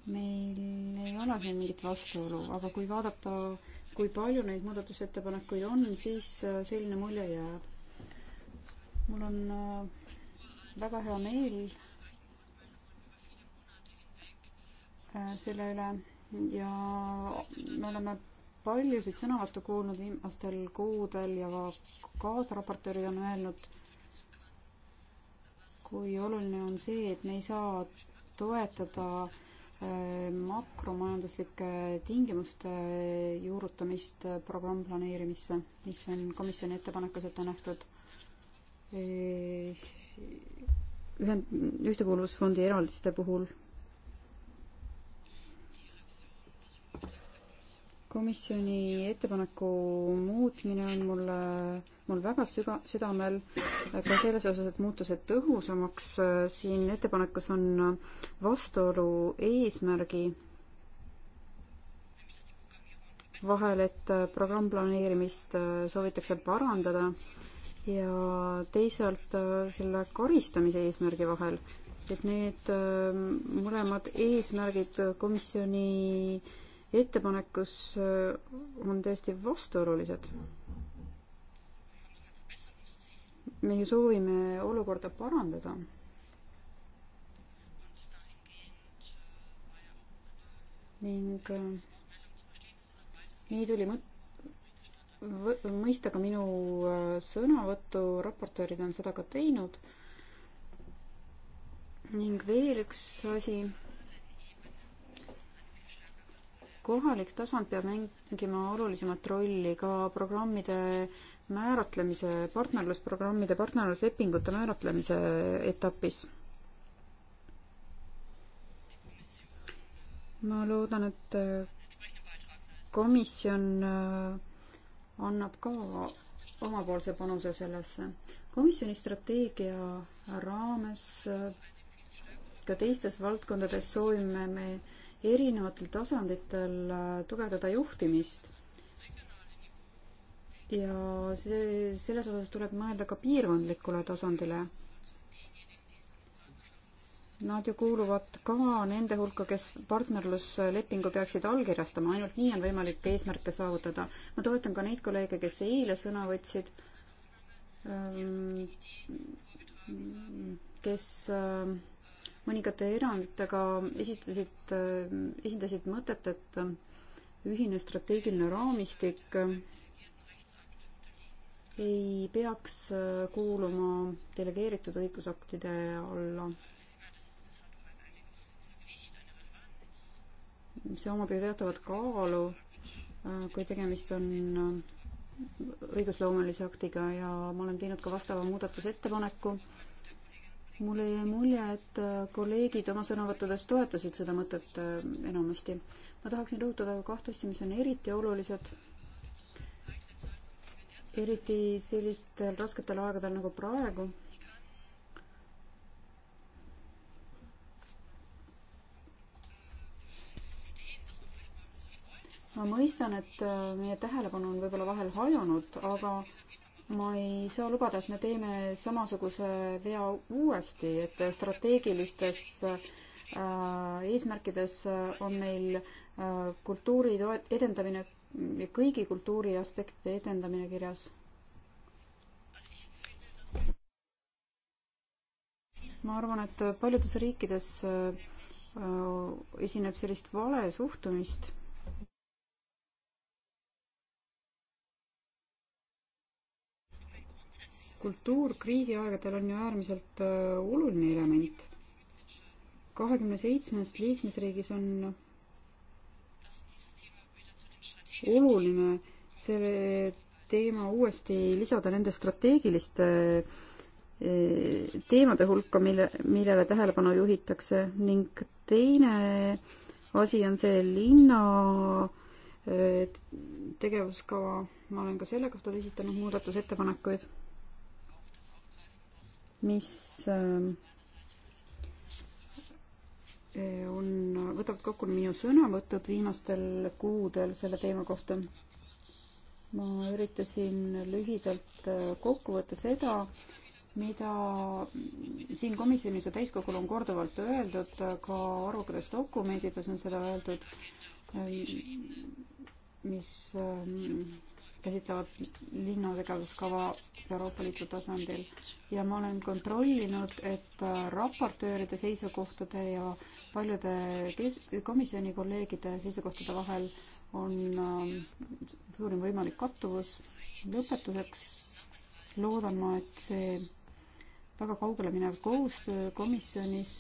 Speaker 3: meil ei ole siin mingit vastuolu, aga kui vaadata, kui palju neid muudatusettepanekuid on, siis äh, selline mulje jääb. mul on äh, väga hea meel Äh, selle üle ja me oleme paljusid sõnavõttu kuulnud viimastel kuudel ja ka kaasraportöörid on öelnud, kui oluline on see, et me ei saa toetada äh, makromajanduslike tingimuste juurutamist äh, programm planeerimisse, mis on komisjoni ettepanekus ette nähtud. ühend-, ühtekuuluvusfondi eraldiste puhul komisjoni ettepaneku muutmine on mulle, mul väga süga-, südamel ka selles osas, et muuta see tõhusamaks. siin ettepanekus on vastuolu eesmärgi vahel, et programm planeerimist soovitakse parandada ja teisalt selle karistamise eesmärgi vahel, et need äh, mõlemad eesmärgid komisjoni ettepanekus äh, on tõesti vastuolulised. me ju soovime olukorda parandada. ning äh, nii tuli mõt-, mõista ka minu äh, sõnavõttu, raportöörid on seda ka teinud. ning veel üks asi kohalik tasand peab mängima olulisemat rolli ka programmide määratlemise, partnerlusprogrammide, partnerluslepingute määratlemise etapis. ma loodan, et komisjon äh, annab ka omapoolse panuse sellesse. komisjoni strateegia raames äh, ka teistes valdkondades soovime me äh, erinevatel tasanditel äh, tugevdada juhtimist. ja see, selles osas tuleb mõelda ka piirkondlikule tasandile. Nad ju kuuluvad ka nende hulka, kes partnerluslepingu peaksid allkirjastama, ainult nii on võimalik eesmärke saavutada. ma toetan ka neid kolleege, kes eile sõna võtsid, ähm, kes äh, mõningate eranditega esitasid, esindasid mõtet, et ühine strateegiline raamistik ei peaks kuuluma delegeeritud õigusaktide alla. see omab ju teatavat kaalu, kui tegemist on õigusloomelise aktiga ja ma olen teinud ka vastava muudatusettepaneku mulle jäi mulje, et äh, kolleegid oma sõnavõttudes toetasid seda mõtet äh, enamasti. ma tahaksin rõhutada kahte asja, mis on eriti olulised, eriti sellistel rasketel aegadel nagu praegu. ma mõistan, et äh, meie tähelepanu on võib-olla vahel hajunud, aga ma ei saa lubada, et me teeme samasuguse vea uuesti, et strateegilistes äh, eesmärkides on meil äh, kultuuri edendamine ja kõigi kultuuri aspektide edendamine kirjas. ma arvan, et paljudes riikides äh, esineb sellist vale suhtumist kultuur kriisiaegadel on ju äärmiselt äh, oluline element. kahekümne seitsmes liikmesriigis on oluline see teema uuesti lisada nende strateegiliste äh, teemade hulka, mille, millele tähelepanu juhitakse ning teine asi on see linna äh, tegevuskava, ma olen ka selle kohta esitanud muudatusettepanekuid mis äh, eh, on, võtavad kokku minu sõnavõtud viimastel kuudel selle teema kohta. ma üritasin lühidalt äh, kokku võtta seda, mida siin komisjonis ja täiskogul on korduvalt öeldud, ka arvukates dokumentides on seda öeldud, äh, mis käsitlevad linnategevuskava Euroopa Liidu tasandil ja ma olen kontrollinud, et äh, raportööride seisukohtade ja paljude kes-, komisjoni kolleegide seisukohtade vahel on äh, suurim võimalik kattuvus. lõpetuseks loodan ma, et see väga kaugele minev koostöö komisjonis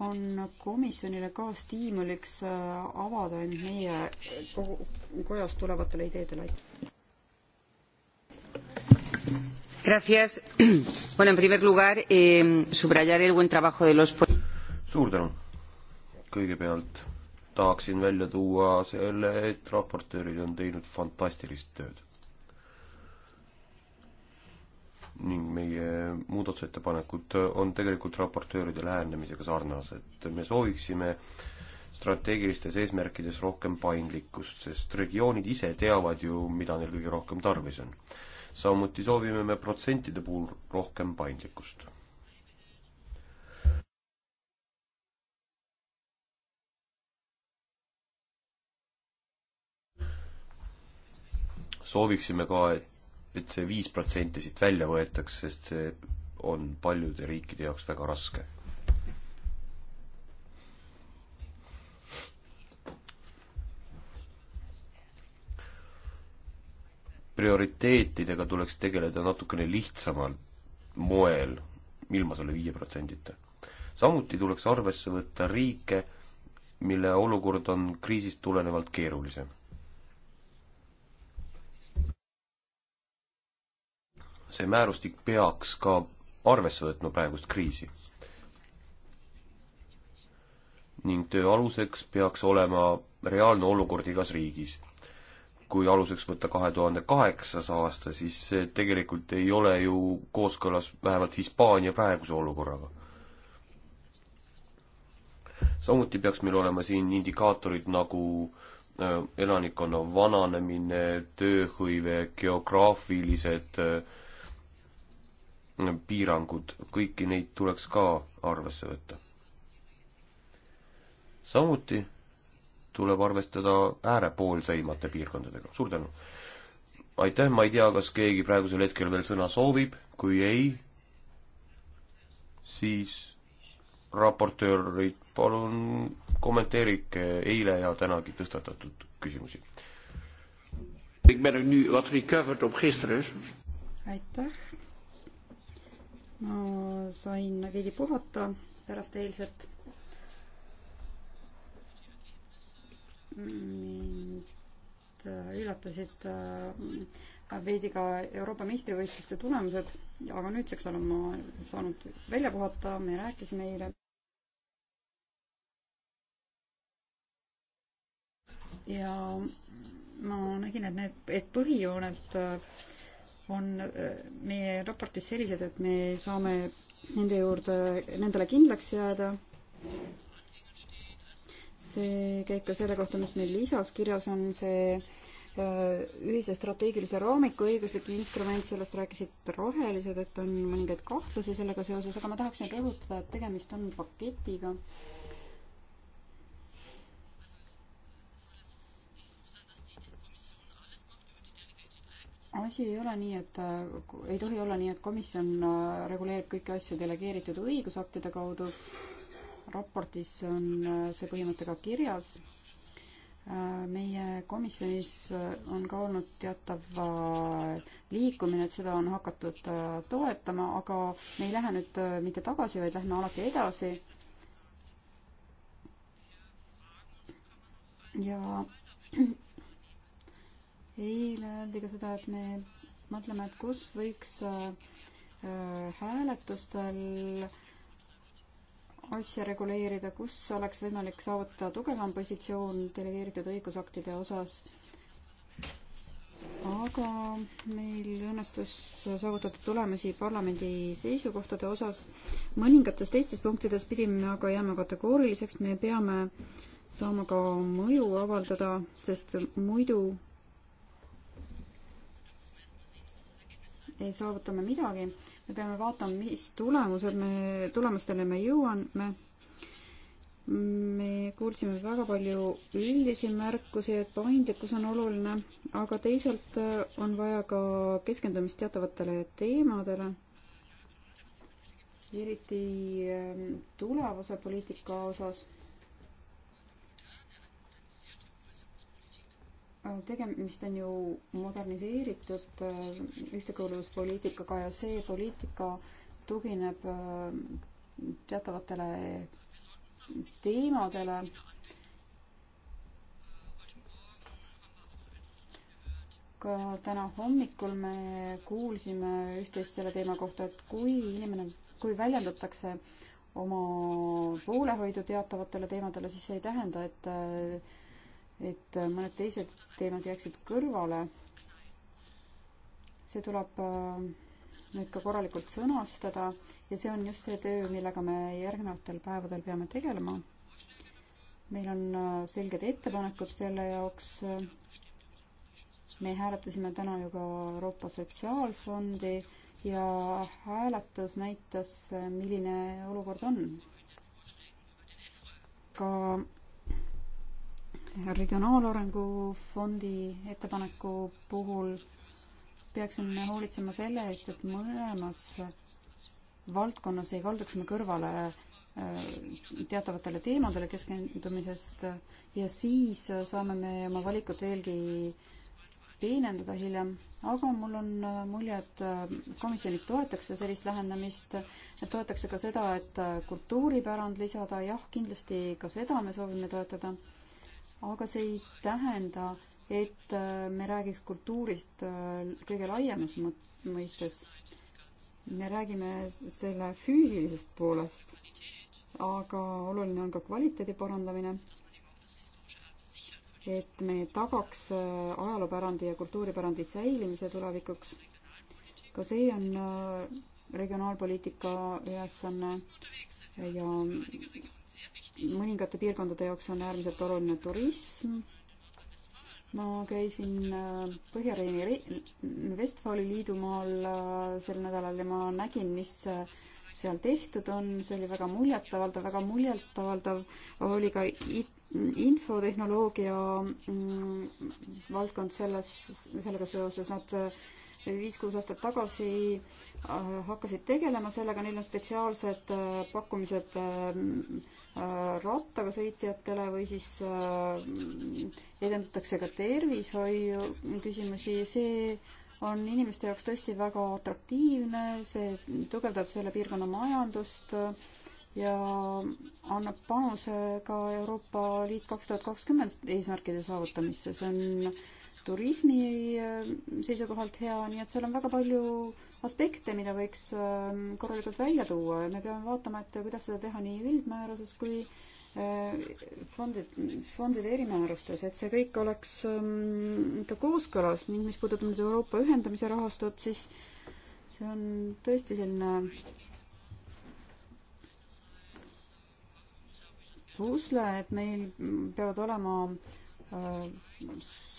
Speaker 3: on komisjonile ka stiimuliks äh, avada end meie kojast tulevatele ideedele?
Speaker 2: Gracias. Bueno, en primer lugar eh, subrayar el buen trabajo de los
Speaker 4: suur tänu. kõigepealt tahaksin välja tuua selle, et raportöörid on teinud fantastilist tööd. ning meie muudatusettepanekud on tegelikult raportööride lähenemisega sarnased. me sooviksime strateegilistes eesmärkides rohkem paindlikkust, sest regioonid ise teavad ju, mida neil kõige rohkem tarvis on. samuti soovime me protsentide puhul rohkem paindlikkust. sooviksime ka, et et see viis protsenti siit välja võetakse, sest see on paljude riikide jaoks väga raske. prioriteetidega tuleks tegeleda natukene lihtsamal moel, ilma selle viie protsendita. samuti tuleks arvesse võtta riike, mille olukord on kriisist tulenevalt keerulisem. see määrustik peaks ka arvesse võtma praegust kriisi. ning töö aluseks peaks olema reaalne olukord igas riigis. kui aluseks võtta kahe tuhande kaheksas aasta, siis see tegelikult ei ole ju kooskõlas vähemalt Hispaania praeguse olukorraga. samuti peaks meil olema siin indikaatorid nagu äh, elanikkonna vananemine, tööhõive, geograafilised äh, piirangud, kõiki neid tuleks ka arvesse võtta. samuti tuleb arvestada äärepoolseimate piirkondadega, suur tänu. aitäh, ma ei tea, kas keegi praegusel hetkel veel sõna soovib, kui ei, siis raportöörid, palun kommenteerige eile ja tänagi tõstatatud küsimusi. Er
Speaker 3: aitäh, ma sain veidi puhata pärast eilset. mind üllatasid äh, veidi ka Euroopa meistrivõistluste tulemused, aga nüüdseks olen ma saanud välja puhata, me rääkisime eile. ja ma nägin, et need, et põhijooned äh, on äh, meie raportis sellised, et me saame nende juurde, nendele kindlaks jääda. see käib ka selle kohta, mis meil lisas kirjas on, see äh, ühise strateegilise raamiku õiguslik instrument, sellest rääkisid rohelised, et on mõningaid kahtlusi sellega seoses, aga ma tahaksin rõhutada, et tegemist on paketiga asi ei ole nii, et äh, ei tohi olla nii, et komisjon äh, reguleerib kõiki asju delegeeritud õigusaktide kaudu. raportis on äh, see põhimõte ka kirjas äh,. meie komisjonis äh, on ka olnud teatav äh, liikumine, et seda on hakatud äh, toetama, aga me ei lähe nüüd äh, mitte tagasi, vaid lähme alati edasi. ja eile öeldi ka seda, et me mõtleme, et kus võiks äh, äh, hääletustel asja reguleerida, kus oleks võimalik saavutada tugevam positsioon delegeeritud õigusaktide osas. aga meil õnnestus saavutada tulemusi parlamendi seisukohtade osas. mõningates teistes punktides pidime aga jääma kategooriliseks, me peame saama ka mõju avaldada, sest muidu ei saavuta me midagi. me peame vaatama, mis tulemused me, tulemustele me jõuame. me kuulsime väga palju üldisi märkusi, et paindlikkus on oluline, aga teisalt äh, on vaja ka keskendumist teatavatele teemadele eriti ähm, tulevase poliitika osas tegemist on ju moderniseeritud äh, ühtekuuluvuspoliitikaga ja see poliitika tugineb äh, teatavatele teemadele. ka täna hommikul me kuulsime üht-teist selle teema kohta, et kui inimene, kui väljendatakse oma poolehoidu teatavatele teemadele, siis see ei tähenda, et äh, et mõned teised teemad jääksid kõrvale. see tuleb äh, nüüd ka korralikult sõnastada ja see on just see töö, millega me järgnevatel päevadel peame tegelema. meil on äh, selged ettepanekud selle jaoks. me hääletasime täna ju ka Euroopa Sotsiaalfondi ja hääletus näitas, milline olukord on. ka regionaalarengu fondi ettepaneku puhul peaksime hoolitsema selle eest, et mõlemas valdkonnas ei kalduks me kõrvale äh, teatavatele teemadele keskendumisest ja siis saame me oma valikut veelgi peenendada hiljem, aga mul on äh, mulje, et äh, komisjonis toetakse sellist lähenemist, et toetakse ka seda, et kultuuripärand lisada, jah, kindlasti ka seda me soovime toetada aga see ei tähenda, et äh, me räägiks kultuurist äh, kõige laiemas mõistes. me räägime selle füüsilisest poolest, aga oluline on ka kvaliteedi parandamine, et me tagaks äh, ajaloopärandi ja kultuuripärandi säilimise tulevikuks. ka see on regionaalpoliitika ülesanne ja mõningate piirkondade jaoks on äärmiselt oluline turism. ma käisin äh, Põhja-Rheini Vestfaali liidumaal äh, sel nädalal ja ma nägin, mis äh, seal tehtud on, see oli väga muljetavaldav, väga muljetavaldav oli ka infotehnoloogia mm, valdkond selles, sellega seoses, nad viis-kuus aastat tagasi hakkasid tegelema sellega, neil on spetsiaalsed pakkumised Äh, rattaga sõitjatele või siis äh, edendatakse ka tervishoiu küsimusi, see on inimeste jaoks tõesti väga atraktiivne, see tugevdab selle piirkonna majandust ja annab panuse ka Euroopa Liit kaks tuhat kakskümmend eesmärkide saavutamisse, see on turismi äh, seisukohalt hea, nii et seal on väga palju aspekte, mida võiks ähm, korralikult välja tuua ja me peame vaatama, et kuidas seda teha nii üldmääruses kui äh, fondid, fondide erimäärustes, et see kõik oleks ähm, ikka kooskõlas ning mis puudutab nüüd Euroopa ühendamise rahastut, siis see on tõesti selline pusle, et meil peavad olema äh,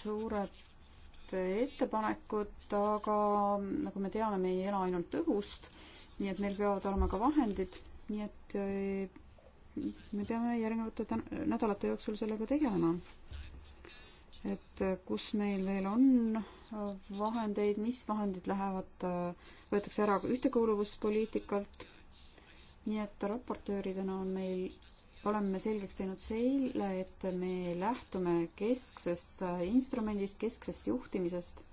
Speaker 3: suured ettepanekud, aga nagu me teame, me ei ela ainult õhust, nii et meil peavad olema ka vahendid, nii et eh, me peame järgnevate nädalate jooksul sellega tegelema. et eh, kus meil veel on eh, vahendeid, mis vahendid lähevad, võetakse ära ühtekuuluvuspoliitikalt. nii et raportööridena on meil oleme selgeks teinud selle, et me lähtume kesksest instrumendist, kesksest juhtimisest.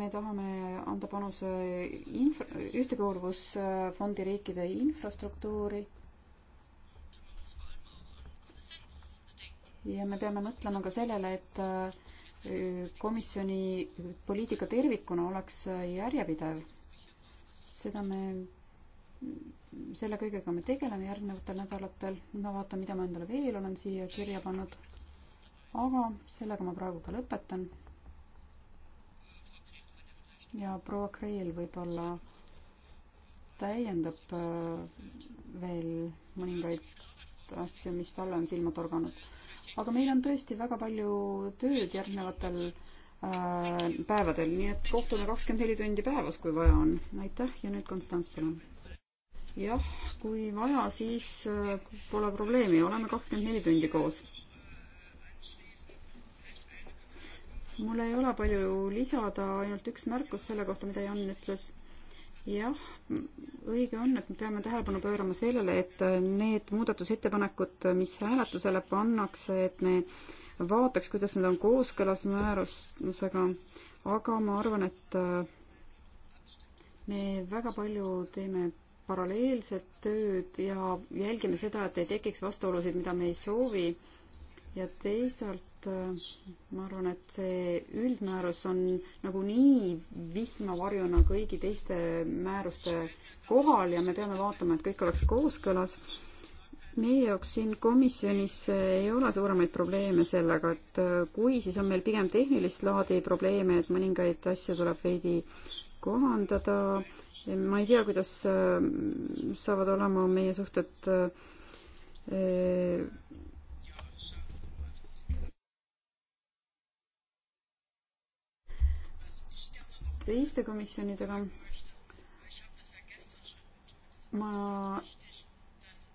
Speaker 3: me tahame anda panuse inf-, ühtekuuluvusfondi riikide infrastruktuuri. ja me peame mõtlema ka sellele, et äh, komisjoni poliitika tervikuna oleks äh, järjepidev. seda me selle kõigega me tegeleme järgnevatel nädalatel, ma vaatan, mida ma endale veel olen siia kirja pannud. aga sellega ma praegu ka lõpetan. ja proua Kreel võib-olla täiendab äh, veel mõningaid asju, mis talle on silma torganud. aga meil on tõesti väga palju tööd järgnevatel äh, päevadel, nii et kohtume kakskümmend neli tundi päevas, kui vaja on. aitäh ja nüüd Konstants, palun jah, kui vaja, siis äh, pole probleemi, oleme kakskümmend neli tundi koos. mul ei ole palju lisada, ainult üks märkus selle kohta, mida Jan ütles. jah, õige on, et me peame tähelepanu pöörama sellele, et äh, need muudatusettepanekud, äh, mis hääletusele pannakse, et me vaataks, kuidas need on kooskõlas määrusega, aga ma arvan, et me väga palju teeme paralleelset tööd ja jälgime seda, et ei tekiks vastuolusid, mida me ei soovi. ja teisalt äh, ma arvan, et see üldmäärus on nagunii vihmavarjuna kõigi teiste määruste kohal ja me peame vaatama, et kõik oleks kooskõlas. meie jaoks siin komisjonis ei ole suuremaid probleeme sellega, et äh, kui, siis on meil pigem tehnilist laadi probleeme, et mõningaid asju tuleb veidi kohandada. ma ei tea, kuidas äh, saavad olema meie suhted äh, teiste komisjonidega. ma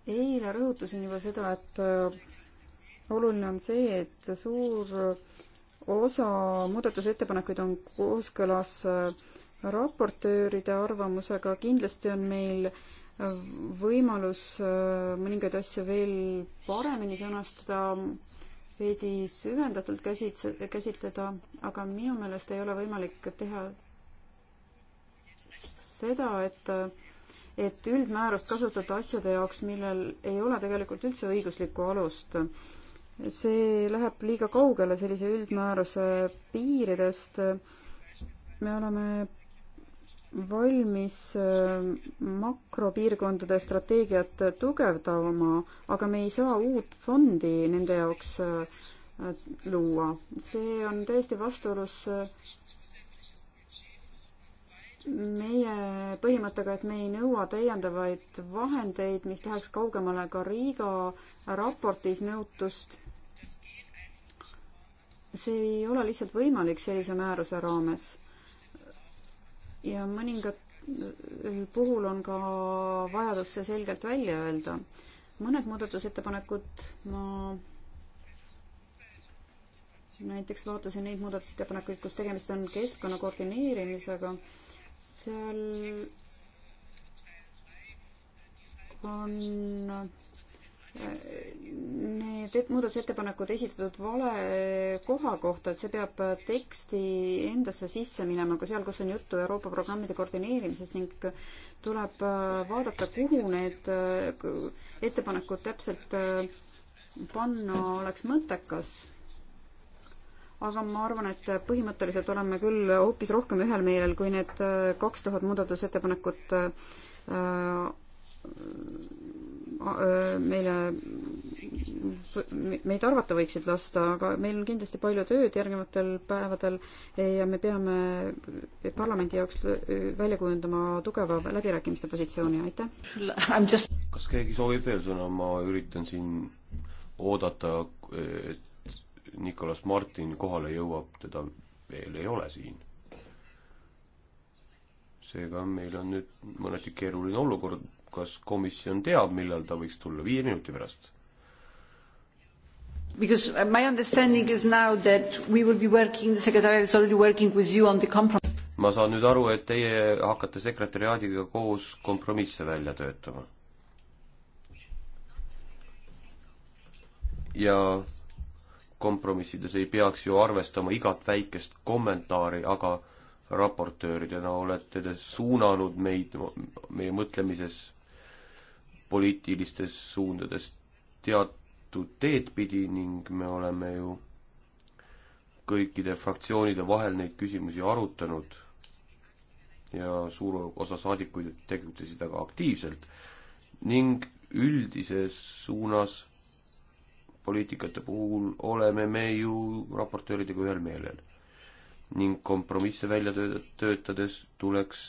Speaker 3: eile rõhutasin juba seda, et äh, oluline on see, et suur osa muudatusettepanekuid on kooskõlas äh, raportööride arvamusega, kindlasti on meil võimalus äh, mõningaid asju veel paremini sõnastada, veidi süvendatult käsit-, käsitleda, aga minu meelest ei ole võimalik teha seda, et et üldmäärust kasutada asjade jaoks, millel ei ole tegelikult üldse õiguslikku alust. see läheb liiga kaugele sellise üldmääruse piiridest. me oleme valmis äh, makropiirkondade strateegiat tugevdama, aga me ei saa uut fondi nende jaoks äh, luua. see on täiesti vastuolus äh, meie põhimõttega, et me ei nõua täiendavaid vahendeid, mis läheks kaugemale ka Riiga raportis nõutust. see ei ole lihtsalt võimalik sellise määruse raames ja mõningad eh, puhul on ka vajadus see selgelt välja öelda. mõned muudatusettepanekud ma näiteks vaatasin neid muudatusettepanekuid, kus tegemist on keskkonna koordineerimisega, seal on need et, muudatusettepanekud esitatud vale koha kohta, et see peab teksti endasse sisse minema, ka seal, kus on juttu Euroopa programmide koordineerimisest ning tuleb äh, vaadata, kuhu need äh, ettepanekud täpselt äh, panna oleks mõttekas. aga ma arvan, et põhimõtteliselt oleme küll hoopis rohkem ühel meelel, kui need kaks tuhat muudatusettepanekut meile, meid arvata võiksid lasta, aga meil on kindlasti palju tööd järgnevatel päevadel ja me peame parlamendi jaoks välja kujundama tugeva läbirääkimiste positsiooni, aitäh. Just...
Speaker 4: kas keegi soovib veel sõna, ma üritan siin oodata, et Nicolas Martin kohale jõuab, teda veel ei ole siin seega meil on nüüd mõneti keeruline olukord, kas komisjon teab, millal ta võiks tulla, viie minuti pärast? Because
Speaker 1: my understanding is now that we will be working, the secretariat is already working with you on the compromise.
Speaker 4: ma saan nüüd aru, et teie hakkate sekretäriaadiga koos kompromisse välja töötama. ja kompromissides ei peaks ju arvestama igat väikest kommentaari, aga raportööridena olete te suunanud meid, meie mõtlemises poliitilistes suundades teatud teed pidi ning me oleme ju kõikide fraktsioonide vahel neid küsimusi arutanud ja suur osa saadikuid tegutsesid väga aktiivselt ning üldises suunas poliitikate puhul oleme me ju raportööridega ühel meelel ning kompromisse välja töötades tuleks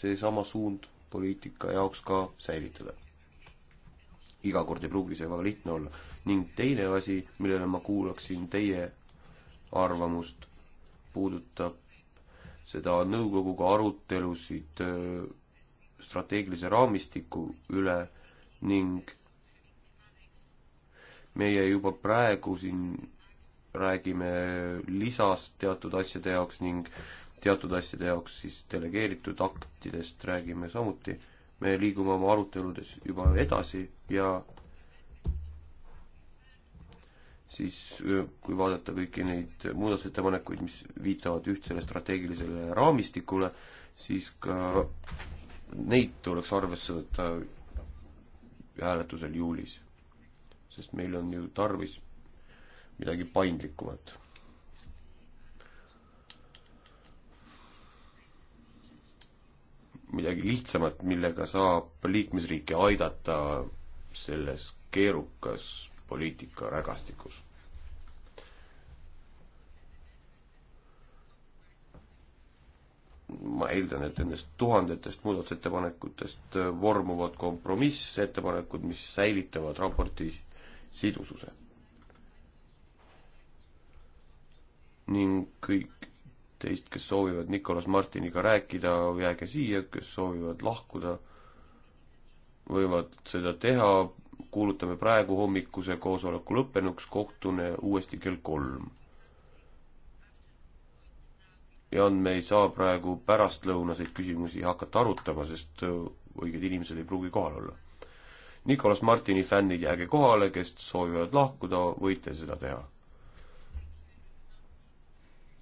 Speaker 4: seesama suund poliitika jaoks ka säilitada. iga kord ei pruugi see väga lihtne olla. ning teine asi, millele ma kuulaksin teie arvamust, puudutab seda nõukoguga arutelusid äh, strateegilise raamistiku üle ning meie juba praegu siin räägime lisast teatud asjade jaoks ning äh, teatud asjade jaoks siis delegeeritud aktidest räägime samuti. me liigume oma aruteludes juba edasi ja siis kui vaadata kõiki neid muudatusettepanekuid, mis viitavad ühtsele strateegilisele raamistikule, siis ka neid tuleks arvesse võtta hääletusel juulis. sest meil on ju tarvis midagi paindlikumat midagi lihtsamat, millega saab liikmesriike aidata selles keerukas poliitika rägastikus? ma eeldan, et nendest tuhandetest muudatusettepanekutest vormuvad kompromissettepanekud, mis säilitavad raporti sidususe. ning kõik teist, kes soovivad Nicolas Martiniga rääkida, jääge siia, kes soovivad lahkuda, võivad seda teha, kuulutame praegu hommikuse koosoleku lõppenuks, kohtune uuesti kell kolm. ja me ei saa praegu pärastlõunaseid küsimusi hakata arutama, sest õiged inimesed ei pruugi kohal olla. Nicolas Martini fännid, jääge kohale, kes soovivad lahkuda, võite seda teha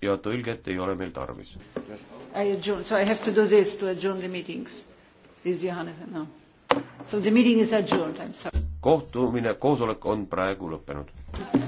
Speaker 4: ja tõlget ei ole meil tarvis.
Speaker 1: I adjourn, so I have to do this to adjourn the meetings. Is Johannes, no. So the meeting is adjourned, I am sorry.
Speaker 4: kohtumine, koosolek on praegu lõppenud.